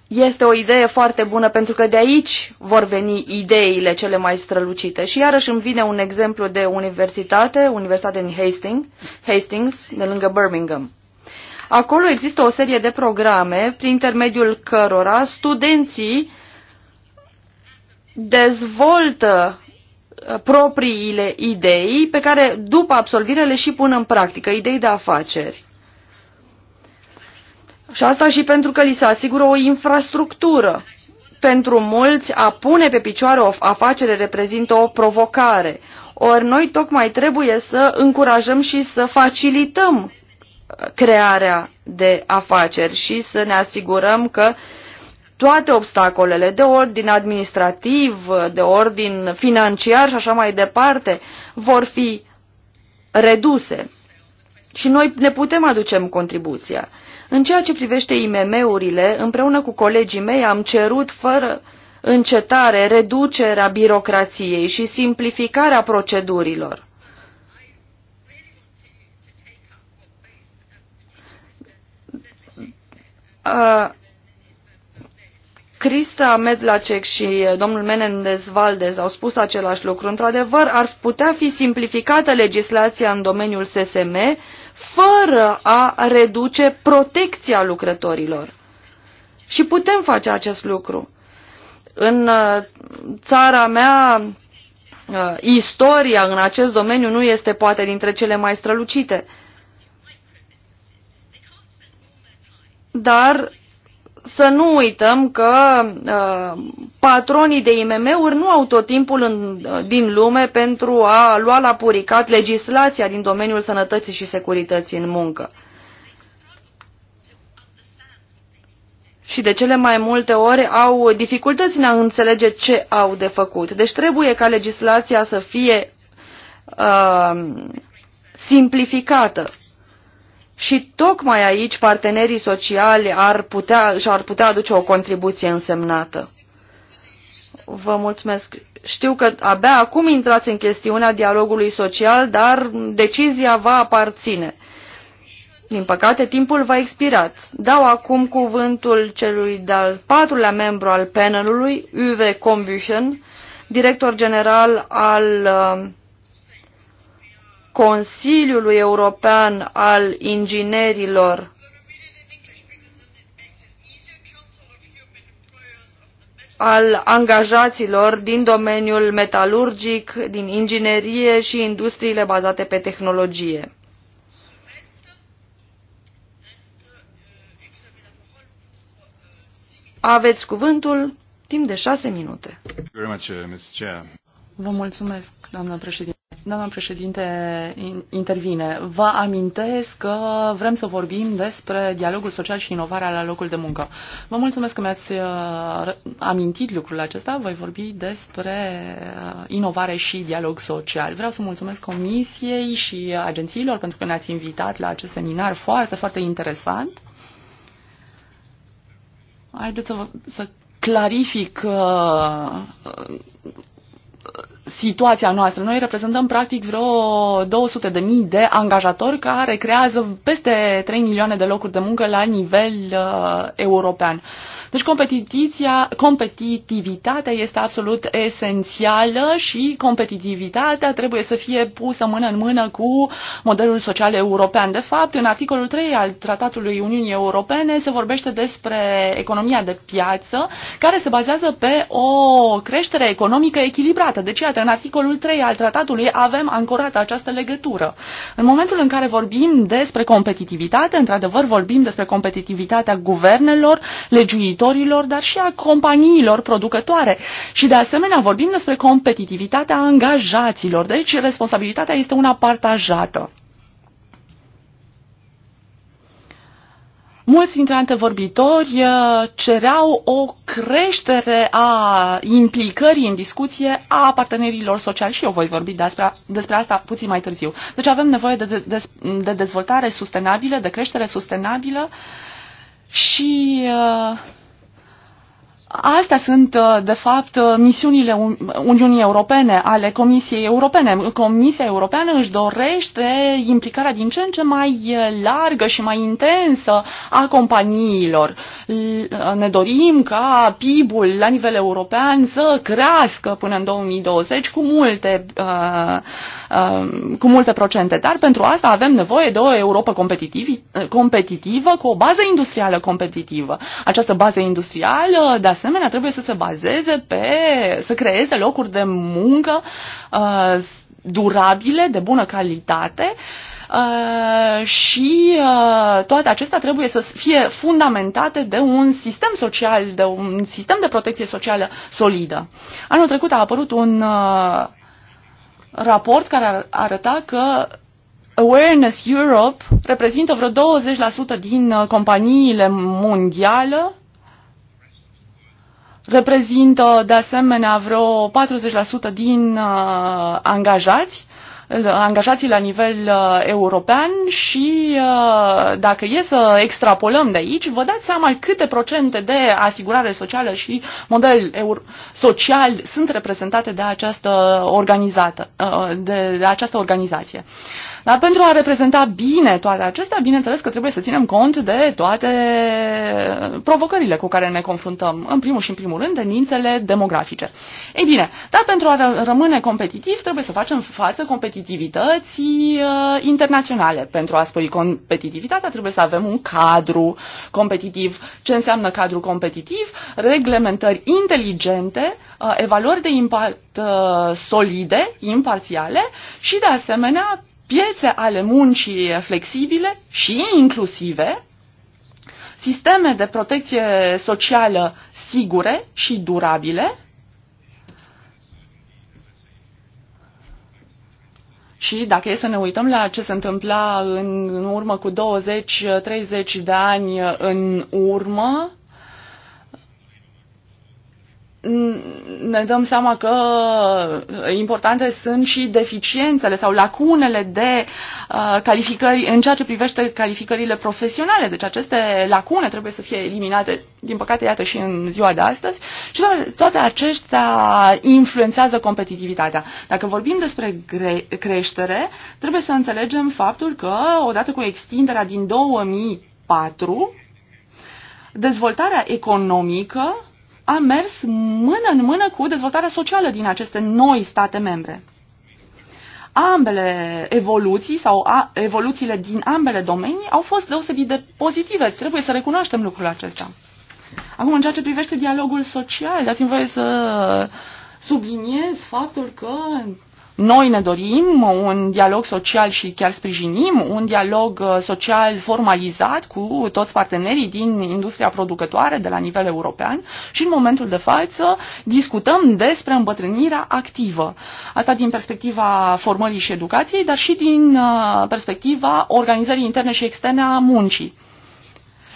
este o idee foarte bună pentru că de aici vor veni ideile cele mai strălucite. Și iarăși îmi vine un exemplu de universitate, universitate din Hastings, Hastings de lângă Birmingham. Acolo există o serie de programe prin intermediul cărora studenții dezvoltă propriile idei pe care după absolvire le și pun în practică, idei de afaceri. Și asta și pentru că li se asigură o infrastructură. Pentru mulți, a pune pe picioare o afacere reprezintă o provocare. Ori noi tocmai trebuie să încurajăm și să facilităm crearea de afaceri și să ne asigurăm că uh, toate obstacolele de ordin administrativ, de ordin financiar și așa mai departe vor fi reduse. Și noi ne putem aducem contribuția. În ceea ce privește IMM-urile, împreună cu colegii mei am cerut fără încetare reducerea birocrației și simplificarea procedurilor. Uh, Crista Medlacek și eh, domnul Menendez Valdez au spus același lucru. Într-adevăr, ar putea fi simplificată legislația în domeniul SSM fără a reduce protecția lucrătorilor. Și putem face acest lucru. În eh, țara mea, eh, istoria în acest domeniu nu este poate dintre cele mai strălucite. Dar să nu uităm că uh, patronii de IMM-uri nu au tot timpul în, uh, din lume pentru a lua la puricat legislația din domeniul sănătății și securității în muncă. Și de cele mai multe ori au dificultăți în a înțelege ce au de făcut. Deci trebuie ca legislația să fie uh, simplificată și tocmai aici partenerii sociali ar putea, și-ar putea aduce o contribuție însemnată. Vă mulțumesc. Știu că abia acum intrați în chestiunea dialogului social, dar decizia va aparține. Din păcate, timpul va expirat. Dau acum cuvântul celui de-al patrulea membru al panelului, Uwe Kombuchen, director general al uh, Consiliului European al Inginerilor al angajaților din domeniul metalurgic, din inginerie și industriile bazate pe tehnologie. Aveți cuvântul timp de șase minute. Uh, Vă mulțumesc, doamnă președinte. Doamna președinte, intervine. Vă amintesc că vrem să vorbim despre dialogul social și inovarea la locul de muncă. Vă mulțumesc că mi-ați uh, amintit lucrul acesta. Voi vorbi despre uh, inovare și dialog social. Vreau să mulțumesc Comisiei și agențiilor pentru că ne-ați invitat la acest seminar foarte, foarte interesant. Haideți să, vă, să clarific uh, situația noastră. Noi reprezentăm practic vreo 200 de mii de angajatori care creează peste 3 milioane de locuri de muncă la nivel uh, european. Uh, deci competiția, competitivitatea este absolut esențială și competitivitatea trebuie să fie pusă mână în mână cu modelul social european. De fapt, în articolul 3 al Tratatului Uniunii Europene se vorbește despre economia de piață care se bazează pe o creștere economică echilibrată. Deci, iată, în articolul 3 al tratatului avem ancorată această legătură. În momentul în care vorbim despre competitivitate, într-adevăr vorbim despre competitivitatea guvernelor, legiuitorilor, producătorilor, dar și a companiilor producătoare. Și de asemenea vorbim despre competitivitatea angajaților, deci responsabilitatea este una partajată. Mulți dintre antevorbitori uh, cereau o creștere a implicării în discuție a partenerilor sociali și eu voi vorbi despre, despre asta puțin mai târziu. Deci avem nevoie de, de, de dezvoltare sustenabilă, de creștere sustenabilă și uh, Astea sunt, uh, de fapt, uh, misiunile Uniunii Europene, ale Comisiei Europene. Comisia Europeană își dorește implicarea din ce în ce mai uh, largă și mai intensă a companiilor. Ne dorim ca PIB-ul la nivel european să crească până în 2020 cu multe uh, Um, cu multe procente, dar pentru asta avem nevoie de o Europa competitivă cu o bază industrială competitivă. Această bază industrială, de asemenea, trebuie să se bazeze pe, să creeze locuri de muncă uh, durabile, de bună calitate, Uh, și uh, toate acestea trebuie să fie fundamentate de un sistem social, de un sistem de protecție socială solidă. Anul trecut a apărut un uh, raport care arăta că Awareness Europe reprezintă vreo 20% din uh, companiile mondiale, reprezintă de asemenea vreo 40% din uh, angajați Uh, angajații la nivel uh, european și uh, dacă e să extrapolăm de aici, vă dați seama câte procente de asigurare socială și model social sunt reprezentate de această, organizată, de, de această organizație. Uh, dar pentru a reprezenta bine toate acestea, bineînțeles că trebuie să ținem cont de toate provocările cu care ne confruntăm, în primul și în primul rând, tendințele demografice. Ei bine, dar pentru a rămâne competitiv, trebuie să facem față competitivității uh, internaționale. Pentru a spori competitivitatea, trebuie să avem un cadru competitiv. Ce înseamnă cadru competitiv? Reglementări inteligente, uh, evaluări de impact uh, solide, imparțiale și, de asemenea, piețe ale muncii flexibile și inclusive, sisteme de protecție socială sigure și durabile Și dacă e să ne uităm la ce se întâmpla în, în urmă cu 20-30 de ani în urmă, ne dăm seama că uh, importante sunt și deficiențele sau lacunele de uh, calificări în ceea ce privește calificările profesionale. Deci aceste lacune trebuie să fie eliminate, din păcate, iată și în ziua de astăzi. Și toate, toate acestea influențează competitivitatea. Dacă vorbim despre creștere, trebuie să înțelegem faptul că odată cu extinderea din 2004, dezvoltarea economică a mers mână în mână cu dezvoltarea socială din aceste noi state membre. Ambele evoluții sau a, evoluțiile din ambele domenii au fost deosebit de pozitive. Trebuie să recunoaștem lucrul acesta. Acum, în ceea ce privește dialogul social, dați-mi voie să subliniez faptul că noi ne dorim un dialog social și chiar sprijinim un dialog uh, social formalizat cu toți partenerii din industria producătoare de la nivel european și în momentul de față discutăm despre îmbătrânirea activă. Asta din perspectiva formării și educației, dar și din uh, perspectiva organizării interne și externe a muncii.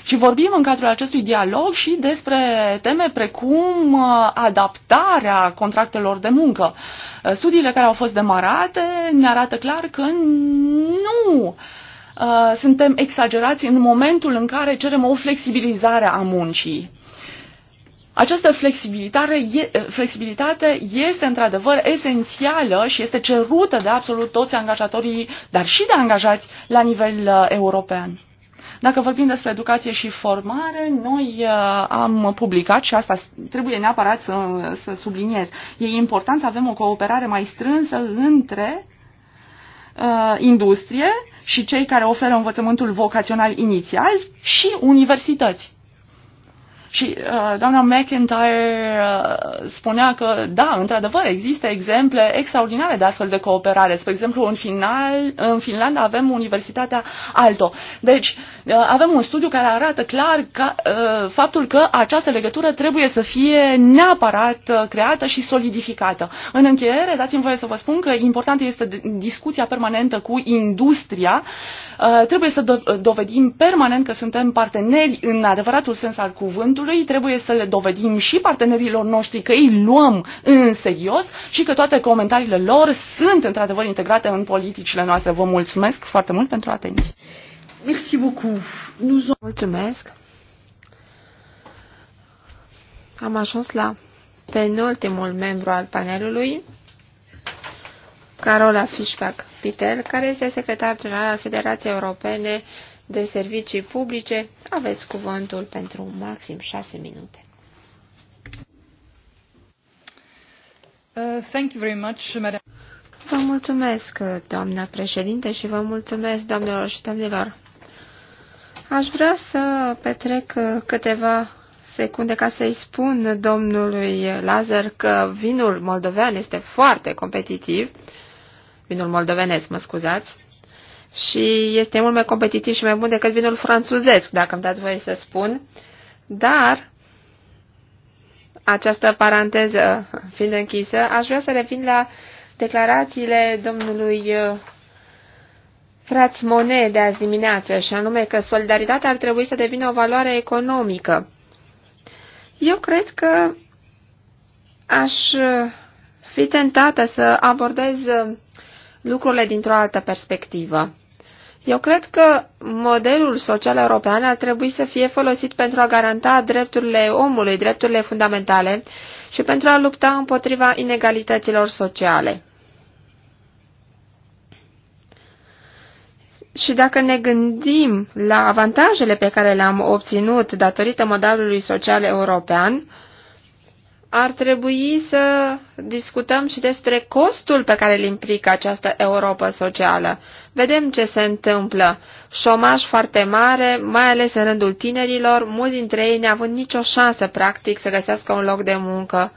Și vorbim în cadrul acestui dialog și despre teme precum uh, adaptarea contractelor de muncă. Uh, studiile care au fost demarate ne arată clar că nu uh, suntem exagerați în momentul în care cerem o flexibilizare a muncii. Această flexibilitate, flexibilitate este într-adevăr esențială și este cerută de absolut toți angajatorii, dar și de angajați la nivel european. Dacă vorbim despre educație și formare, noi uh, am publicat și asta trebuie neapărat să, să subliniez. E important să avem o cooperare mai strânsă între uh, industrie și cei care oferă învățământul vocațional inițial și universități. Și uh, doamna McIntyre uh, spunea că, da, într-adevăr, există exemple extraordinare de astfel de cooperare. Spre exemplu, în, final, în Finlanda avem Universitatea Alto. Deci, uh, avem un studiu care arată clar ca, uh, faptul că această legătură trebuie să fie neapărat uh, creată și solidificată. În încheiere, dați-mi voie să vă spun că importantă este discuția permanentă cu industria. Uh, trebuie să do- dovedim permanent că suntem parteneri în adevăratul sens al cuvântului Parlamentului, trebuie să le dovedim și partenerilor noștri că îi luăm în serios și că toate comentariile lor sunt într-adevăr integrate în politicile noastre. Vă mulțumesc foarte mult pentru atenție. Merci beaucoup. Nous... Mulțumesc. Am ajuns la penultimul membru al panelului, Carola Fischbach-Pitel, care este secretar general al Federației Europene de servicii publice, aveți cuvântul pentru maxim șase minute. Uh, thank you very much, madam. Vă mulțumesc, doamna președinte, și vă mulțumesc, doamnelor și domnilor. Aș vrea să petrec câteva secunde ca să-i spun domnului Lazar că vinul moldovean este foarte competitiv, vinul moldovenesc, mă scuzați, și este mult mai competitiv și mai bun decât vinul franțuzesc, dacă îmi dați voie să spun. Dar, această paranteză fiind închisă, aș vrea să revin la declarațiile domnului uh, Frați Monet de azi dimineață, și anume că solidaritatea ar trebui să devină o valoare economică. Eu cred că aș uh, fi tentată să abordez uh, lucrurile dintr-o altă perspectivă. Eu cred că modelul social european ar trebui să fie folosit pentru a garanta drepturile omului, drepturile fundamentale și pentru a lupta împotriva inegalităților sociale. Și dacă ne gândim la avantajele pe care le-am obținut datorită modelului social european, ar trebui să discutăm și despre costul pe care îl implică această Europa socială Vedem ce se întâmplă. Șomaj foarte mare, mai ales în rândul tinerilor, mulți dintre ei neavând nicio șansă, practic, să găsească un loc de muncă.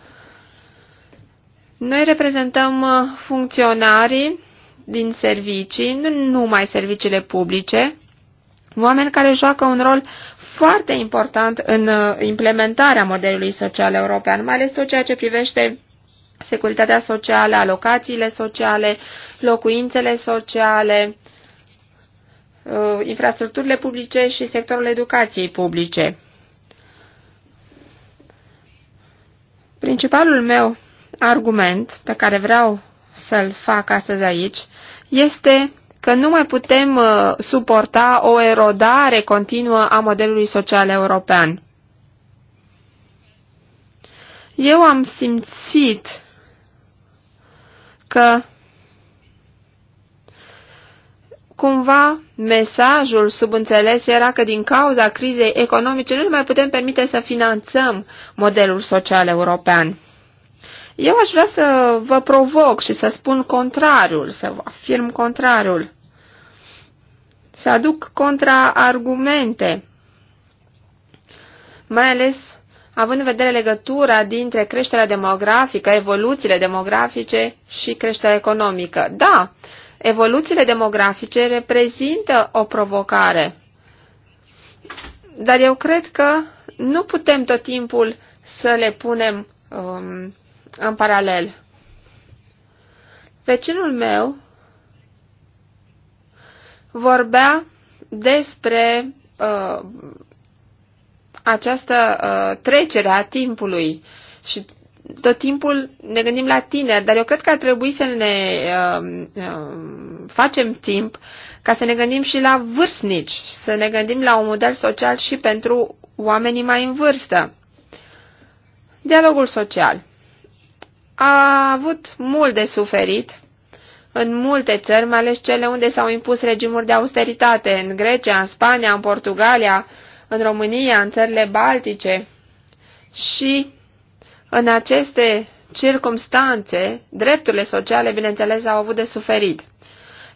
Noi reprezentăm uh, funcționarii din servicii, nu numai serviciile publice, oameni care joacă un rol foarte important în uh, implementarea modelului social european, mai ales tot ceea ce privește securitatea socială, alocațiile sociale, locuințele sociale, uh, infrastructurile publice și sectorul educației publice. Principalul meu argument pe care vreau să-l fac astăzi aici este că nu mai putem uh, suporta o erodare continuă a modelului social european. Eu am simțit că cumva mesajul subînțeles era că din cauza crizei economice nu ne mai putem permite să finanțăm modelul social european. Eu aș vrea să vă provoc și să spun contrariul, să vă afirm contrariul, să aduc contraargumente, mai ales având în vedere legătura dintre creșterea demografică, evoluțiile demografice și creșterea economică. Da, evoluțiile demografice reprezintă o provocare, dar eu cred că nu putem tot timpul să le punem um, în paralel. Vecinul meu vorbea despre uh, această uh, trecere a timpului și tot timpul ne gândim la tineri, dar eu cred că ar trebui să ne uh, uh, facem timp ca să ne gândim și la vârstnici, să ne gândim la un model social și pentru oamenii mai în vârstă. Dialogul social a avut mult de suferit în multe țări, mai ales cele unde s-au impus regimuri de austeritate, în Grecia, în Spania, în Portugalia, în România, în țările baltice și în aceste circumstanțe, drepturile sociale, bineînțeles, au avut de suferit.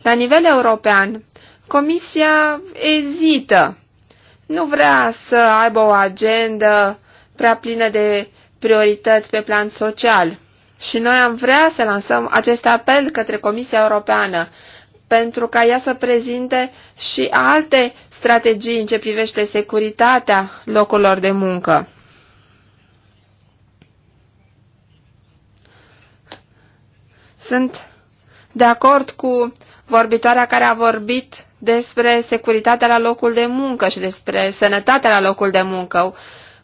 La nivel european, Comisia ezită. Nu vrea să aibă o agendă prea plină de priorități pe plan social. Și noi am vrea să lansăm acest apel către Comisia Europeană pentru ca ea să prezinte și alte strategii în ce privește securitatea locurilor de muncă. Sunt de acord cu vorbitoarea care a vorbit despre securitatea la locul de muncă și despre sănătatea la locul de muncă.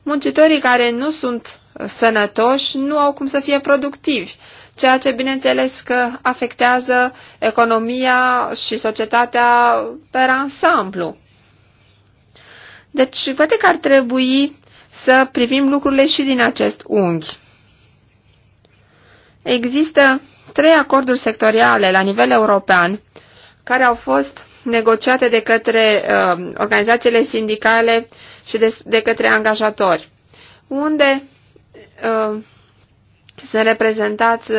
Muncitorii care nu sunt sănătoși nu au cum să fie productivi, ceea ce bineînțeles că afectează economia și societatea per ansamblu. Deci, poate că ar trebui să privim lucrurile și din acest unghi. Există trei acorduri sectoriale la nivel european care au fost negociate de către uh, organizațiile sindicale și de, de către angajatori, unde uh, sunt reprezentați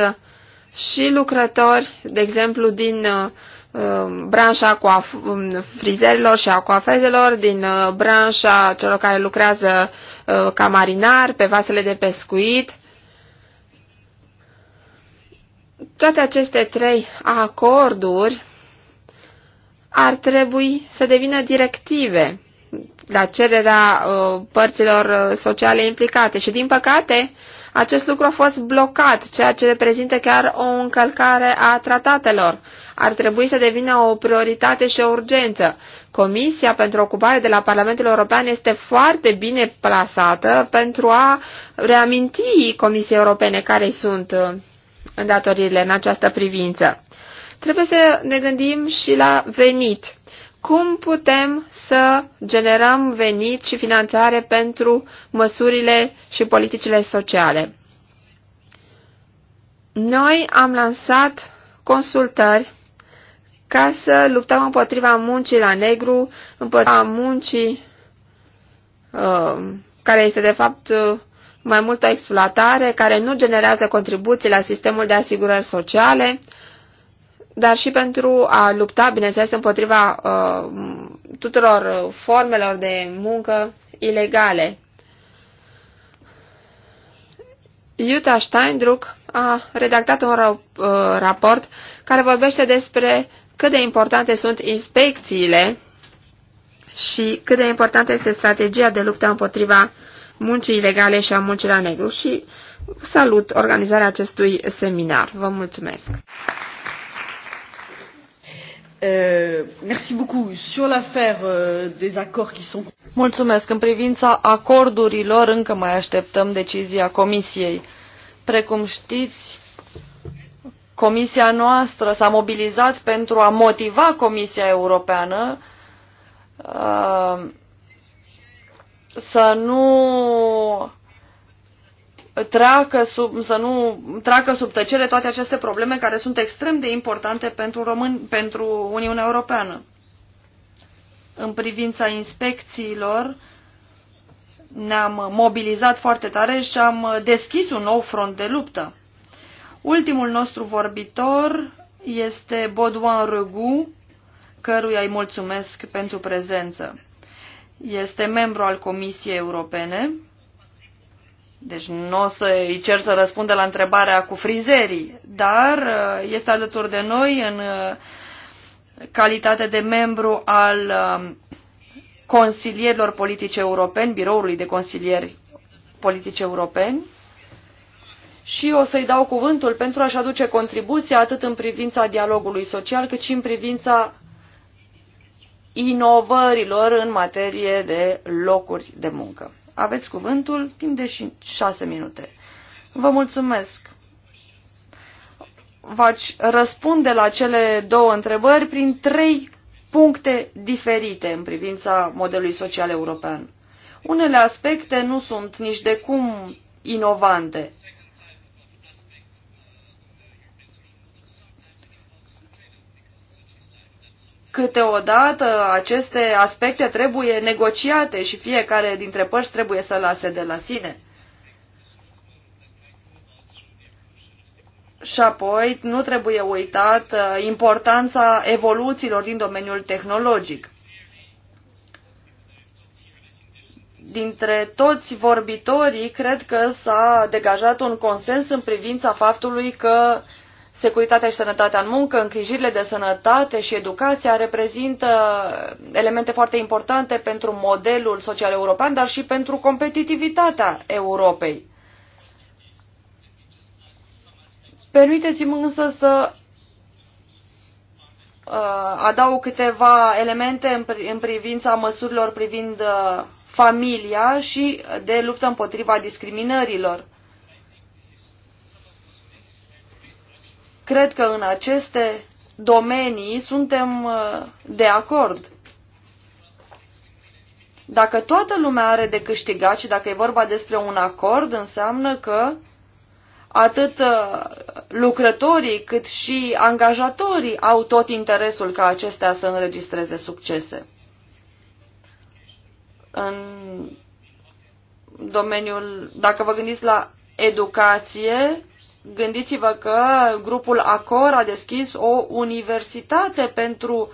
și lucrători, de exemplu, din uh, Uh, branșa um, frizerilor și a coafezelor, din uh, branșa celor care lucrează uh, ca marinari pe vasele de pescuit. Toate aceste trei acorduri ar trebui să devină directive la cererea părților sociale implicate și, din păcate, acest lucru a fost blocat, ceea ce reprezintă chiar o încălcare a tratatelor ar trebui să devină o prioritate și o urgență. Comisia pentru ocupare de la Parlamentul European este foarte bine plasată pentru a reaminti Comisiei Europene care sunt uh, îndatoririle în această privință. Trebuie să ne gândim și la venit. Cum putem să generăm venit și finanțare pentru măsurile și politicile sociale? Noi am lansat consultări ca să luptăm împotriva muncii la negru, împotriva muncii uh, care este de fapt uh, mai mult o exploatare, care nu generează contribuții la sistemul de asigurări sociale, dar și pentru a lupta, bineînțeles, împotriva uh, tuturor uh, formelor de muncă ilegale. Jutta Steindruck a redactat un uh, raport care vorbește despre cât de importante sunt inspecțiile și cât de importantă este strategia de luptă împotriva muncii ilegale și a muncii la negru și salut organizarea acestui seminar. Vă mulțumesc! Eh, eh, mulțumesc. În privința acordurilor, încă mai așteptăm decizia Comisiei. Precum știți, Comisia noastră s-a mobilizat pentru a motiva Comisia Europeană uh, să nu treacă sub, să nu treacă sub tăcere toate aceste probleme care sunt extrem de importante pentru, Român, pentru Uniunea Europeană. În privința inspecțiilor, ne-am mobilizat foarte tare și am deschis un nou front de luptă. Ultimul nostru vorbitor este Baudouin Regu, căruia îi mulțumesc pentru prezență. Este membru al Comisiei Europene, deci nu o să îi cer să răspundă la întrebarea cu frizerii, dar uh, este alături de noi în uh, calitate de membru al um, consilierilor politici europeni, biroului de consilieri politici europeni, și o să-i dau cuvântul pentru a-și aduce contribuția atât în privința dialogului social, cât și în privința inovărilor în materie de locuri de muncă. Aveți cuvântul timp de șase minute. Vă mulțumesc! V-ați răspunde la cele două întrebări prin trei puncte diferite în privința modelului social european. Unele aspecte nu sunt nici de cum inovante, Câteodată aceste aspecte trebuie negociate și fiecare dintre părți trebuie să lase de la sine. Și apoi nu trebuie uitat uh, importanța evoluțiilor din domeniul tehnologic. Dintre toți vorbitorii, cred că s-a degajat un consens în privința faptului că Securitatea și sănătatea în muncă, îngrijirile de sănătate și educația reprezintă elemente foarte importante pentru modelul social european, dar și pentru competitivitatea Europei. Permiteți-mi însă să uh, adaug câteva elemente în, privința măsurilor privind uh, familia și de luptă împotriva discriminărilor. Cred că în aceste domenii suntem uh, de acord. Dacă toată lumea are de câștigat și dacă e vorba despre un acord, înseamnă că atât uh, lucrătorii cât și angajatorii au tot interesul ca acestea să înregistreze succese. În domeniul, dacă vă gândiți la educație, Gândiți-vă că grupul ACOR a deschis o universitate pentru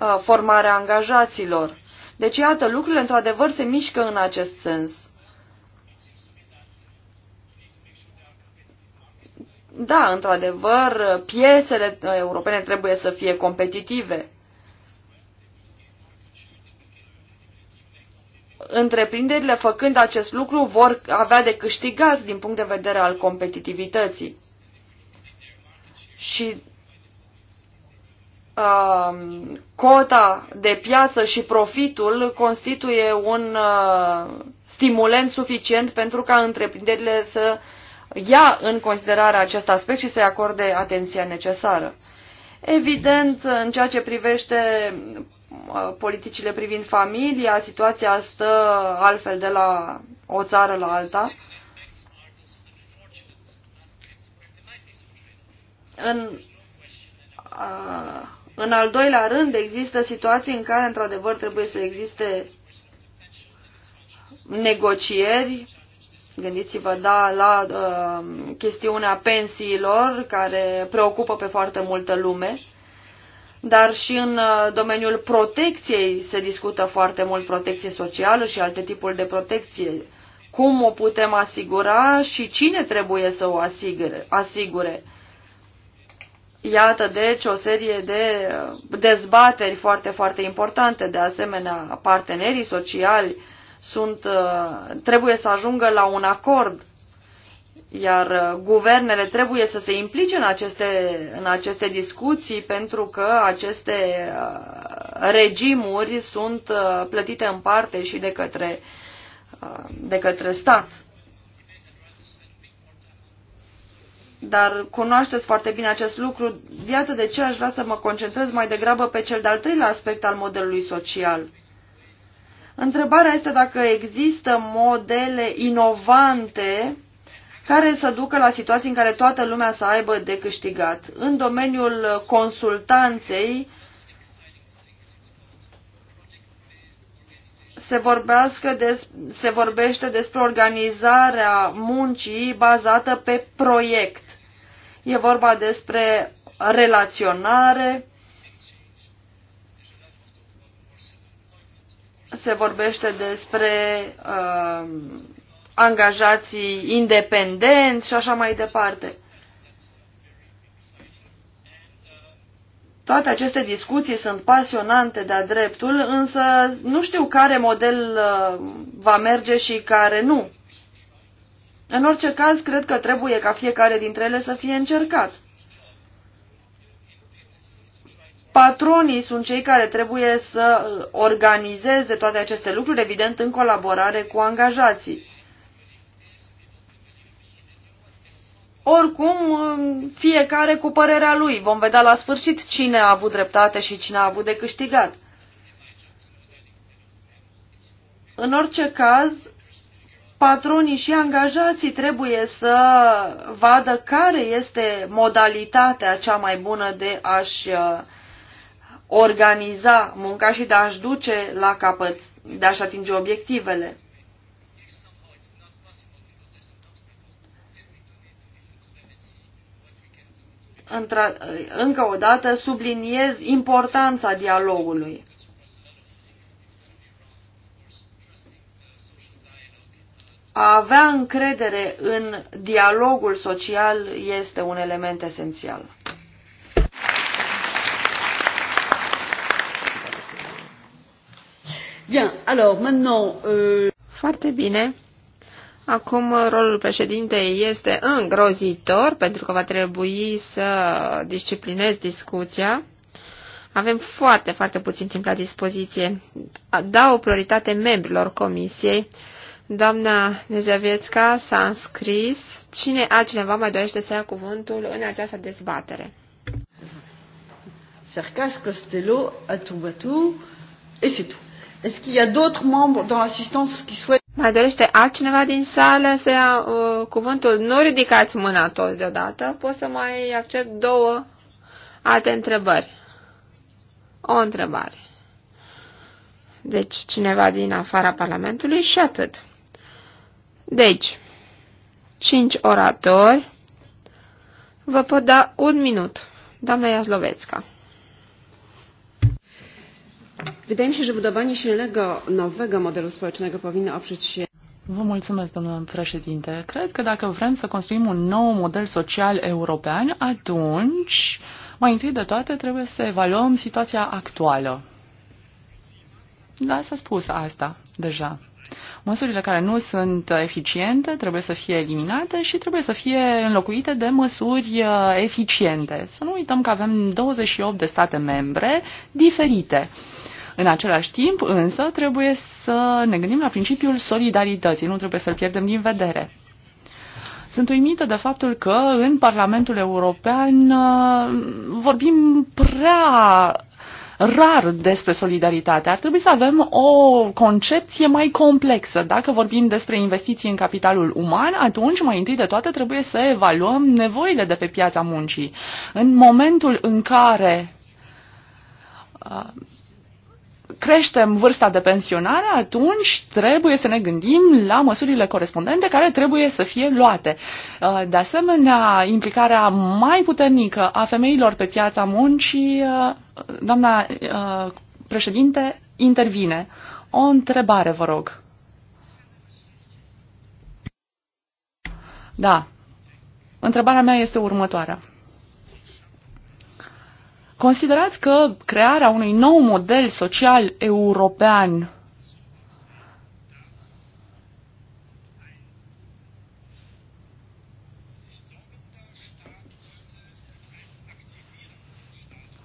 uh, formarea angajaților. Deci, iată, lucrurile într-adevăr se mișcă în acest sens. Da, într-adevăr, piețele uh, europene trebuie să fie competitive. întreprinderile făcând acest lucru vor avea de câștigat din punct de vedere al competitivității. Și uh, cota de piață și profitul constituie un uh, stimulent suficient pentru ca întreprinderile să ia în considerare acest aspect și să-i acorde atenția necesară. Evident, în ceea ce privește Uh, politicile privind familia, situația stă altfel de la o țară la alta. În, uh, în al doilea rând, există situații în care, într-adevăr, trebuie să existe negocieri. Gândiți-vă, da, la uh, chestiunea pensiilor, care preocupă pe foarte multă lume. Uh, dar și în uh, domeniul protecției se discută foarte mult protecție socială și alte tipuri de protecție. Cum o putem asigura și cine trebuie să o asigure. asigure. Iată, deci, o serie de uh, dezbateri foarte, foarte importante. De asemenea, partenerii sociali sunt, uh, trebuie să ajungă la un acord iar uh, guvernele trebuie să se implice în aceste, în aceste discuții pentru că aceste uh, regimuri sunt uh, plătite în parte și de către, de către stat. Dar cunoașteți foarte bine acest lucru, iată de ce aș vrea să mă concentrez mai degrabă pe cel de-al treilea aspect al modelului social. Întrebarea este dacă există modele inovante care să ducă la situații în care toată lumea să aibă de câștigat. În domeniul consultanței se, vorbească des, se vorbește despre organizarea muncii bazată pe proiect. E vorba despre relaționare, se vorbește despre uh, angajații independenți și așa mai departe. Toate aceste discuții sunt pasionante de-a dreptul, însă nu știu care model uh, va merge și care nu. În orice caz, cred că trebuie ca fiecare dintre ele să fie încercat. Patronii sunt cei care trebuie să uh, organizeze toate aceste lucruri, evident, în colaborare cu angajații. Oricum, fiecare cu părerea lui. Vom vedea la sfârșit cine a avut dreptate și cine a avut de câștigat. În orice caz, patronii și angajații trebuie să vadă care este modalitatea cea mai bună de a-și uh, organiza munca și de a-și duce la capăt, de a-și atinge obiectivele. încă o dată subliniez importanța dialogului. A avea încredere în dialogul social este un element esențial. Bien, alors maintenant, euh... Foarte bine. Acum rolul președintei este îngrozitor pentru că va trebui să disciplinez discuția. Avem foarte, foarte puțin timp la dispoziție. Dau prioritate membrilor comisiei. Doamna Nezevețca s-a înscris. Cine altcineva mai dorește să ia cuvântul în această dezbatere? Sarkas, Costello, Atubatu, et c'est tout. Est-ce qu'il y a d'autres membres dans l'assistance qui souhaitent mai dorește altcineva din sală să ia uh, cuvântul? Nu ridicați mâna toți deodată. Pot să mai accept două alte întrebări. O întrebare. Deci, cineva din afara Parlamentului și atât. Deci, cinci oratori. Vă pot da un minut. Doamna Iazlovețca. Wydaje mi się, że budowanie silnego, nowego modelu społecznego powinno oprzeć się Vă mulțumesc, domnule președinte. Cred că dacă vrem să construim un nou model social european, atunci, mai întâi de toate, trebuie să evaluăm situația actuală. Da, s-a spus asta deja. Măsurile care nu sunt eficiente trebuie să fie eliminate și trebuie să fie înlocuite de măsuri uh, eficiente. Să nu uităm că avem 28 de state membre diferite în același timp, însă, trebuie să ne gândim la principiul solidarității, nu trebuie să-l pierdem din vedere. Sunt uimită de faptul că în Parlamentul European uh, vorbim prea rar despre solidaritate. Ar trebui să avem o concepție mai complexă. Dacă vorbim despre investiții în capitalul uman, atunci mai întâi de toate trebuie să evaluăm nevoile de pe piața muncii. În momentul în care uh, creștem vârsta de pensionare, atunci trebuie să ne gândim la măsurile corespondente care trebuie să fie luate. Uh, de asemenea, implicarea mai puternică a femeilor pe piața muncii, uh, doamna uh, președinte, intervine. O întrebare, vă rog. Da. Întrebarea mea este următoarea. Considerați că crearea unui nou model social european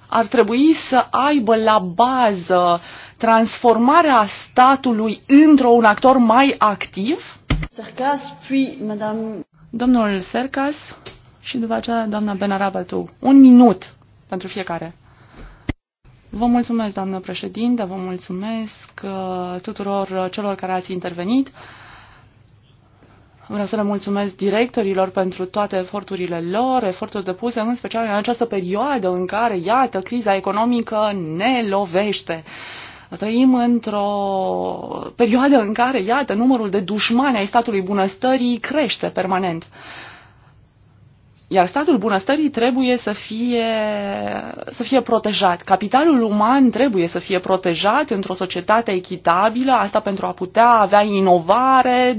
ar trebui să aibă la bază transformarea statului într-un actor mai activ? Sercas, puis madame... Domnul Sercas și după aceea doamna Benarabatu. Un minut pentru fiecare. Vă mulțumesc, doamnă președinte, vă mulțumesc uh, tuturor uh, celor care ați intervenit. Vreau să le mulțumesc directorilor pentru toate eforturile lor, eforturi depuse, în special în această perioadă în care, iată, criza economică ne lovește. Trăim într-o perioadă în care, iată, numărul de dușmani ai statului bunăstării crește permanent. Iar statul bunăstării trebuie să fie, să fie protejat. Capitalul uman trebuie să fie protejat într-o societate echitabilă, asta pentru a putea avea inovare,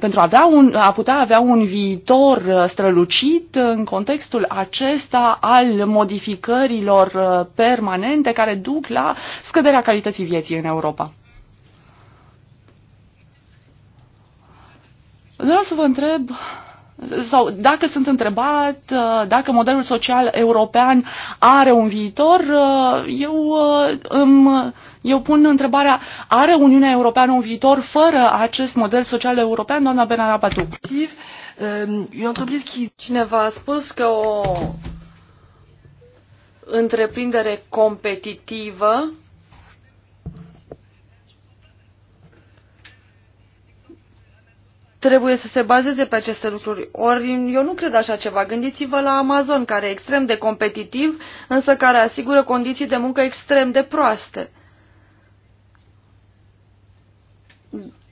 pentru a, avea un, a putea avea un viitor uh, strălucit în contextul acesta al modificărilor uh, permanente care duc la scăderea calității vieții în Europa. Vreau să vă întreb sau dacă sunt întrebat uh, dacă modelul social european are un viitor, uh, eu, uh, îmi, eu pun întrebarea, are Uniunea Europeană un viitor fără acest model social european, doamna Benara Patu? Um, Cineva a spus că o întreprindere competitivă trebuie să se bazeze pe aceste lucruri. Ori eu nu cred așa ceva. Gândiți-vă la Amazon, care e extrem de competitiv, însă care asigură condiții de muncă extrem de proaste.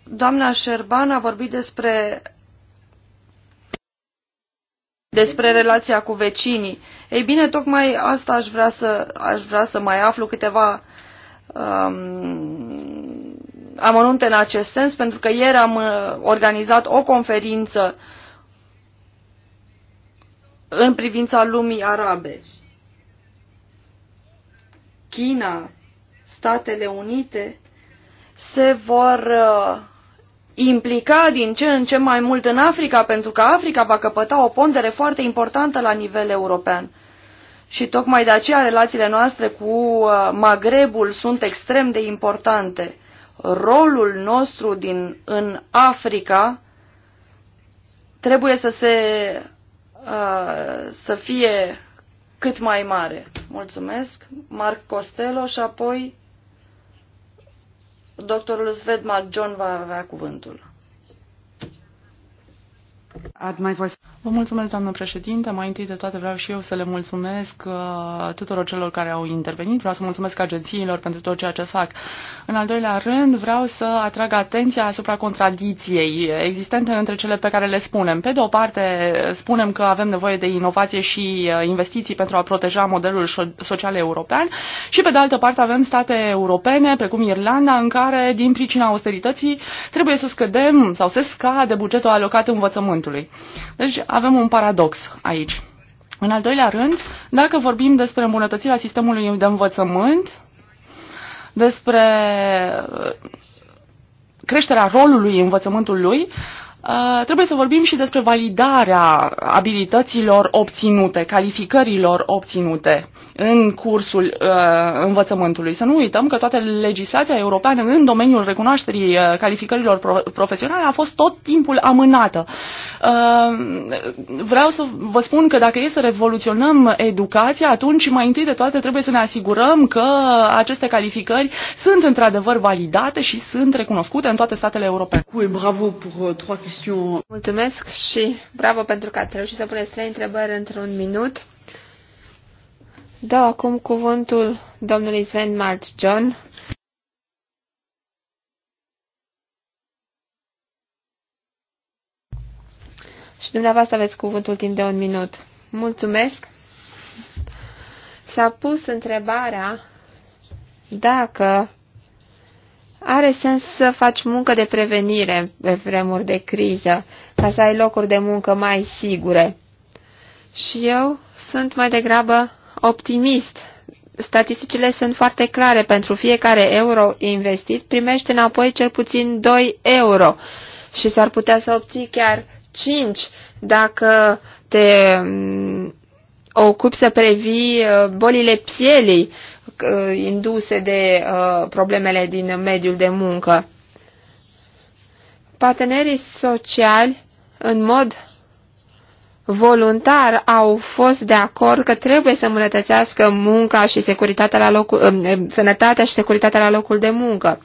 Doamna Șerban a vorbit despre despre relația cu vecinii. Ei bine, tocmai asta aș vrea să, aș vrea să mai aflu câteva um, amănunte în acest sens, pentru că ieri am uh, organizat o conferință în privința lumii arabe. China, Statele Unite se vor uh, implica din ce în ce mai mult în Africa, pentru că Africa va căpăta o pondere foarte importantă la nivel european. Și tocmai de aceea relațiile noastre cu uh, Magrebul sunt extrem de importante rolul nostru din, în Africa trebuie să se uh, să fie cât mai mare. Mulțumesc. Marc Costello și apoi doctorul Svedmar John va avea cuvântul. Vă mulțumesc, doamnă președinte. Mai întâi de toate vreau și eu să le mulțumesc uh, tuturor celor care au intervenit. Vreau să mulțumesc agențiilor pentru tot ceea ce fac. În al doilea rând, vreau să atrag atenția asupra contradiției existente între cele pe care le spunem. Pe de o parte, spunem că avem nevoie de inovație și uh, investiții pentru a proteja modelul social european și pe de altă parte avem state europene, precum Irlanda, în care, din pricina austerității, trebuie să scădem sau să scade bugetul alocat învățământului. Deci, avem un paradox aici. În al doilea rând, dacă vorbim despre îmbunătățirea sistemului de învățământ, despre uh, creșterea rolului învățământului, Uh, trebuie să vorbim și despre validarea abilităților obținute, calificărilor obținute în cursul uh, învățământului. Să nu uităm că toată legislația europeană în domeniul recunoașterii uh, calificărilor pro- profesionale a fost tot timpul amânată. Uh, vreau să vă spun că dacă e să revoluționăm educația, atunci mai întâi de toate trebuie să ne asigurăm că aceste calificări sunt într-adevăr validate și sunt recunoscute în toate statele europene. Bravo pour uh, trois question. Mulțumesc și bravo pentru că ați reușit să puneți trei întrebări într-un minut. Dau acum cuvântul domnului Sven Malt John. Și dumneavoastră aveți cuvântul timp de un minut. Mulțumesc. S-a pus întrebarea dacă are sens să faci muncă de prevenire pe vremuri de criză, ca să ai locuri de muncă mai sigure. Și eu sunt mai degrabă optimist. Statisticile sunt foarte clare. Pentru fiecare euro investit primește înapoi cel puțin 2 euro și s-ar putea să obții chiar 5 dacă te mm, ocupi să previi uh, bolile pielii Uh, induse de uh, problemele din mediul de muncă. Partenerii sociali, în mod voluntar, au fost de acord că trebuie să îmbunătățească munca și securitatea la locul, uh, sănătatea și securitatea la locul de muncă.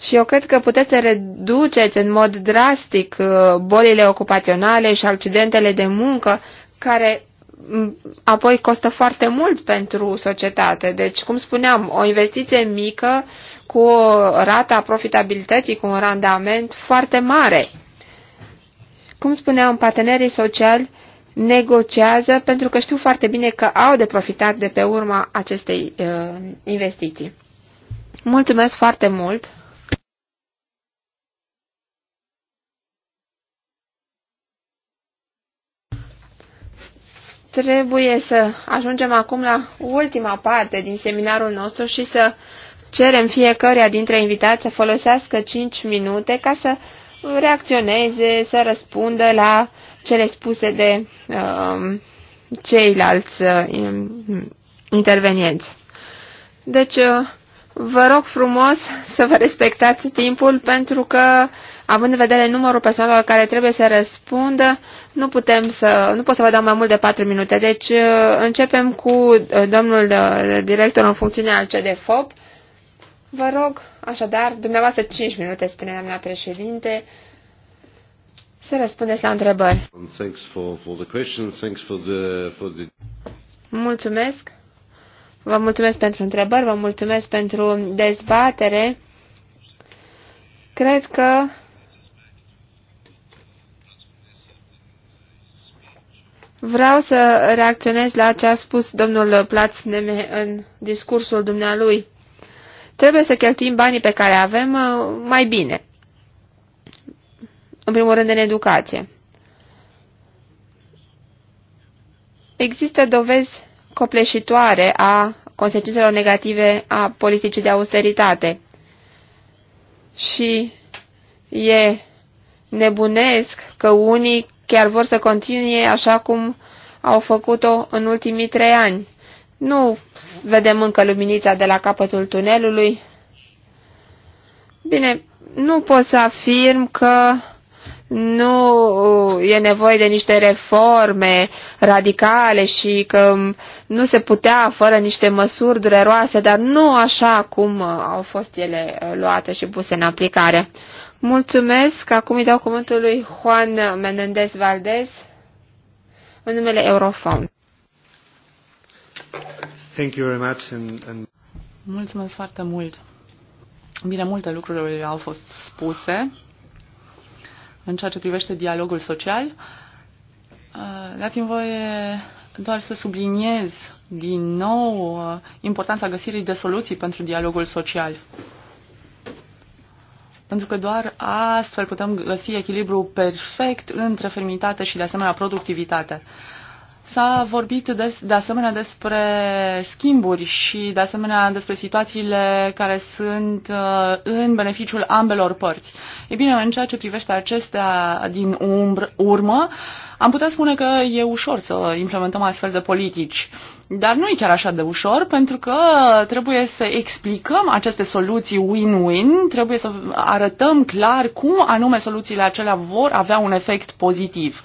Și eu cred că puteți să reduceți în mod drastic bolile ocupaționale și accidentele de muncă care apoi costă foarte mult pentru societate. Deci, cum spuneam, o investiție mică cu o rata profitabilității, cu un randament foarte mare. Cum spuneam, partenerii sociali negociază pentru că știu foarte bine că au de profitat de pe urma acestei uh, investiții. Mulțumesc foarte mult! Trebuie să ajungem acum la ultima parte din seminarul nostru și să cerem fiecăruia dintre invitați să folosească 5 minute ca să reacționeze, să răspundă la cele spuse de uh, ceilalți uh, intervenienți. Deci, uh, vă rog frumos să vă respectați timpul pentru că, având în vedere numărul persoanelor care trebuie să răspundă, nu putem să, nu pot să vă dau mai mult de patru minute, deci uh, începem cu uh, domnul uh, director în funcțiune al CDFOP. Vă rog, așadar, dumneavoastră 5 minute, spune doamna președinte, să răspundeți la întrebări. Mulțumesc. Vă mulțumesc pentru întrebări, vă mulțumesc pentru dezbatere. Cred că Vreau să reacționez la ce a spus domnul Plaț Neme în discursul dumnealui. Trebuie să cheltuim banii pe care avem uh, mai bine. În primul rând în educație. Există dovezi copleșitoare a consecințelor negative a politicii de austeritate. Și e nebunesc că unii chiar vor să continue așa cum au făcut-o în ultimii trei ani. Nu vedem încă luminița de la capătul tunelului. Bine, nu pot să afirm că nu e nevoie de niște reforme radicale și că nu se putea fără niște măsuri dureroase, dar nu așa cum au fost ele luate și puse în aplicare. Mulțumesc. Acum îi dau cuvântul lui Juan Menendez Valdez în numele Eurofound. Thank you very much and, and... Mulțumesc foarte mult. Bine, multe lucruri au fost spuse în ceea ce privește dialogul social. Uh, dați-mi voie doar să subliniez din nou uh, importanța găsirii de soluții pentru dialogul social pentru că doar astfel putem găsi echilibru perfect între feminitate și, de asemenea, productivitate. S-a vorbit de, de asemenea despre schimburi și de asemenea despre situațiile care sunt uh, în beneficiul ambelor părți. E bine, în ceea ce privește acestea din umbr, urmă, am putea spune că e ușor să implementăm astfel de politici. Dar nu e chiar așa de ușor, pentru că trebuie să explicăm aceste soluții win-win, trebuie să arătăm clar cum anume soluțiile acelea vor avea un efect pozitiv.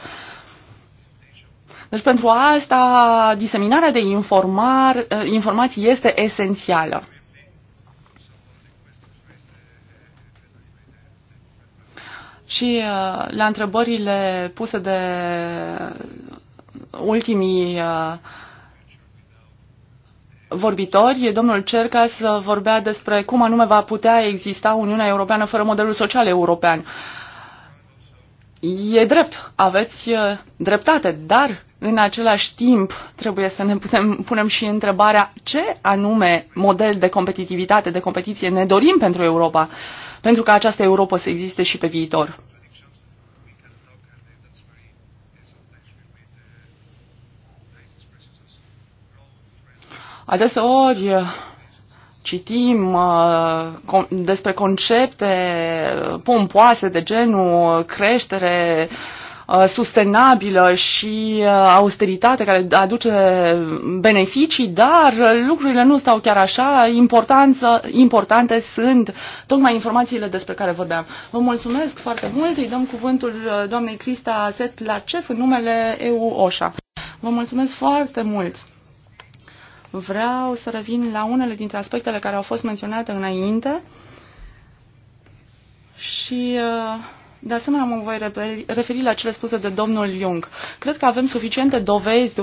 Deci pentru asta diseminarea de informar, eh, informații este esențială. Și eh, la întrebările puse de ultimii eh, vorbitori, domnul Cercas vorbea despre cum anume va putea exista Uniunea Europeană fără modelul social european. E drept, aveți dreptate, dar în același timp, trebuie să ne putem, punem și întrebarea ce anume model de competitivitate, de competiție ne dorim pentru Europa, pentru ca această Europa să existe și pe viitor. Adeseori uh, citim uh, despre concepte pompoase de genul creștere, uh, Uh, sustenabilă și uh, austeritate care aduce beneficii, dar lucrurile nu stau chiar așa. Importanță, importante sunt tocmai informațiile despre care vorbeam. Vă mulțumesc foarte mult. Îi dăm cuvântul uh, doamnei Crista Set la CEF în numele EU OSHA. Vă mulțumesc foarte mult! Vreau să revin la unele dintre aspectele care au fost menționate înainte și uh, de asemenea, mă voi referi la cele spuse de domnul Jung. Cred că avem suficiente dovezi,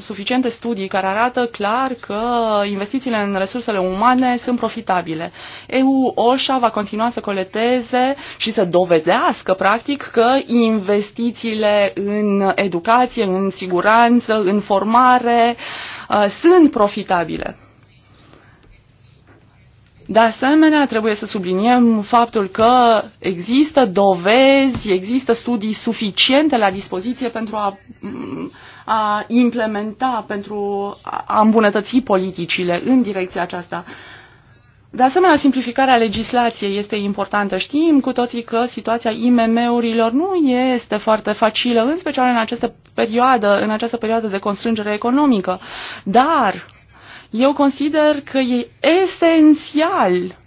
suficiente studii care arată clar că investițiile în resursele umane sunt profitabile. EU OSHA va continua să coleteze și să dovedească, practic, că investițiile în educație, în siguranță, în formare uh, sunt profitabile. De asemenea, trebuie să subliniem faptul că există dovezi, există studii suficiente la dispoziție pentru a, a implementa, pentru a îmbunătăți politicile în direcția aceasta. De asemenea, simplificarea legislației este importantă. Știm cu toții că situația IMM-urilor nu este foarte facilă, în special în această perioadă, în această perioadă de constrângere economică. Dar eu consider că e esențial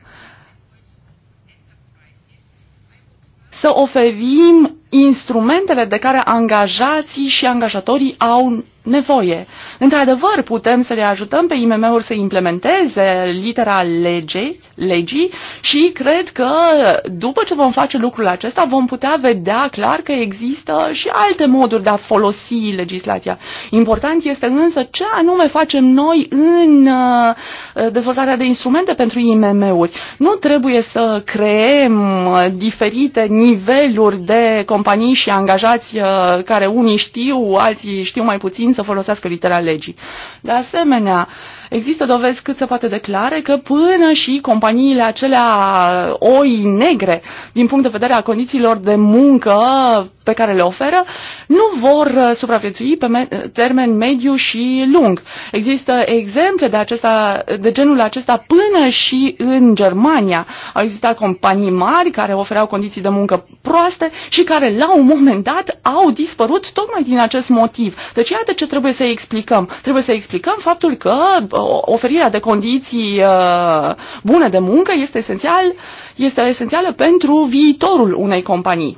să oferim instrumentele de care angajații și angajatorii au nevoie. Într-adevăr, putem să le ajutăm pe IMM-uri să implementeze litera legei, legii și cred că după ce vom face lucrul acesta vom putea vedea clar că există și alte moduri de a folosi legislația. Important este însă ce anume facem noi în uh, dezvoltarea de instrumente pentru IMM-uri. Nu trebuie să creem uh, diferite niveluri de competențe companii și angajați uh, care unii știu, alții știu mai puțin să folosească litera legii. De asemenea, Există dovezi cât se poate declare că până și companiile acelea oi negre, din punct de vedere a condițiilor de muncă pe care le oferă, nu vor uh, supraviețui pe me- termen mediu și lung. Există exemple de, acesta, de genul acesta până și în Germania. Au existat companii mari care ofereau condiții de muncă proaste și care la un moment dat au dispărut tocmai din acest motiv. Deci iată ce trebuie să explicăm. Trebuie să explicăm faptul că uh, oferirea de condiții uh, bune de muncă este, esențial, este esențială pentru viitorul unei companii.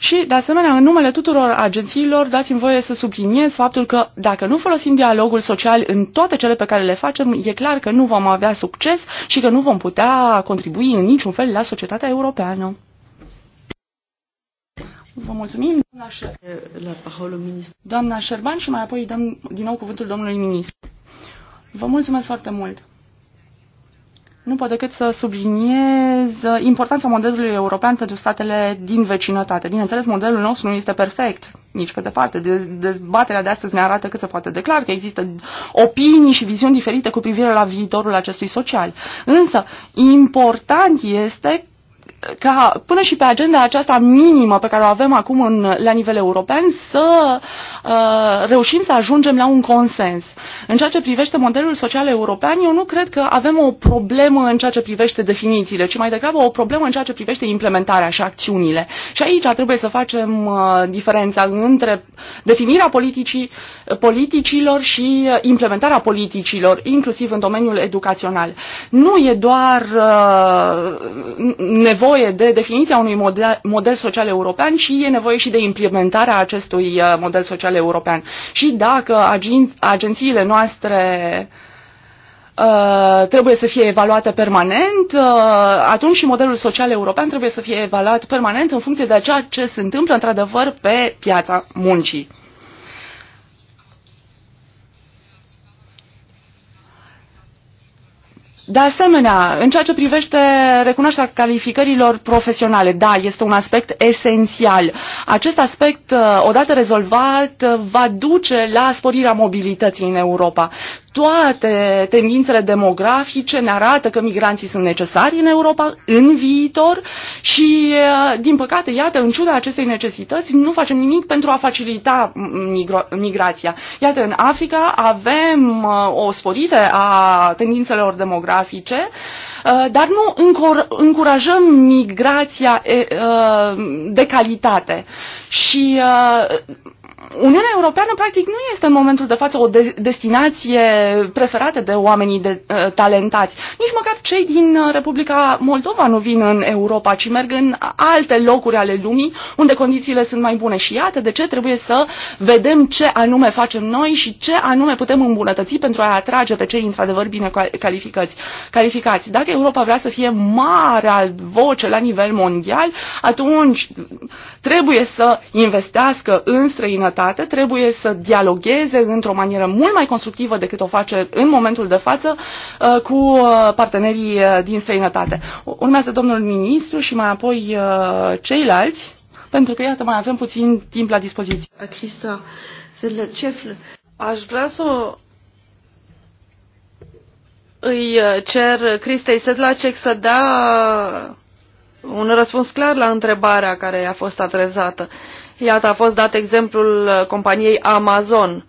Și, de asemenea, în numele tuturor agențiilor, dați-mi voie să subliniez faptul că dacă nu folosim dialogul social în toate cele pe care le facem, e clar că nu vom avea succes și că nu vom putea contribui în niciun fel la societatea europeană. Vă mulțumim, doamna, Șer. doamna Șerban și mai apoi dăm din nou cuvântul domnului ministru. Vă mulțumesc foarte mult. Nu pot decât să subliniez importanța modelului european pentru statele din vecinătate. Bineînțeles, modelul nostru nu este perfect, nici pe departe. Dezbaterea de astăzi ne arată cât se poate clar că există opinii și viziuni diferite cu privire la viitorul acestui social. Însă, important este ca până și pe agenda aceasta minimă pe care o avem acum în, la nivel european să uh, reușim să ajungem la un consens. În ceea ce privește modelul social european, eu nu cred că avem o problemă în ceea ce privește definițiile, ci mai degrabă o problemă în ceea ce privește implementarea și acțiunile. Și aici trebuie să facem uh, diferența între definirea politicii, politicilor și uh, implementarea politicilor, inclusiv în domeniul educațional. Nu e doar uh, nevoie nevoie de definiția unui model, model social european și e nevoie și de implementarea acestui uh, model social european. Și dacă agen, agențiile noastre uh, trebuie să fie evaluate permanent, uh, atunci și modelul social european trebuie să fie evaluat permanent în funcție de ceea ce se întâmplă într-adevăr pe piața muncii. De asemenea, în ceea ce privește recunoașterea calificărilor profesionale, da, este un aspect esențial. Acest aspect, uh, odată rezolvat, uh, va duce la sporirea mobilității în Europa. Toate tendințele demografice ne arată că migranții sunt necesari în Europa în viitor și, uh, din păcate, iată, în ciuda acestei necesități, nu facem nimic pentru a facilita migrația. Iată, în Africa avem o sporire a tendințelor demografice geografice, uh, dar nu încurajăm migrația uh, de calitate. Și uh, Uniunea Europeană, practic, nu este în momentul de față o de- destinație preferată de oamenii de, uh, talentați. Nici măcar cei din uh, Republica Moldova nu vin în Europa, ci merg în alte locuri ale lumii unde condițiile sunt mai bune. Și iată de ce trebuie să vedem ce anume facem noi și ce anume putem îmbunătăți pentru a atrage pe cei, într-adevăr, bine calificați. calificați. Dacă Europa vrea să fie marea voce la nivel mondial, atunci trebuie să investească în străinătate, trebuie să dialogueze într-o manieră mult mai constructivă decât o face în momentul de față uh, cu uh, partenerii uh, din străinătate. Urmează domnul ministru și mai apoi ceilalți, pentru că, iată, mai avem puțin timp la dispoziție. Crista, aș vrea să îi cer Cristei Sedlacek să dea un răspuns clar la întrebarea care a fost adresată. Iată, a fost dat exemplul uh, companiei Amazon,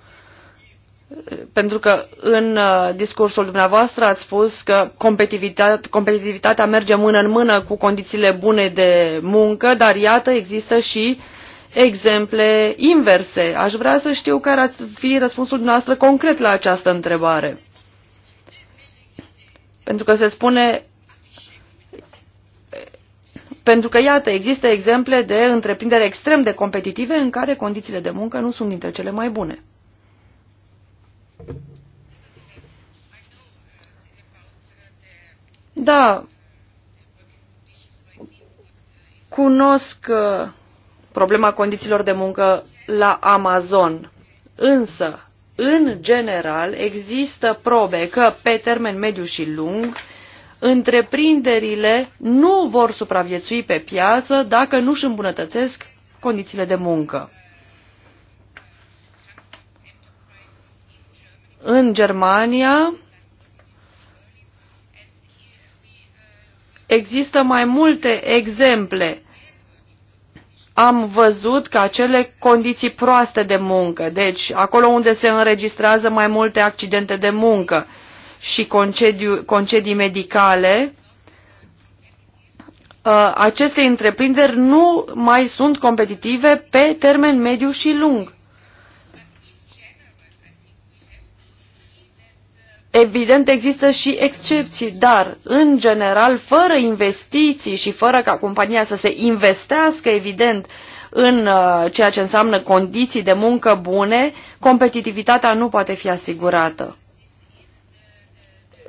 pentru că în uh, discursul dumneavoastră ați spus că competitivitatea, competitivitatea merge mână în mână cu condițiile bune de muncă, dar iată, există și exemple inverse. Aș vrea să știu care ar fi răspunsul dumneavoastră concret la această întrebare. Pentru că se spune pentru că, iată, există exemple de întreprinderi extrem de competitive în care condițiile de muncă nu sunt dintre cele mai bune. Da, cunosc uh, problema condițiilor de muncă la Amazon, însă, în general, există probe că pe termen mediu și lung, întreprinderile nu vor supraviețui pe piață dacă nu își îmbunătățesc condițiile de muncă. În Germania există mai multe exemple am văzut că acele condiții proaste de muncă, deci acolo unde se înregistrează mai multe accidente de muncă, și concediu, concedii medicale, uh, aceste întreprinderi nu mai sunt competitive pe termen mediu și lung. Evident, există și excepții, dar, în general, fără investiții și fără ca compania să se investească, evident, în uh, ceea ce înseamnă condiții de muncă bune, competitivitatea nu poate fi asigurată.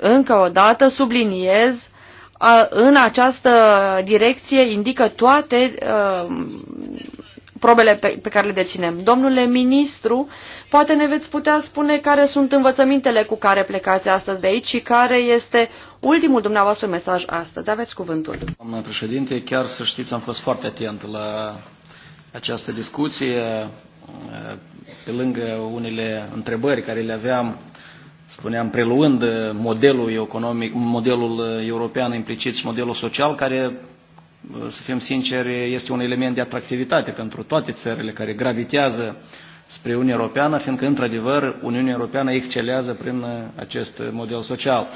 Încă o dată subliniez, în această direcție indică toate probele pe, care le deținem. Domnule ministru, poate ne veți putea spune care sunt învățămintele cu care plecați astăzi de aici și care este ultimul dumneavoastră mesaj astăzi. Aveți cuvântul. Doamna președinte, chiar să știți, am fost foarte atent la această discuție. Pe lângă unele întrebări care le aveam spuneam, preluând modelul economic, modelul european implicit și modelul social, care, să fim sinceri, este un element de atractivitate pentru toate țările care gravitează spre Uniunea Europeană, fiindcă, într-adevăr, Uniunea Europeană excelează prin acest model social.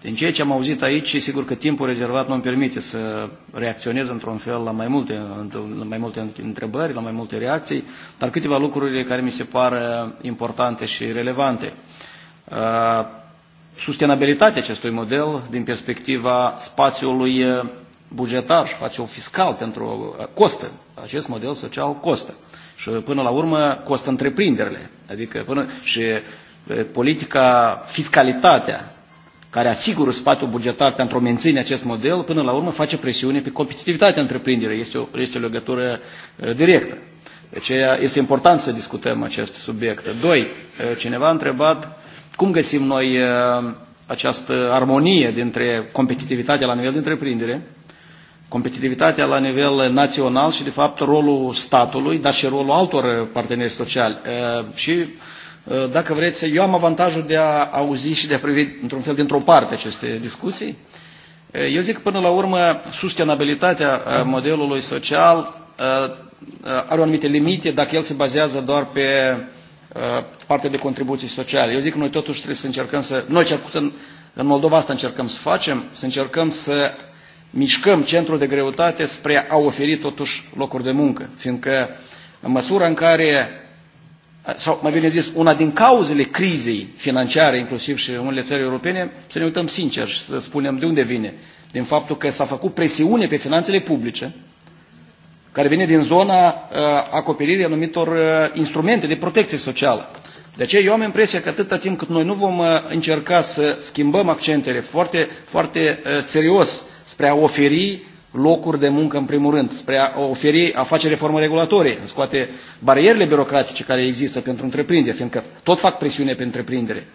Din ceea ce am auzit aici, sigur că timpul rezervat nu îmi permite să reacționez într-un fel la mai, multe, la mai multe întrebări, la mai multe reacții, dar câteva lucruri care mi se par importante și relevante. Uh, sustenabilitatea acestui model din perspectiva spațiului uh, bugetar, spațiul fiscal pentru uh, costă. Acest model social costă. Și până la urmă costă întreprinderile. Adică până și politica, fiscalitatea care asigură spațiul bugetar pentru a menține acest model, până la urmă face presiune pe competitivitatea întreprinderii. Este o, este o legătură directă. Aceea deci, este important să discutăm acest subiect. Doi, cineva a întrebat cum găsim noi uh, această armonie dintre competitivitatea la nivel de întreprindere, competitivitatea la nivel național și, de fapt, rolul statului, dar și rolul altor parteneri sociali. Uh, și, uh, dacă vreți, eu am avantajul de a auzi și de a privi, într-un fel, dintr-o parte aceste discuții. Eu zic că, până la urmă, sustenabilitatea modelului social are anumite limite dacă el se bazează doar pe Uh, parte de contribuții sociale. Eu zic că noi totuși trebuie să încercăm să, noi cel puțin în Moldova asta încercăm să facem, să încercăm să mișcăm centrul de greutate spre a oferi totuși locuri de muncă, fiindcă în măsura în care, sau mai bine zis, una din cauzele crizei financiare, inclusiv și în unele țări europene, să ne uităm sincer și să spunem de unde vine. Din faptul că s-a făcut presiune pe finanțele publice, care vine din zona uh, acoperirii anumitor uh, instrumente de protecție socială. De aceea eu am impresia că atâta timp cât noi nu vom uh, încerca să schimbăm accentele foarte, foarte serios spre a oferi locuri de muncă în primul rând, spre a oferi, a face reformă regulatorie, scoate barierele birocratice care există pentru întreprindere, fiindcă tot fac presiune pe întreprindere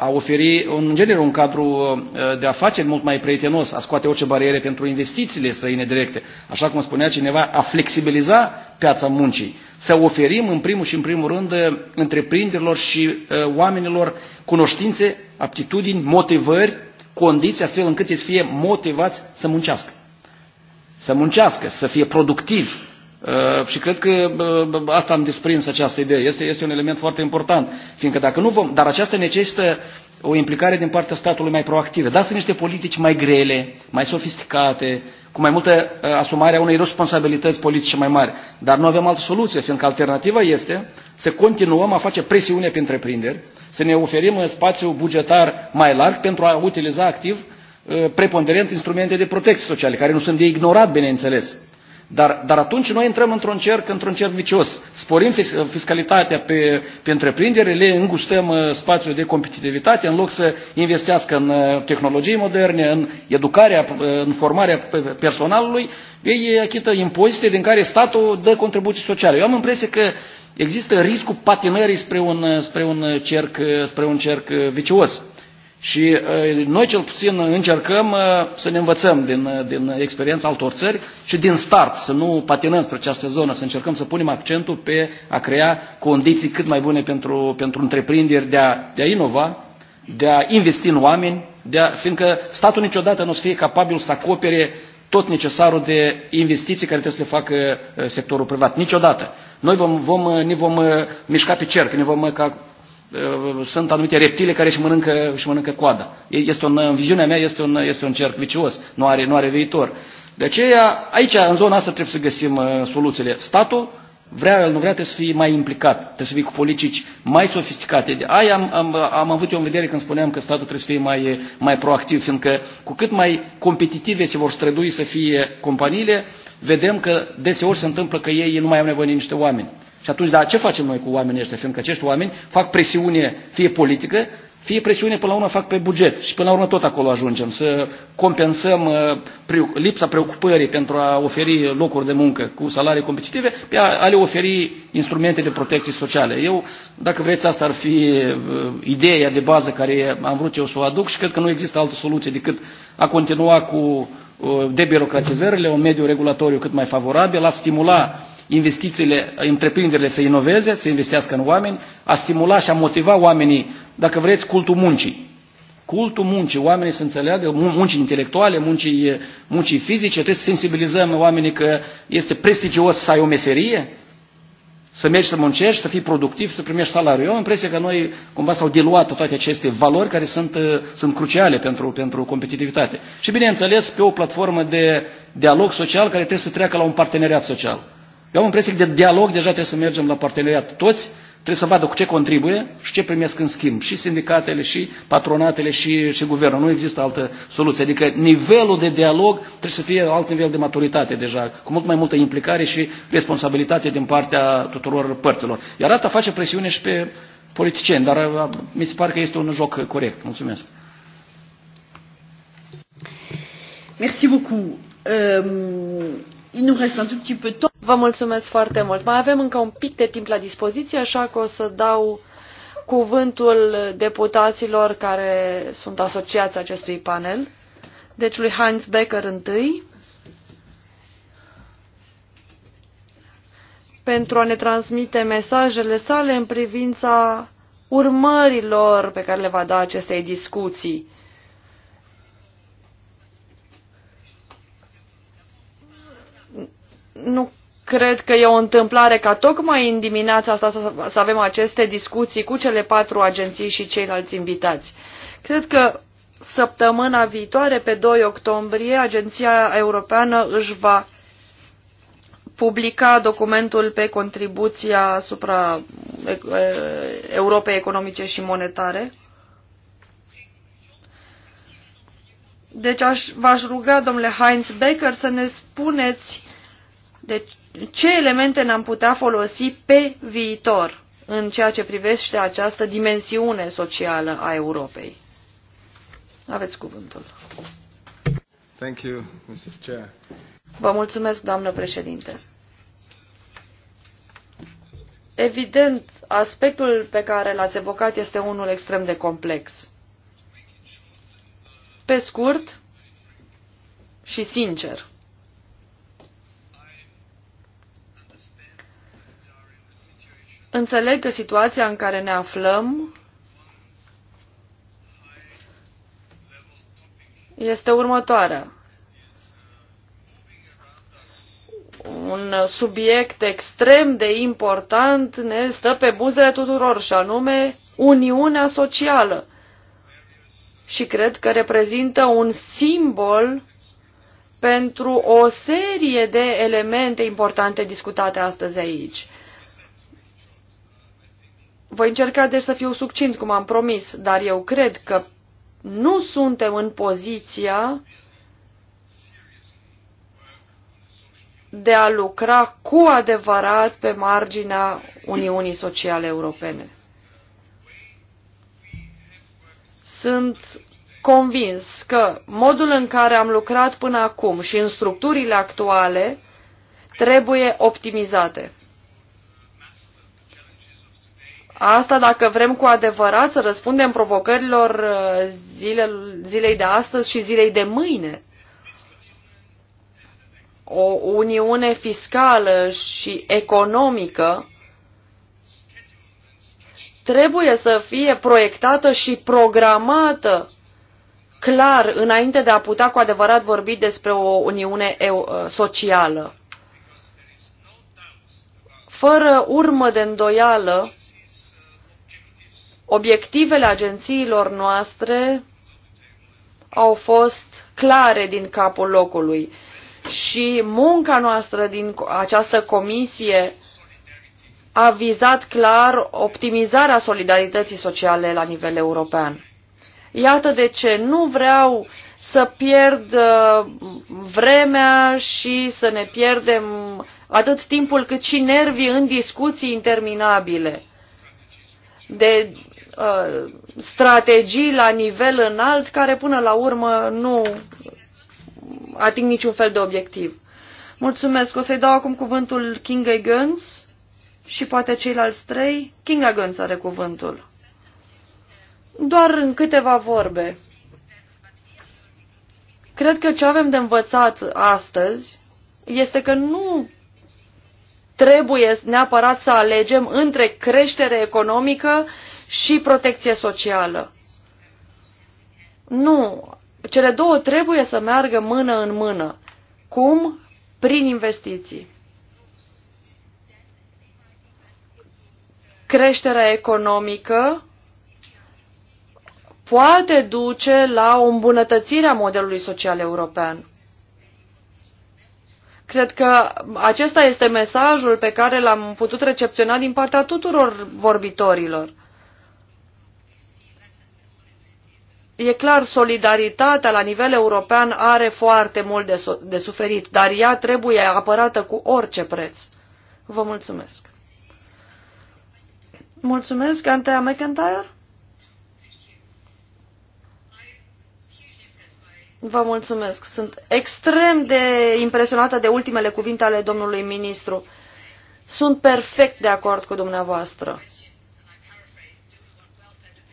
a oferi în general un cadru uh, de afaceri mult mai prietenos, a scoate orice bariere pentru investițiile străine directe, așa cum spunea cineva, a flexibiliza piața muncii, să oferim în primul și în primul rând uh, întreprinderilor și uh, oamenilor cunoștințe, aptitudini, motivări, condiții astfel încât ei să fie motivați să muncească. Să muncească, să fie productivi, Uh, și cred că uh, asta am desprins această idee. Este, este un element foarte important, fiindcă dacă nu vom, dar aceasta necesită o implicare din partea statului mai proactivă. Dați niște politici mai grele, mai sofisticate, cu mai multă uh, asumare a unei responsabilități politice mai mari. Dar nu avem altă soluție, fiindcă alternativa este să continuăm a face presiune pe întreprinderi, să ne oferim un spațiu bugetar mai larg pentru a utiliza activ preponderent instrumente de protecție sociale, care nu sunt de ignorat, bineînțeles. Dar, dar atunci noi intrăm într-un cerc, într-un cerc vicios. Sporim fiscalitatea pe, pe întreprindere, le îngustăm uh, spațiul de competitivitate în loc să investească în uh, tehnologii moderne, în educarea, uh, în formarea personalului, ei achită impozite din care statul dă contribuții sociale. Eu am impresia că există riscul patinării spre un, spre un, cerc, spre un cerc vicios. Și uh, noi cel puțin încercăm uh, să ne învățăm din, uh, din experiența altor țări și din start, să nu patinăm spre această zonă, să încercăm să punem accentul pe a crea condiții cât mai bune pentru, pentru întreprinderi de a, de a inova, de a investi în oameni, de a, fiindcă statul niciodată nu o să fie capabil să acopere tot necesarul de investiții care trebuie să le facă sectorul privat. Niciodată. Noi vom, vom, ne vom mișca pe cerc, ne vom ca Uh, sunt anumite reptile care își mănâncă, își mănâncă coada. Este un, în viziunea mea este un, este un cerc vicios, nu are, nu are viitor. De aceea, aici, în zona asta, trebuie să găsim uh, soluțiile. Statul vrea, el, nu vrea, trebuie să fie mai implicat, trebuie să fie cu politici mai sofisticate. De aia am, am, am avut eu în vedere când spuneam că statul trebuie să fie mai, mai proactiv, fiindcă cu cât mai competitive se vor strădui să fie companiile, vedem că deseori se întâmplă că ei nu mai au nevoie de niște oameni. Și atunci, dar ce facem noi cu oamenii ăștia? Fiindcă acești oameni fac presiune, fie politică, fie presiune până la urmă fac pe buget și până la urmă tot acolo ajungem, să compensăm uh, lipsa preocupării pentru a oferi locuri de muncă cu salarii competitive, pe a le oferi instrumente de protecție sociale. Eu, dacă vreți, asta ar fi uh, ideea de bază care am vrut eu să o aduc și cred că nu există altă soluție decât a continua cu uh, debirocratizările, un mediu regulatoriu cât mai favorabil, a stimula investițiile, întreprinderile să inoveze, să investească în oameni, a stimula și a motiva oamenii, dacă vreți, cultul muncii. Cultul muncii, oamenii să înțeleagă, muncii intelectuale, muncii, muncii fizice, trebuie să sensibilizăm oamenii că este prestigios să ai o meserie, să mergi să muncești, să fii productiv, să primești salariu. Eu am impresia că noi cumva s-au diluat toate aceste valori care sunt, sunt cruciale pentru, pentru competitivitate. Și bineînțeles pe o platformă de dialog social care trebuie să treacă la un parteneriat social. Eu am impresia că de dialog deja trebuie să mergem la parteneriat. Toți trebuie să vadă cu ce contribuie și ce primesc în schimb. Și sindicatele, și patronatele, și, și guvernul. Nu există altă soluție. Adică nivelul de dialog trebuie să fie alt nivel de maturitate deja, cu mult mai multă implicare și responsabilitate din partea tuturor părților. Iar asta face presiune și pe politicieni, dar uh, mi se pare că este un joc corect. Mulțumesc. Merci beaucoup. Euh, Il nous reste un tout petit peu de temps. Vă mulțumesc foarte mult. Mai avem încă un pic de timp la dispoziție, așa că o să dau cuvântul deputaților care sunt asociați acestui panel. Deci lui Heinz Becker întâi, pentru a ne transmite mesajele sale în privința urmărilor pe care le va da acestei discuții nu cred că e o întâmplare ca tocmai în dimineața asta să, să avem aceste discuții cu cele patru agenții și ceilalți invitați. Cred că săptămâna viitoare, pe 2 octombrie, Agenția Europeană își va publica documentul pe contribuția asupra Europei economice și monetare. Deci aș, v-aș ruga, domnule Heinz Becker, să ne spuneți deci, ce elemente ne-am putea folosi pe viitor în ceea ce privește această dimensiune socială a Europei? Aveți cuvântul. Thank you, Mrs. Chair. Vă mulțumesc, doamnă președinte. Evident, aspectul pe care l-ați evocat este unul extrem de complex. Pe scurt și sincer, Înțeleg că situația în care ne aflăm este următoarea. Un subiect extrem de important ne stă pe buzele tuturor și anume Uniunea Socială. Și cred că reprezintă un simbol pentru o serie de elemente importante discutate astăzi aici. Voi încerca deci să fiu succint, cum am promis, dar eu cred că nu suntem în poziția de a lucra cu adevărat pe marginea Uniunii Sociale Europene. Sunt convins că modul în care am lucrat până acum și în structurile actuale trebuie optimizate. Asta dacă vrem cu adevărat să răspundem provocărilor uh, zile, zilei de astăzi și zilei de mâine. O uniune fiscală și economică trebuie să fie proiectată și programată clar înainte de a putea cu adevărat vorbi despre o uniune uh, socială. Fără urmă de îndoială, Obiectivele agențiilor noastre au fost clare din capul locului și munca noastră din această comisie a vizat clar optimizarea solidarității sociale la nivel european. Iată de ce nu vreau să pierd uh, vremea și să ne pierdem atât timpul cât și nervii în discuții interminabile de Uh, strategii la nivel înalt care până la urmă nu ating niciun fel de obiectiv. Mulțumesc. O să-i dau acum cuvântul Kinga Gönz și poate ceilalți trei. Kinga Gönz are cuvântul. Doar în câteva vorbe. Cred că ce avem de învățat astăzi este că nu trebuie neapărat să alegem între creștere economică și protecție socială. Nu, cele două trebuie să meargă mână în mână. Cum? Prin investiții. Creșterea economică poate duce la o îmbunătățire a modelului social european. Cred că acesta este mesajul pe care l-am putut recepționa din partea tuturor vorbitorilor. E clar, solidaritatea la nivel european are foarte mult de, so de suferit, dar ea trebuie apărată cu orice preț. Vă mulțumesc. Mulțumesc, Antea McIntyre. Vă mulțumesc. Sunt extrem de impresionată de ultimele cuvinte ale domnului ministru. Sunt perfect de acord cu dumneavoastră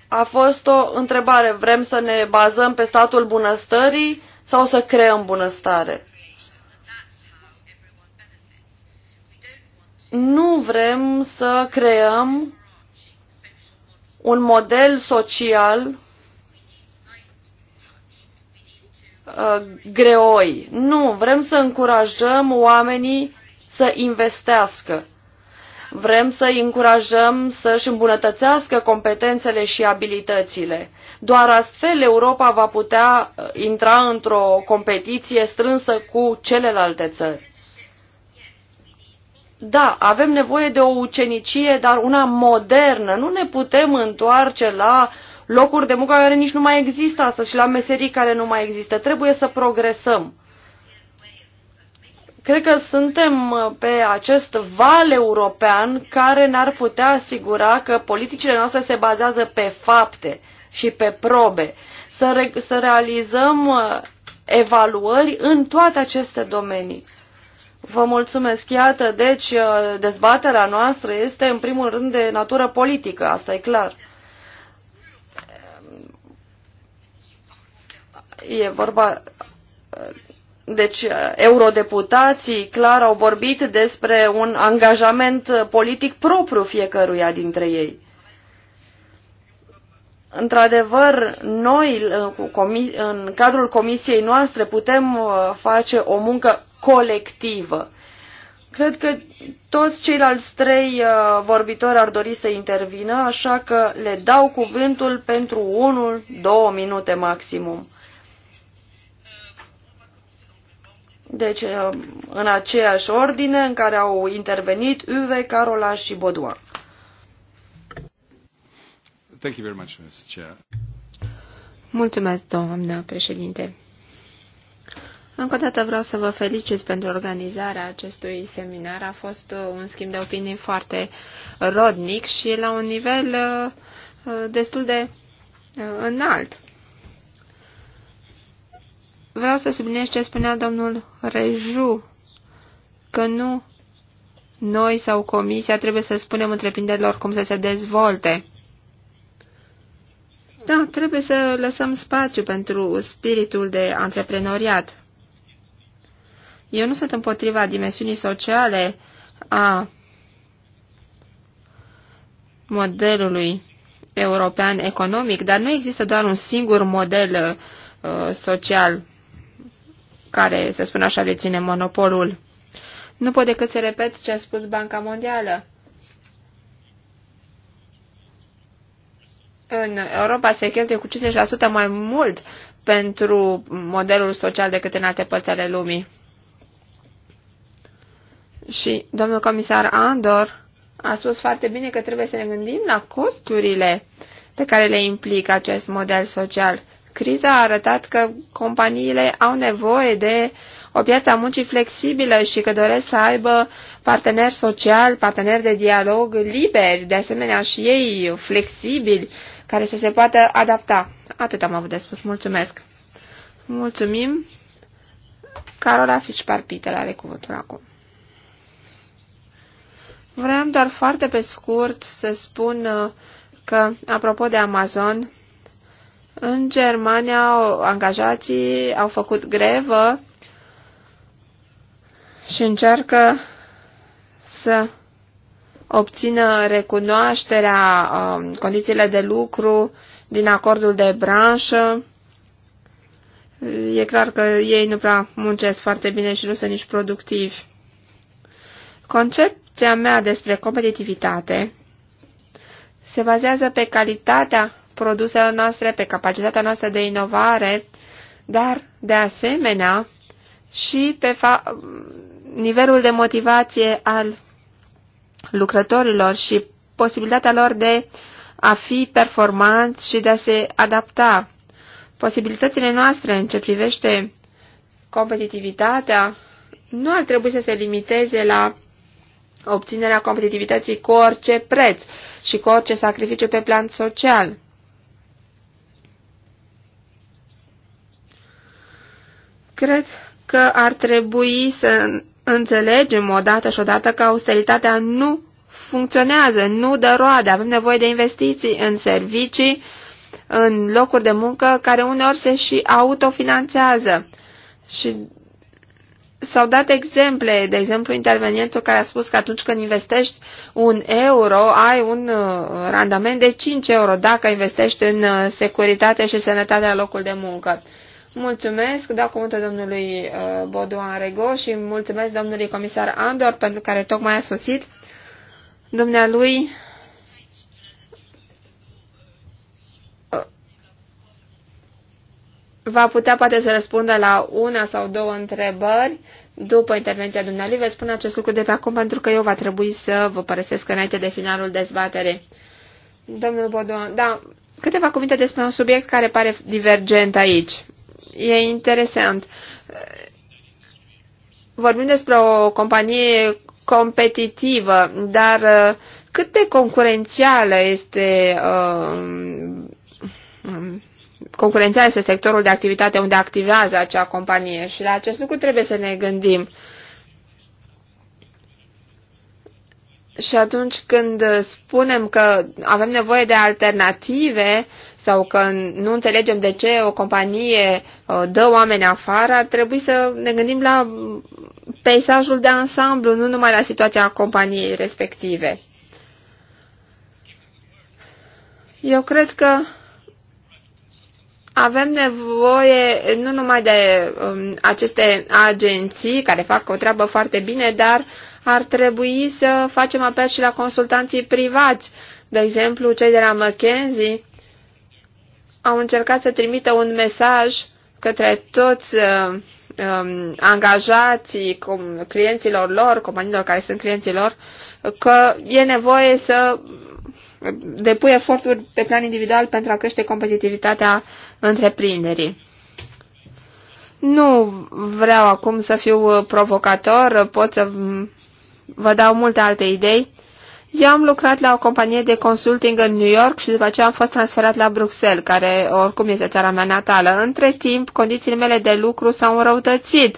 a fost o întrebare. Vrem să ne bazăm pe statul bunăstării sau să creăm bunăstare? Nu vrem să creăm un model social uh, greoi. Nu, vrem să încurajăm oamenii să investească. Vrem să îi încurajăm să își îmbunătățească competențele și abilitățile. Doar astfel Europa va putea uh, intra într-o competiție strânsă cu celelalte țări. Da, avem nevoie de o ucenicie, dar una modernă. Nu ne putem întoarce la locuri de muncă care nici nu mai există astăzi și la meserii care nu mai există. Trebuie să progresăm. Cred că suntem uh, pe acest val european care ne-ar putea asigura că politicile noastre se bazează pe fapte și pe probe. Să, re- să realizăm uh, evaluări în toate aceste domenii. Vă mulțumesc. Iată, deci uh, dezbaterea noastră este în primul rând de natură politică, asta e clar. E vorba deci, uh, eurodeputații clar au vorbit despre un angajament uh, politic propriu fiecăruia dintre ei. Într-adevăr, noi, uh, în cadrul comisiei noastre, putem face o muncă colectivă. Cred că toți ceilalți trei vorbitori ar dori să intervină, așa că le dau cuvântul pentru unul, două minute maximum. Deci, uh, în aceeași ordine în care au intervenit Uwe, Carola și Bodoan. Thank you very much, Chair. Mulțumesc, doamnă președinte. Încă o dată vreau să vă felicit pentru organizarea acestui seminar. A fost uh, un schimb de opinii foarte rodnic și la un nivel uh, destul de înalt. Vreau să subliniez ce spunea domnul Reju, că nu noi sau comisia trebuie să spunem întreprinderilor cum să se dezvolte. Da, trebuie să lăsăm spațiu pentru spiritul de antreprenoriat. Eu nu sunt împotriva dimensiunii sociale a modelului european economic, dar nu există doar un singur model uh, social care, să spun așa, deține monopolul. Nu pot decât să repet ce a spus Banca Mondială. În Europa se cheltuie cu 50% mai mult pentru modelul social decât în alte părți ale lumii. Și domnul comisar Andor a spus foarte bine că trebuie să ne gândim la costurile pe care le implică acest model social Criza a arătat că companiile au nevoie de o piață a muncii flexibilă și că doresc să aibă parteneri social, parteneri de dialog liberi, de asemenea și ei flexibili, care să se poată adapta. Atât am avut de spus. Mulțumesc! Mulțumim! Carola Fișparpitel are cuvântul acum. Vreau doar foarte pe scurt să spun uh, că, apropo de Amazon, în Germania, angajații au făcut grevă și încearcă să obțină recunoașterea um, condițiile de lucru din acordul de branșă. E clar că ei nu prea muncesc foarte bine și nu sunt nici productivi. Concepția mea despre competitivitate se bazează pe calitatea produselor noastre, pe capacitatea noastră de inovare, dar, de asemenea, și pe nivelul de motivație al lucrătorilor și posibilitatea lor de a fi performanți și de a se adapta. Posibilitățile noastre în ce privește competitivitatea nu ar trebui să se limiteze la obținerea competitivității cu orice preț și cu orice sacrificiu pe plan social. Cred că ar trebui să înțelegem odată și odată că austeritatea nu funcționează, nu dă roade. Avem nevoie de investiții în servicii, în locuri de muncă care uneori se și autofinanțează. Și s-au dat exemple, de exemplu intervenientul care a spus că atunci când investești un euro, ai un uh, randament de 5 euro dacă investești în uh, securitate și sănătatea locului de muncă. Mulțumesc, dau cuvântul domnului uh, Bodoan Rego și mulțumesc domnului comisar Andor pentru care tocmai a sosit. Dumnealui uh, va putea poate să răspundă la una sau două întrebări după intervenția dumnealui. Vă spun acest lucru de pe acum pentru că eu va trebui să vă părăsesc înainte de finalul dezbaterei. Domnul Bodoan, da, câteva cuvinte despre un subiect care pare divergent aici. E interesant. Vorbim despre o companie competitivă, dar uh, cât de concurențială este uh, um, concurența este sectorul de activitate unde activează acea companie și la acest lucru trebuie să ne gândim. Și atunci când spunem că avem nevoie de alternative, sau că nu înțelegem de ce o companie uh, dă oameni afară, ar trebui să ne gândim la mm, peisajul de ansamblu, nu numai la situația companiei respective. Eu cred că avem nevoie nu numai de um, aceste agenții care fac o treabă foarte bine, dar ar trebui să facem apel și la consultanții privați, de exemplu cei de la McKenzie, au încercat să trimită un mesaj către toți uh, um, angajații, cum, clienților lor, companiilor care sunt clienții lor, că e nevoie să depui eforturi pe plan individual pentru a crește competitivitatea întreprinderii. Nu vreau acum să fiu provocator, pot să vă dau multe alte idei, eu am lucrat la o companie de consulting în New York și după aceea am fost transferat la Bruxelles, care oricum este țara mea natală. Între timp, condițiile mele de lucru s-au înrăutățit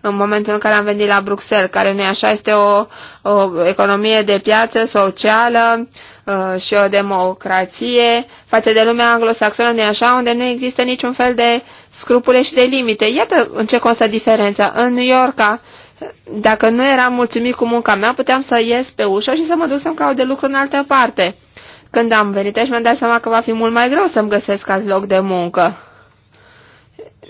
în momentul în care am venit la Bruxelles, care nu așa, este o, o economie de piață socială uh, și o democrație față de lumea anglosaxonă, nu așa, unde nu există niciun fel de scrupule și de limite. Iată în ce constă diferența. În New York dacă nu eram mulțumit cu munca mea, puteam să ies pe ușă și să mă duc să-mi caut de lucru în altă parte. Când am venit aici, mi-am dat seama că va fi mult mai greu să-mi găsesc alt loc de muncă.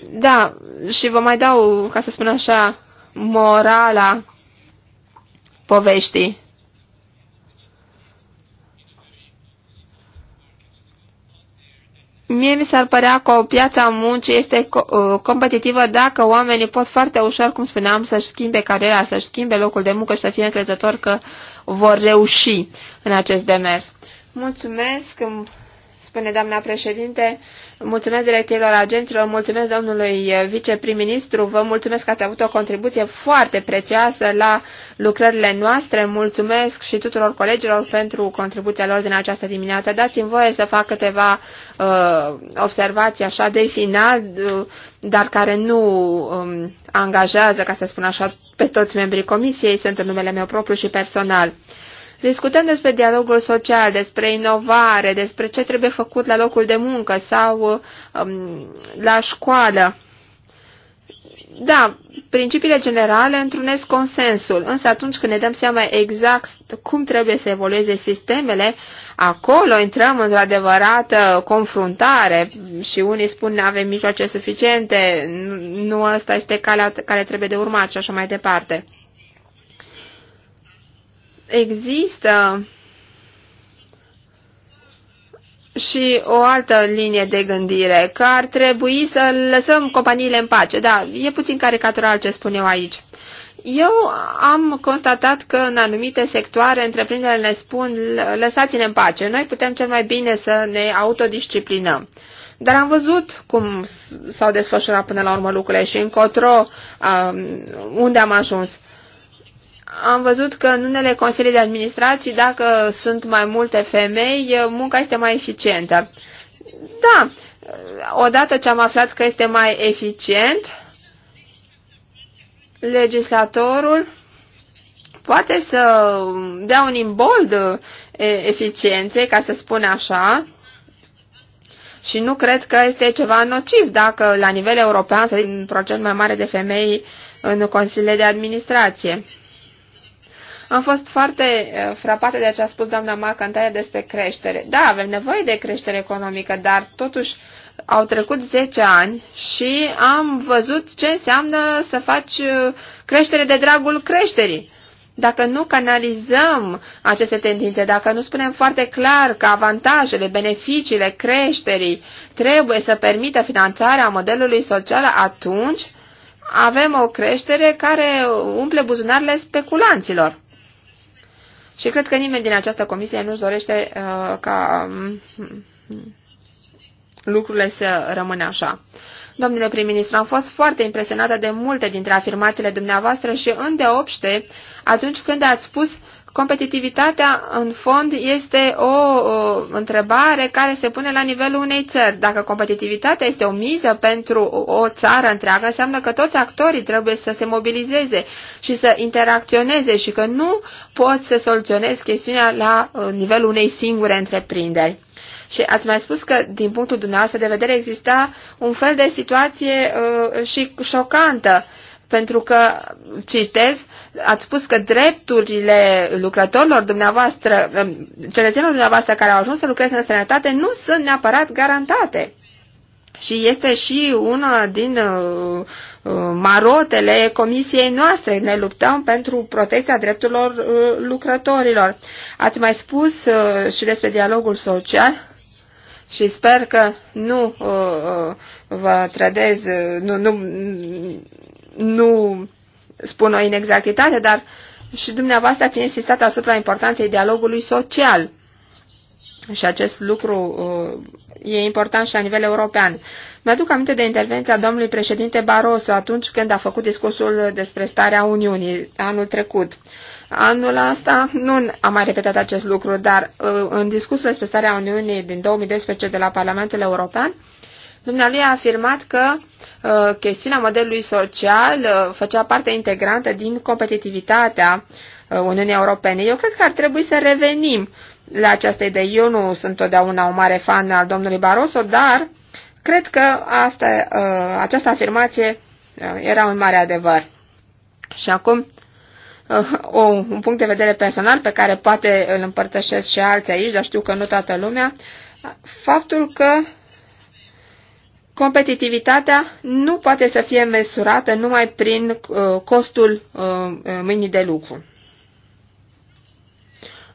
Da, și vă mai dau, ca să spun așa, morala poveștii. Mie mi s-ar părea că o piața muncii este co- uh, competitivă dacă oamenii pot foarte ușor, cum spuneam, să-și schimbe cariera, să-și schimbe locul de muncă și să fie încrezători că vor reuși în acest demers. Mulțumesc, spune doamna președinte mulțumesc directivilor agenților, mulțumesc domnului viceprim-ministru, vă mulțumesc că ați avut o contribuție foarte prețioasă la lucrările noastre, mulțumesc și tuturor colegilor pentru contribuția lor din această dimineață. Dați-mi voie să fac câteva uh, observații așa de final, uh, dar care nu um, angajează, ca să spun așa, pe toți membrii comisiei, sunt în numele meu propriu și personal. Uh, Discutăm despre dialogul social, despre inovare, despre ce trebuie făcut la locul de muncă sau um, la școală. Da, principiile generale întrunesc consensul, însă atunci când ne dăm seama exact cum trebuie să evolueze sistemele, acolo intrăm într-o adevărată confruntare și unii spun nu avem mijloace suficiente, nu asta este calea care trebuie de urmat și așa mai departe. Există și o altă linie de gândire, că ar trebui să lăsăm companiile în pace. Da, e puțin caricatural ce spun eu aici. Eu am constatat că în anumite sectoare întreprinderile ne spun lăsați-ne în pace, noi putem cel mai bine să ne autodisciplinăm. Dar am văzut cum s-au desfășurat până la urmă lucrurile și încotro um, unde am ajuns am văzut că în unele consilii de administrații, dacă sunt mai multe femei, munca este mai eficientă. Da, odată ce am aflat că este mai eficient, legislatorul poate să dea un imbold eficienței, ca să spun așa, și nu cred că este ceva nociv dacă la nivel european să un procent mai mare de femei în consiliile de administrație. Am fost foarte frapată de ce a spus doamna McIntyre despre creștere. Da, avem nevoie de creștere economică, dar totuși au trecut 10 ani și am văzut ce înseamnă să faci creștere de dragul creșterii. Dacă nu canalizăm aceste tendințe, dacă nu spunem foarte clar că avantajele, beneficiile creșterii trebuie să permită finanțarea modelului social, atunci avem o creștere care umple buzunarele speculanților. Și cred că nimeni din această comisie nu-și dorește uh, ca um, lucrurile să rămână așa. Domnule prim-ministru, am fost foarte impresionată de multe dintre afirmațiile dumneavoastră și îndeopște atunci când ați spus Competitivitatea în fond este o, o întrebare care se pune la nivelul unei țări. Dacă competitivitatea este o miză pentru o țară întreagă, înseamnă că toți actorii trebuie să se mobilizeze și să interacționeze și că nu pot să soluționez chestiunea la uh, nivelul unei singure întreprinderi. Și ați mai spus că, din punctul dumneavoastră de vedere, exista un fel de situație uh, și șocantă, pentru că, citez, ați spus că drepturile lucrătorilor dumneavoastră, um, cetățenilor dumneavoastră care au ajuns să lucreze în străinătate nu sunt neapărat garantate. Și este și una din uh, uh, marotele comisiei noastre. Ne luptăm pentru protecția drepturilor uh, lucrătorilor. Ați mai spus și despre dialogul social și sper că nu vă trădez, nu, nu, nu spun o inexactitate, dar și dumneavoastră ați insistat asupra importanței dialogului social. Și acest lucru uh, e important și la nivel european. Mi-aduc aminte de intervenția domnului președinte Barroso atunci când a făcut discursul despre starea Uniunii anul trecut. Anul acesta nu am mai repetat acest lucru, dar uh, în discursul despre starea Uniunii din 2012 de la Parlamentul European, dumnealui a afirmat că uh, Uh, chestiunea modelului social uh, făcea parte integrantă din competitivitatea uh, Uniunii Europene. Eu cred că ar trebui să revenim la această idee. Eu nu sunt totdeauna o mare fan al domnului Barroso, dar cred că asta, această afirmație era un mare adevăr. Și acum, un punct de vedere personal pe care poate îl împărtășesc și alții aici, dar știu că nu toată lumea, faptul că Competitivitatea nu poate să fie măsurată numai prin uh, costul uh, uh, mâinii de lucru.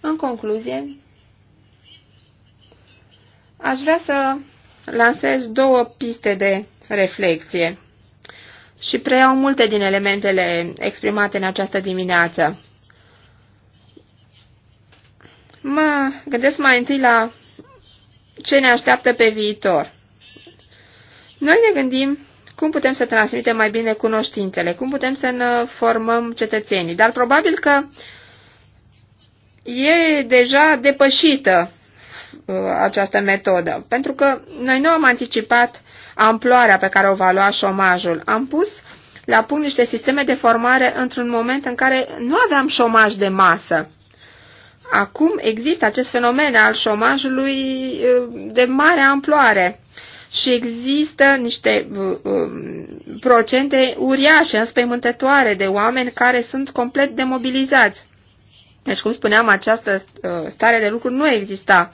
În concluzie, aș vrea să lansez două piste de reflexie și preiau multe din elementele exprimate în această dimineață. Mă gândesc mai întâi la ce ne așteaptă pe viitor. Noi ne gândim cum putem să transmitem mai bine cunoștințele, cum putem să ne formăm cetățenii, dar probabil că e deja depășită uh, această metodă, pentru că noi nu am anticipat amploarea pe care o va lua șomajul. Am pus la punct niște sisteme de formare într-un moment în care nu aveam șomaj de masă. Acum există acest fenomen al șomajului uh, de mare amploare și există niște uh, um, procente uriașe, înspăimântătoare de oameni care sunt complet demobilizați. Deci, cum spuneam, această uh, stare de lucru nu exista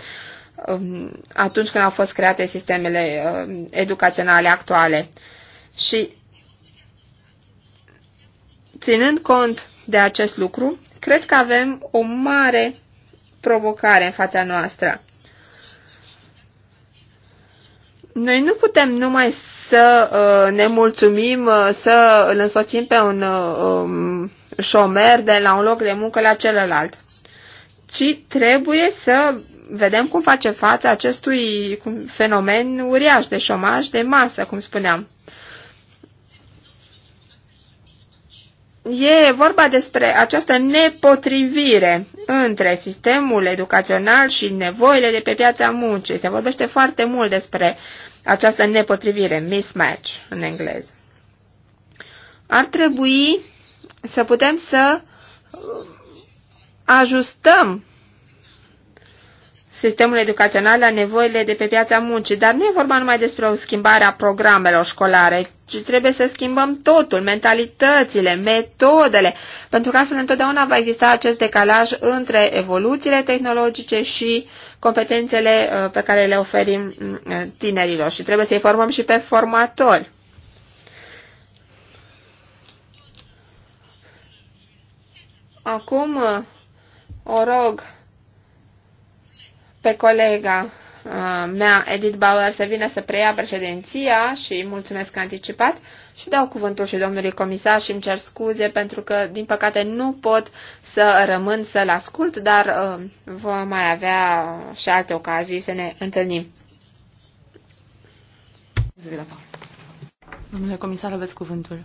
um, atunci când au fost create sistemele um, educaționale actuale. Și ținând cont de acest lucru, cred că avem o mare provocare în fața noastră. Noi nu putem numai să uh, ne mulțumim, uh, să îl însoțim pe un uh, um, șomer de la un loc de muncă la celălalt, ci trebuie să vedem cum face față acestui fenomen uriaș de șomaj de masă, cum spuneam. E vorba despre această nepotrivire între sistemul educațional și nevoile de pe piața muncii. Se vorbește foarte mult despre această nepotrivire, mismatch în engleză. Ar trebui să putem să uh, ajustăm sistemul educațional la nevoile de pe piața muncii, dar nu e vorba numai despre o schimbare a programelor școlare, ci trebuie să schimbăm totul, mentalitățile, metodele, pentru că altfel întotdeauna va exista acest decalaj între evoluțiile tehnologice și competențele uh, pe care le oferim mm, uh, tinerilor și trebuie să-i formăm și pe formatori. Acum uh, o rog pe colega Uh, mea, Edith Bauer, să vină să preia președinția și mulțumesc anticipat și dau cuvântul și domnului comisar și îmi cer scuze pentru că, din păcate, nu pot să rămân să-l ascult, dar uh, vom mai avea și alte ocazii să ne întâlnim. Domnule comisar, aveți cuvântul.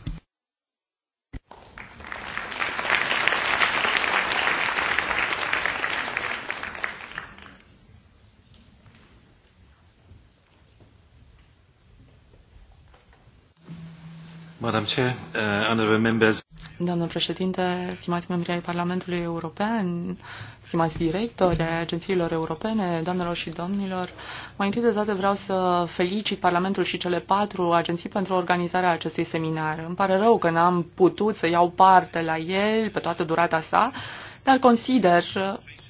Madam uh, Doamnă președinte, stimați membri ai Parlamentului European, stimați directori ai agențiilor europene, doamnelor și domnilor, mai întâi de toate vreau să felicit Parlamentul și cele patru agenții pentru organizarea acestui seminar. Îmi pare rău că n-am putut să iau parte la el pe toată durata sa, dar consider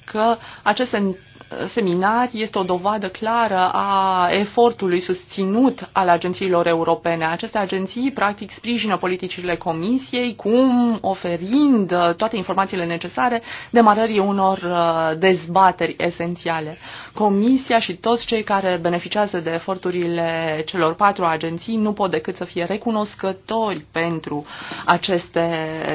că acest seminar este o dovadă clară a efortului susținut al agențiilor europene. Aceste agenții, practic, sprijină politicile Comisiei, cum oferind uh, toate informațiile necesare demarării unor uh, dezbateri esențiale. Comisia și toți cei care beneficiază de eforturile celor patru agenții nu pot decât să fie recunoscători pentru aceste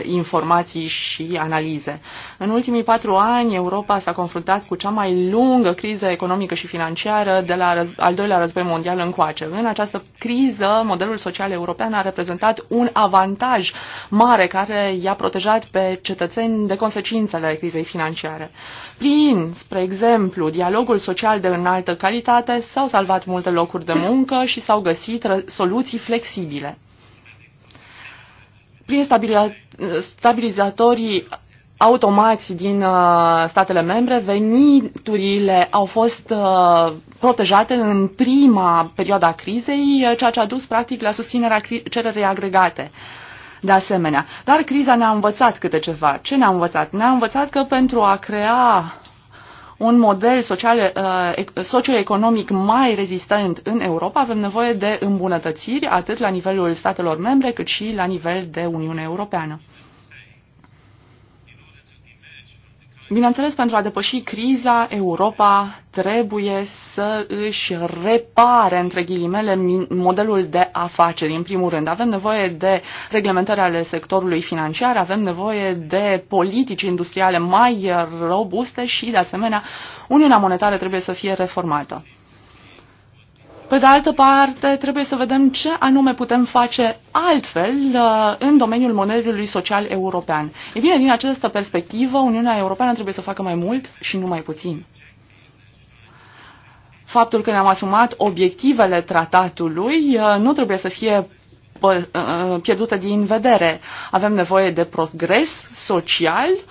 informații și analize. În ultimii patru ani, Europa s-a confruntat cu cea mai lungă lungă criză economică și financiară de la al doilea război mondial încoace. În această criză, modelul social european a reprezentat un avantaj mare care i-a protejat pe cetățeni de consecințele crizei financiare. Prin, spre exemplu, dialogul social de înaltă calitate s-au salvat multe locuri de muncă și s-au găsit soluții flexibile. Prin stabilizatorii automați din uh, statele membre, veniturile au fost uh, protejate în prima perioadă a crizei, uh, ceea ce a dus practic la susținerea cererii agregate. De asemenea, dar criza ne-a învățat câte ceva. Ce ne-a învățat? Ne-a învățat că pentru a crea un model social, socioeconomic mai rezistent în Europa, avem nevoie de îmbunătățiri atât la nivelul statelor membre cât și la nivel de Uniune Europeană. Bineînțeles, pentru a depăși criza, Europa trebuie să își repare, între ghilimele, modelul de afaceri. În primul rând, avem nevoie de reglementări ale sectorului financiar, avem nevoie de politici industriale mai robuste și, de asemenea, Uniunea Monetară trebuie să fie reformată. Pe de altă parte, trebuie să vedem ce anume putem face altfel uh, în domeniul monedului social european. E bine, din această perspectivă, Uniunea Europeană trebuie să facă mai mult și nu mai puțin. Faptul că ne-am asumat obiectivele tratatului uh, nu trebuie să fie uh, pierdută din vedere. Avem nevoie de progres social uh,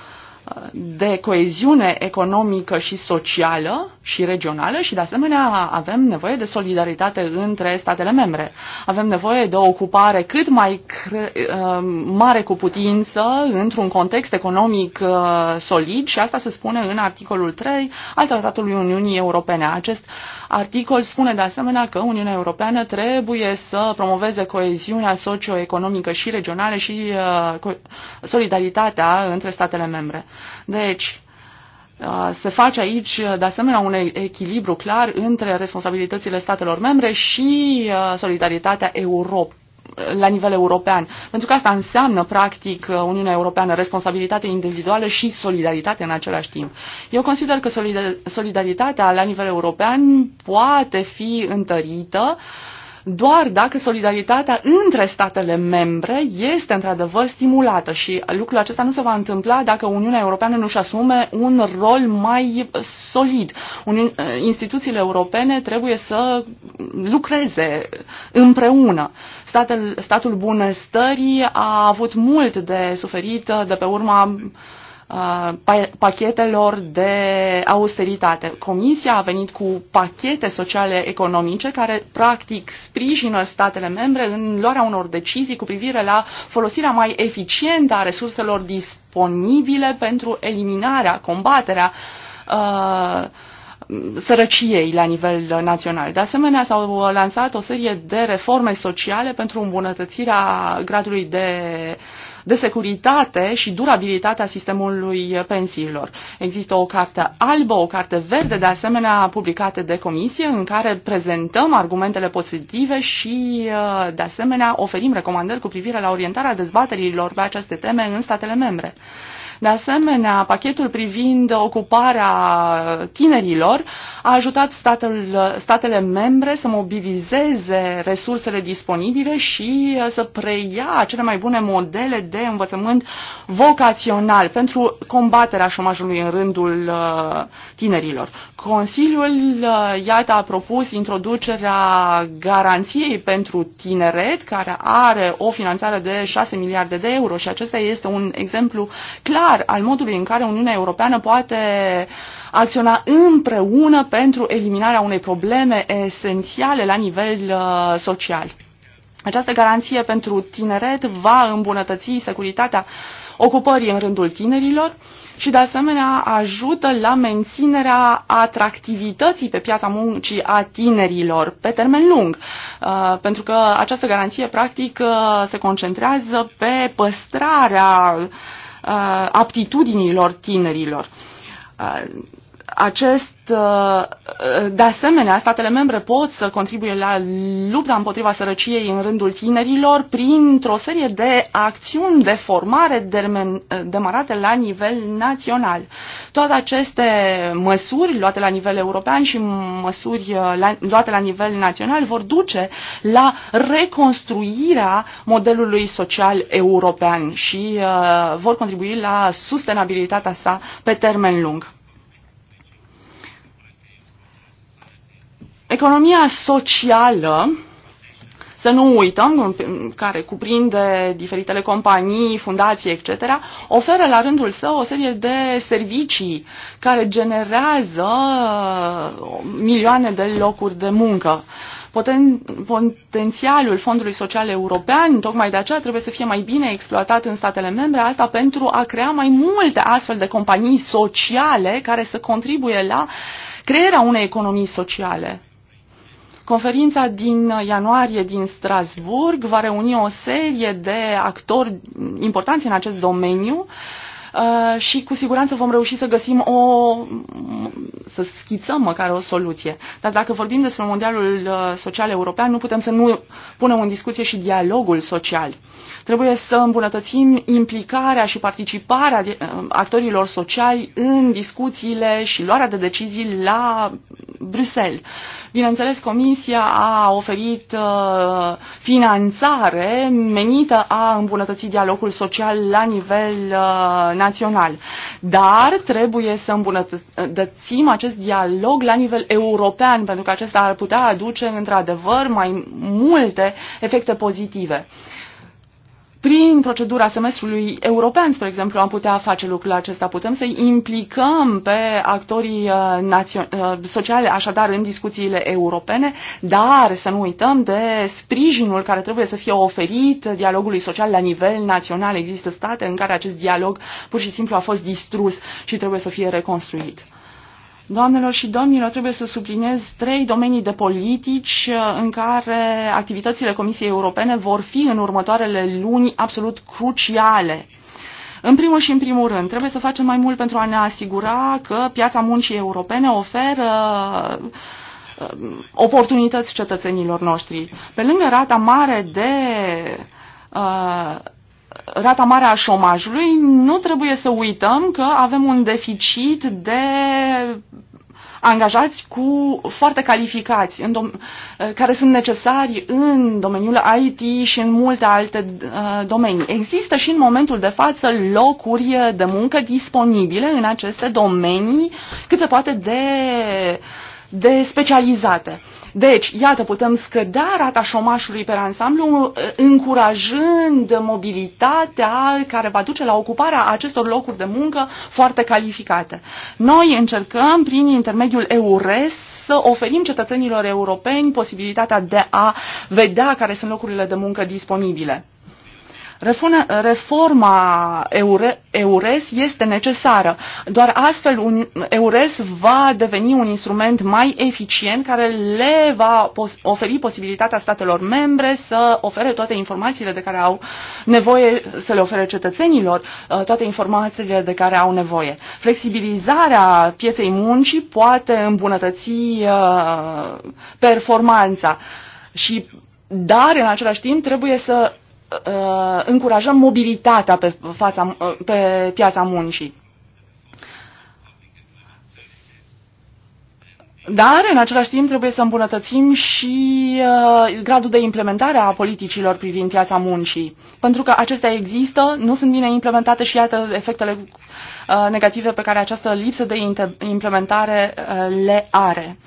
de coeziune economică și socială și regională și, de asemenea, avem nevoie de solidaritate între statele membre. Avem nevoie de o ocupare cât mai um, mare cu putință într-un context economic uh, solid și asta se spune în articolul 3 al Tratatului Uniunii Europene. Acest articol spune de asemenea că Uniunea Europeană trebuie să promoveze coeziunea socioeconomică și regională și uh, solidaritatea între statele membre. Deci, uh, se face aici, de asemenea, un echilibru clar între responsabilitățile statelor membre și uh, solidaritatea Europei la nivel european. Pentru că asta înseamnă, practic, Uniunea Europeană, responsabilitate individuală și solidaritate în același timp. Eu consider că solidaritatea la nivel european poate fi întărită uh, doar dacă solidaritatea între statele membre este într-adevăr stimulată și lucrul acesta nu se va întâmpla dacă Uniunea Europeană nu-și asume un rol mai solid. Eh, instituțiile europene trebuie să lucreze împreună. Statul, statul bunăstării a avut mult de suferit de pe urma Uh, pachetelor de austeritate. Comisia a venit cu pachete sociale economice care practic sprijină statele membre în luarea unor decizii cu privire la folosirea mai eficientă a resurselor disponibile pentru eliminarea, combaterea uh, sărăciei la nivel național. De asemenea, s-au lansat o serie de reforme sociale pentru îmbunătățirea gradului de uh, de securitate și durabilitatea sistemului pensiilor. Există o carte albă, o carte verde, de asemenea publicate de comisie, în care prezentăm argumentele pozitive și, uh, de asemenea, oferim recomandări cu privire la orientarea dezbaterilor pe aceste teme în statele membre. De asemenea, pachetul privind ocuparea tinerilor a ajutat statel, statele membre să mobilizeze resursele disponibile și uh, să preia cele mai bune modele de învățământ vocațional pentru combaterea șomajului în rândul uh, tinerilor. Consiliul, uh, iată, a propus introducerea garanției pentru tineret, care are o finanțare de 6 miliarde de euro și acesta este un exemplu clar clar al modului în care Uniunea Europeană poate acționa împreună pentru eliminarea unei probleme esențiale la nivel uh, social. Această garanție pentru tineret va îmbunătăți securitatea ocupării în rândul tinerilor și, de asemenea, ajută la menținerea atractivității pe piața muncii a tinerilor pe termen lung, uh, pentru că această garanție, practic, uh, se concentrează pe păstrarea Uh, aptitudinilor tinerilor. Uh, acest, uh, de asemenea, statele membre pot să contribuie la lupta împotriva sărăciei în rândul tinerilor printr-o serie de acțiuni de formare demarate la nivel național. Toate aceste măsuri luate la nivel european și măsuri uh, luate la nivel național vor duce la reconstruirea modelului social european și uh, vor contribui la sustenabilitatea sa pe termen lung. Economia socială, să nu uităm, care cuprinde diferitele companii, fundații, etc., oferă la rândul său o serie de servicii care generează uh, milioane de locuri de muncă poten, potențialul Fondului Social European, tocmai de aceea trebuie să fie mai bine exploatat în statele membre, asta pentru a crea mai multe astfel de companii sociale care să contribuie la crearea unei economii sociale. Conferința din ianuarie din Strasburg va reuni o serie de actori importanți în acest domeniu uh, și cu siguranță vom reuși să găsim o, să schițăm măcar o soluție. Dar dacă vorbim despre Mondialul uh, Social European, nu putem să nu punem în discuție și dialogul social. Uh, Trebuie să îmbunătățim implicarea și participarea uh, actorilor sociali în discuțiile și luarea de decizii la Bruxelles. Bineînțeles, Comisia a oferit uh, finanțare menită a îmbunătăți dialogul social la nivel uh, național. Dar trebuie să îmbunătățim acest dialog la nivel european, pentru că acesta ar putea aduce, într-adevăr, mai multe efecte pozitive. Uh, prin procedura semestrului european, spre exemplu, am putea face lucrul acesta. Putem să implicăm pe actorii uh, uh, sociale, așadar, în discuțiile europene, dar să nu uităm de sprijinul care trebuie să fie oferit dialogului social la nivel național. Există state în care acest dialog pur și simplu a fost distrus și trebuie să fie reconstruit. Doamnelor și domnilor, trebuie să subliniez trei domenii de politici uh, în care activitățile Comisiei Europene vor fi în următoarele luni absolut cruciale. În primul și în primul rând, trebuie să facem mai mult pentru a ne asigura că piața muncii europene oferă uh, oportunități cetățenilor noștri. Pe lângă rata mare de uh, rata mare a șomajului, nu trebuie să uităm că avem un deficit de angajați cu foarte calificați, în care sunt necesari în domeniul IT și în multe alte uh, domenii. Există și în momentul de față locuri de muncă disponibile în aceste domenii cât se poate de, de specializate. Uh, deci, iată, putem scădea rata șomașului pe ansamblu, uh, încurajând mobilitatea care va duce la ocuparea acestor locuri de muncă foarte calificate. Noi încercăm, prin intermediul EURES, să oferim cetățenilor europeni posibilitatea de a vedea care sunt locurile de muncă disponibile. Reforma EURES este necesară. Doar astfel EURES va deveni un instrument mai eficient care le va oferi posibilitatea statelor membre să ofere toate informațiile de care au nevoie, să le ofere cetățenilor uh, toate informațiile de care au nevoie. Flexibilizarea pieței muncii poate îmbunătăți uh, performanța și dar în același timp trebuie să uh, încurajăm mobilitatea pe, fața, uh, pe piața muncii. Dar, în același timp, trebuie să îmbunătățim și uh, gradul de implementare a politicilor privind piața muncii. Pentru că acestea există, nu sunt bine implementate și iată efectele uh, negative pe care această lipsă de implementare uh, le are. Uh,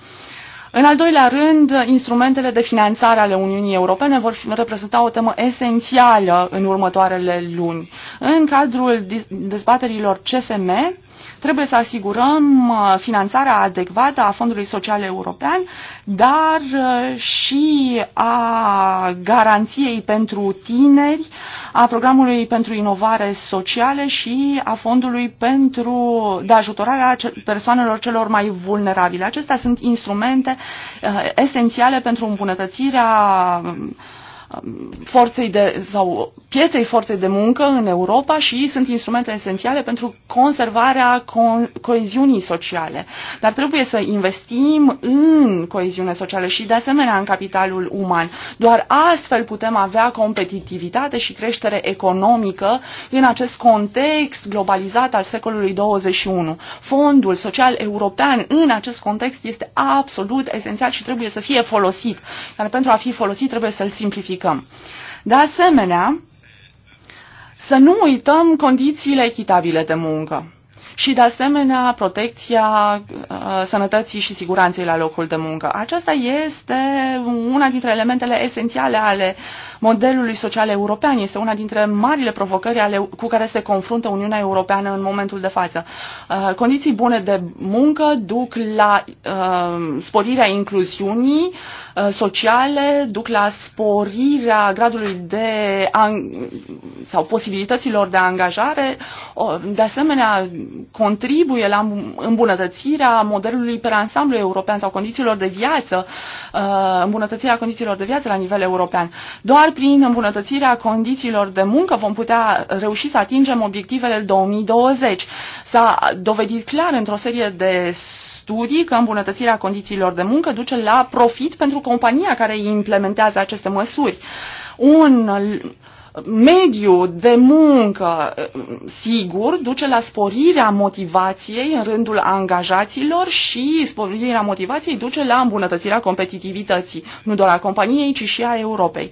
în al doilea rând, instrumentele de finanțare ale Uniunii Europene vor reprezenta o temă esențială în următoarele luni. În cadrul dezbaterilor CFM, Trebuie să asigurăm uh, finanțarea adecvată a Fondului Social European, dar uh, și a garanției pentru tineri, a programului pentru inovare sociale și a fondului pentru de ajutorare a persoanelor celor mai vulnerabile. Acestea sunt instrumente uh, esențiale pentru îmbunătățirea um, forței de, sau pieței forței de muncă în Europa și sunt instrumente esențiale pentru conservarea co- coeziunii sociale. Dar trebuie să investim în coeziune socială și de asemenea în capitalul uman. Doar astfel putem avea competitivitate și creștere economică în acest context globalizat al secolului 21. Fondul social european în acest context este absolut esențial și trebuie să fie folosit. Dar pentru a fi folosit trebuie să-l simplificăm verificăm. De asemenea, să nu uităm condițiile echitabile de muncă și, de asemenea, protecția uh, sănătății și siguranței la locul de muncă. Aceasta este una dintre elementele esențiale ale modelului social european. Este una dintre marile provocări ale, cu care se confruntă Uniunea Europeană în momentul de față. Uh, condiții bune de muncă duc la uh, sporirea incluziunii uh, sociale, duc la sporirea gradului de sau posibilităților de angajare, de asemenea contribuie la îmbunătățirea modelului pe ansamblu european sau condițiilor de viață, uh, îmbunătățirea condițiilor de viață la nivel european. Doar doar prin îmbunătățirea condițiilor de muncă vom putea reuși să atingem obiectivele 2020. S-a dovedit clar într-o serie de studii că îmbunătățirea condițiilor de muncă duce la profit pentru compania care implementează aceste măsuri. Un mediu de muncă uh, sigur duce la sporirea motivației în rândul angajaților și sporirea motivației duce la îmbunătățirea competitivității, nu doar a companiei, ci și a Europei.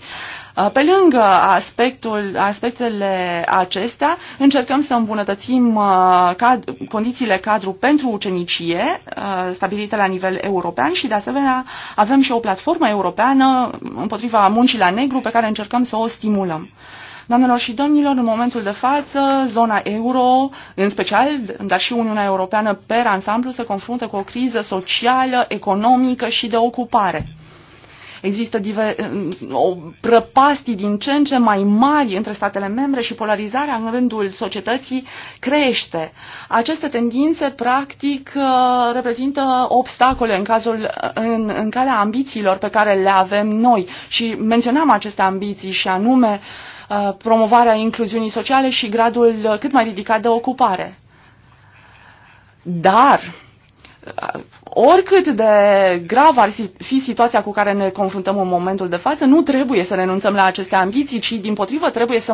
Pe lângă aspectul, aspectele acestea, încercăm să îmbunătățim uh, cad, condițiile cadru pentru ucenicie uh, stabilite la nivel european și, de asemenea, avem și o platformă europeană împotriva muncii la negru pe care încercăm să o stimulăm. Doamnelor și domnilor, în momentul de față, zona euro, în special, dar și Uniunea Europeană per ansamblu, se confruntă cu o criză socială, economică și de ocupare. Există o prăpastii din ce în ce mai mari între statele membre și polarizarea în rândul societății crește. Aceste tendințe, practic, uh, reprezintă obstacole în, cazul, în, în calea ambițiilor pe care le avem noi. Și menționam aceste ambiții și anume uh, promovarea incluziunii sociale și gradul cât mai ridicat de ocupare. Dar uh, oricât de grav ar fi situația cu care ne confruntăm în momentul de față, nu trebuie să renunțăm la aceste ambiții, ci din potrivă trebuie să,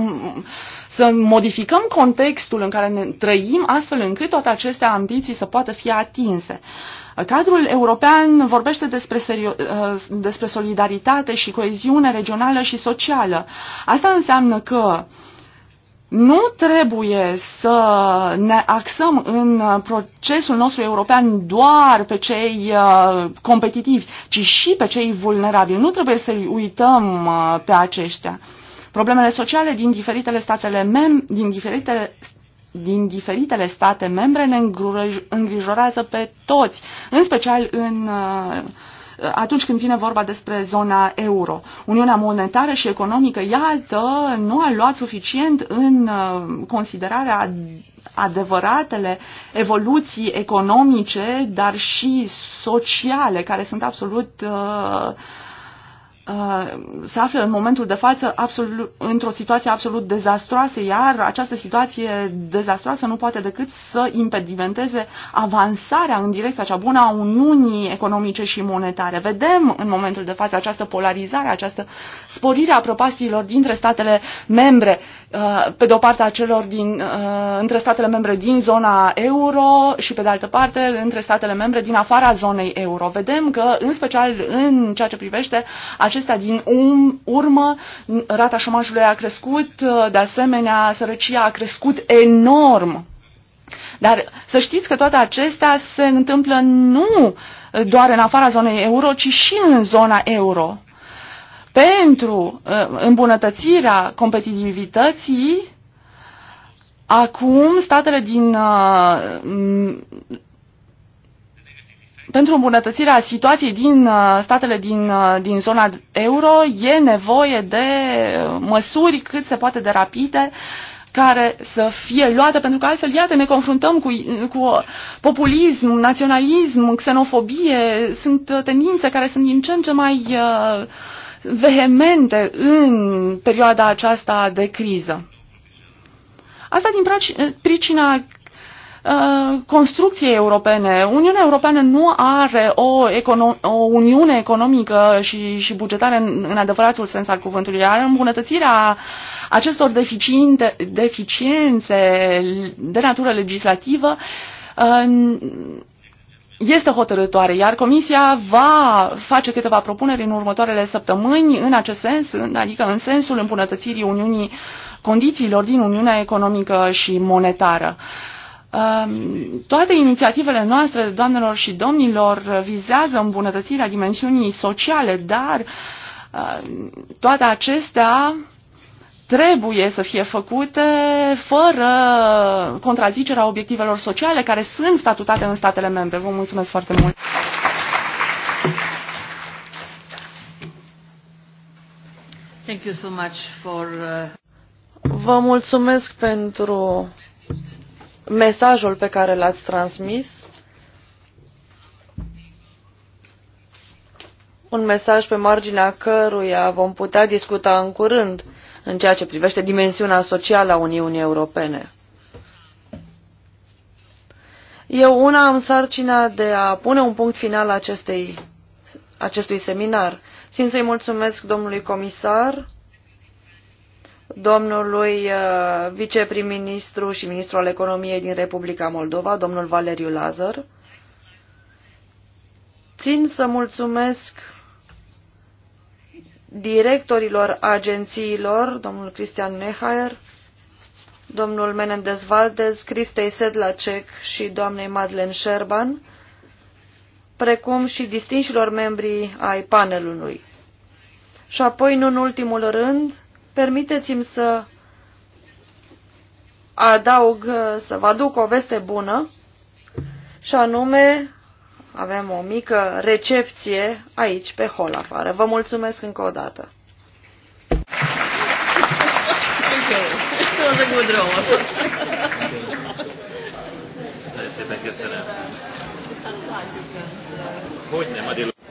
să modificăm contextul în care ne trăim astfel încât toate aceste ambiții să poată fi atinse. Cadrul european vorbește despre, serio- uh, despre solidaritate și coeziune regională și socială. Asta înseamnă că uh, nu trebuie să ne axăm în procesul nostru european doar pe cei uh, competitivi, ci și pe cei vulnerabili. Nu trebuie să uităm uh, pe aceștia. Problemele sociale din diferitele, statele mem- din diferitele din diferitele state membre ne îngrijorează pe toți, în special în uh, Uh, atunci când vine vorba despre zona euro. Uniunea monetară și economică, iată, nu a luat suficient în uh, considerarea adevăratele evoluții economice, dar și sociale, care sunt absolut uh, Uh, se află în momentul de față într-o situație absolut dezastroasă, iar această situație dezastroasă nu poate decât să impedimenteze avansarea în direcția cea bună a Uniunii economice și monetare. Vedem în momentul de față această polarizare, această sporire a prăpastiilor dintre statele membre Uh, pe de o parte a celor din, uh, între statele membre din zona euro și pe de altă parte între statele membre din afara zonei euro. Vedem că, în special în ceea ce privește acestea din um, urmă, rata șomajului a crescut, uh, de asemenea sărăcia a crescut enorm. Dar să știți că toate acestea se întâmplă nu doar în afara zonei euro, ci și în zona euro pentru uh, îmbunătățirea competitivității, acum statele din uh, pentru îmbunătățirea situației din uh, statele din, din zona euro e nevoie de măsuri cât se poate de rapide care să fie luate, pentru că altfel, iată, ne confruntăm cu, cu populism, naționalism, xenofobie, sunt tendințe care sunt din ce în ce mai uh, vehemente în perioada aceasta de criză. Asta din pricina uh, construcției europene. Uniunea Europeană nu are o, econo- o uniune economică și, și bugetară în, în adevăratul sens al cuvântului, iar îmbunătățirea acestor deficiente, deficiențe de natură legislativă uh, este hotărătoare, iar Comisia va face câteva propuneri în următoarele săptămâni în acest sens, adică în sensul îmbunătățirii Uniunii condițiilor din Uniunea Economică și Monetară. Um, toate inițiativele noastre, doamnelor și domnilor, vizează îmbunătățirea dimensiunii sociale, dar um, toate acestea trebuie să fie făcute fără contrazicerea obiectivelor sociale care sunt statutate în statele membre. Vă mulțumesc foarte mult! Thank you so much for, uh... Vă mulțumesc pentru mesajul pe care l-ați transmis. Un mesaj pe marginea căruia vom putea discuta în curând în ceea ce privește dimensiunea socială a Uniunii Europene. Eu una am sarcina de a pune un punct final acestei, acestui seminar. Țin să-i mulțumesc domnului comisar, domnului uh, viceprim-ministru și ministru al economiei din Republica Moldova, domnul Valeriu Lazar. Țin să mulțumesc directorilor agențiilor, domnul Cristian Nehaer, domnul Menendez Valdez, Cristei Sedlacek și doamnei Madeleine Sherban, precum și distinșilor membri ai panelului. Și apoi, nu în ultimul rând, permiteți-mi să adaug, să vă aduc o veste bună, și anume avem o mică recepție aici, pe hol afară. Vă mulțumesc încă o dată. Hogy nem,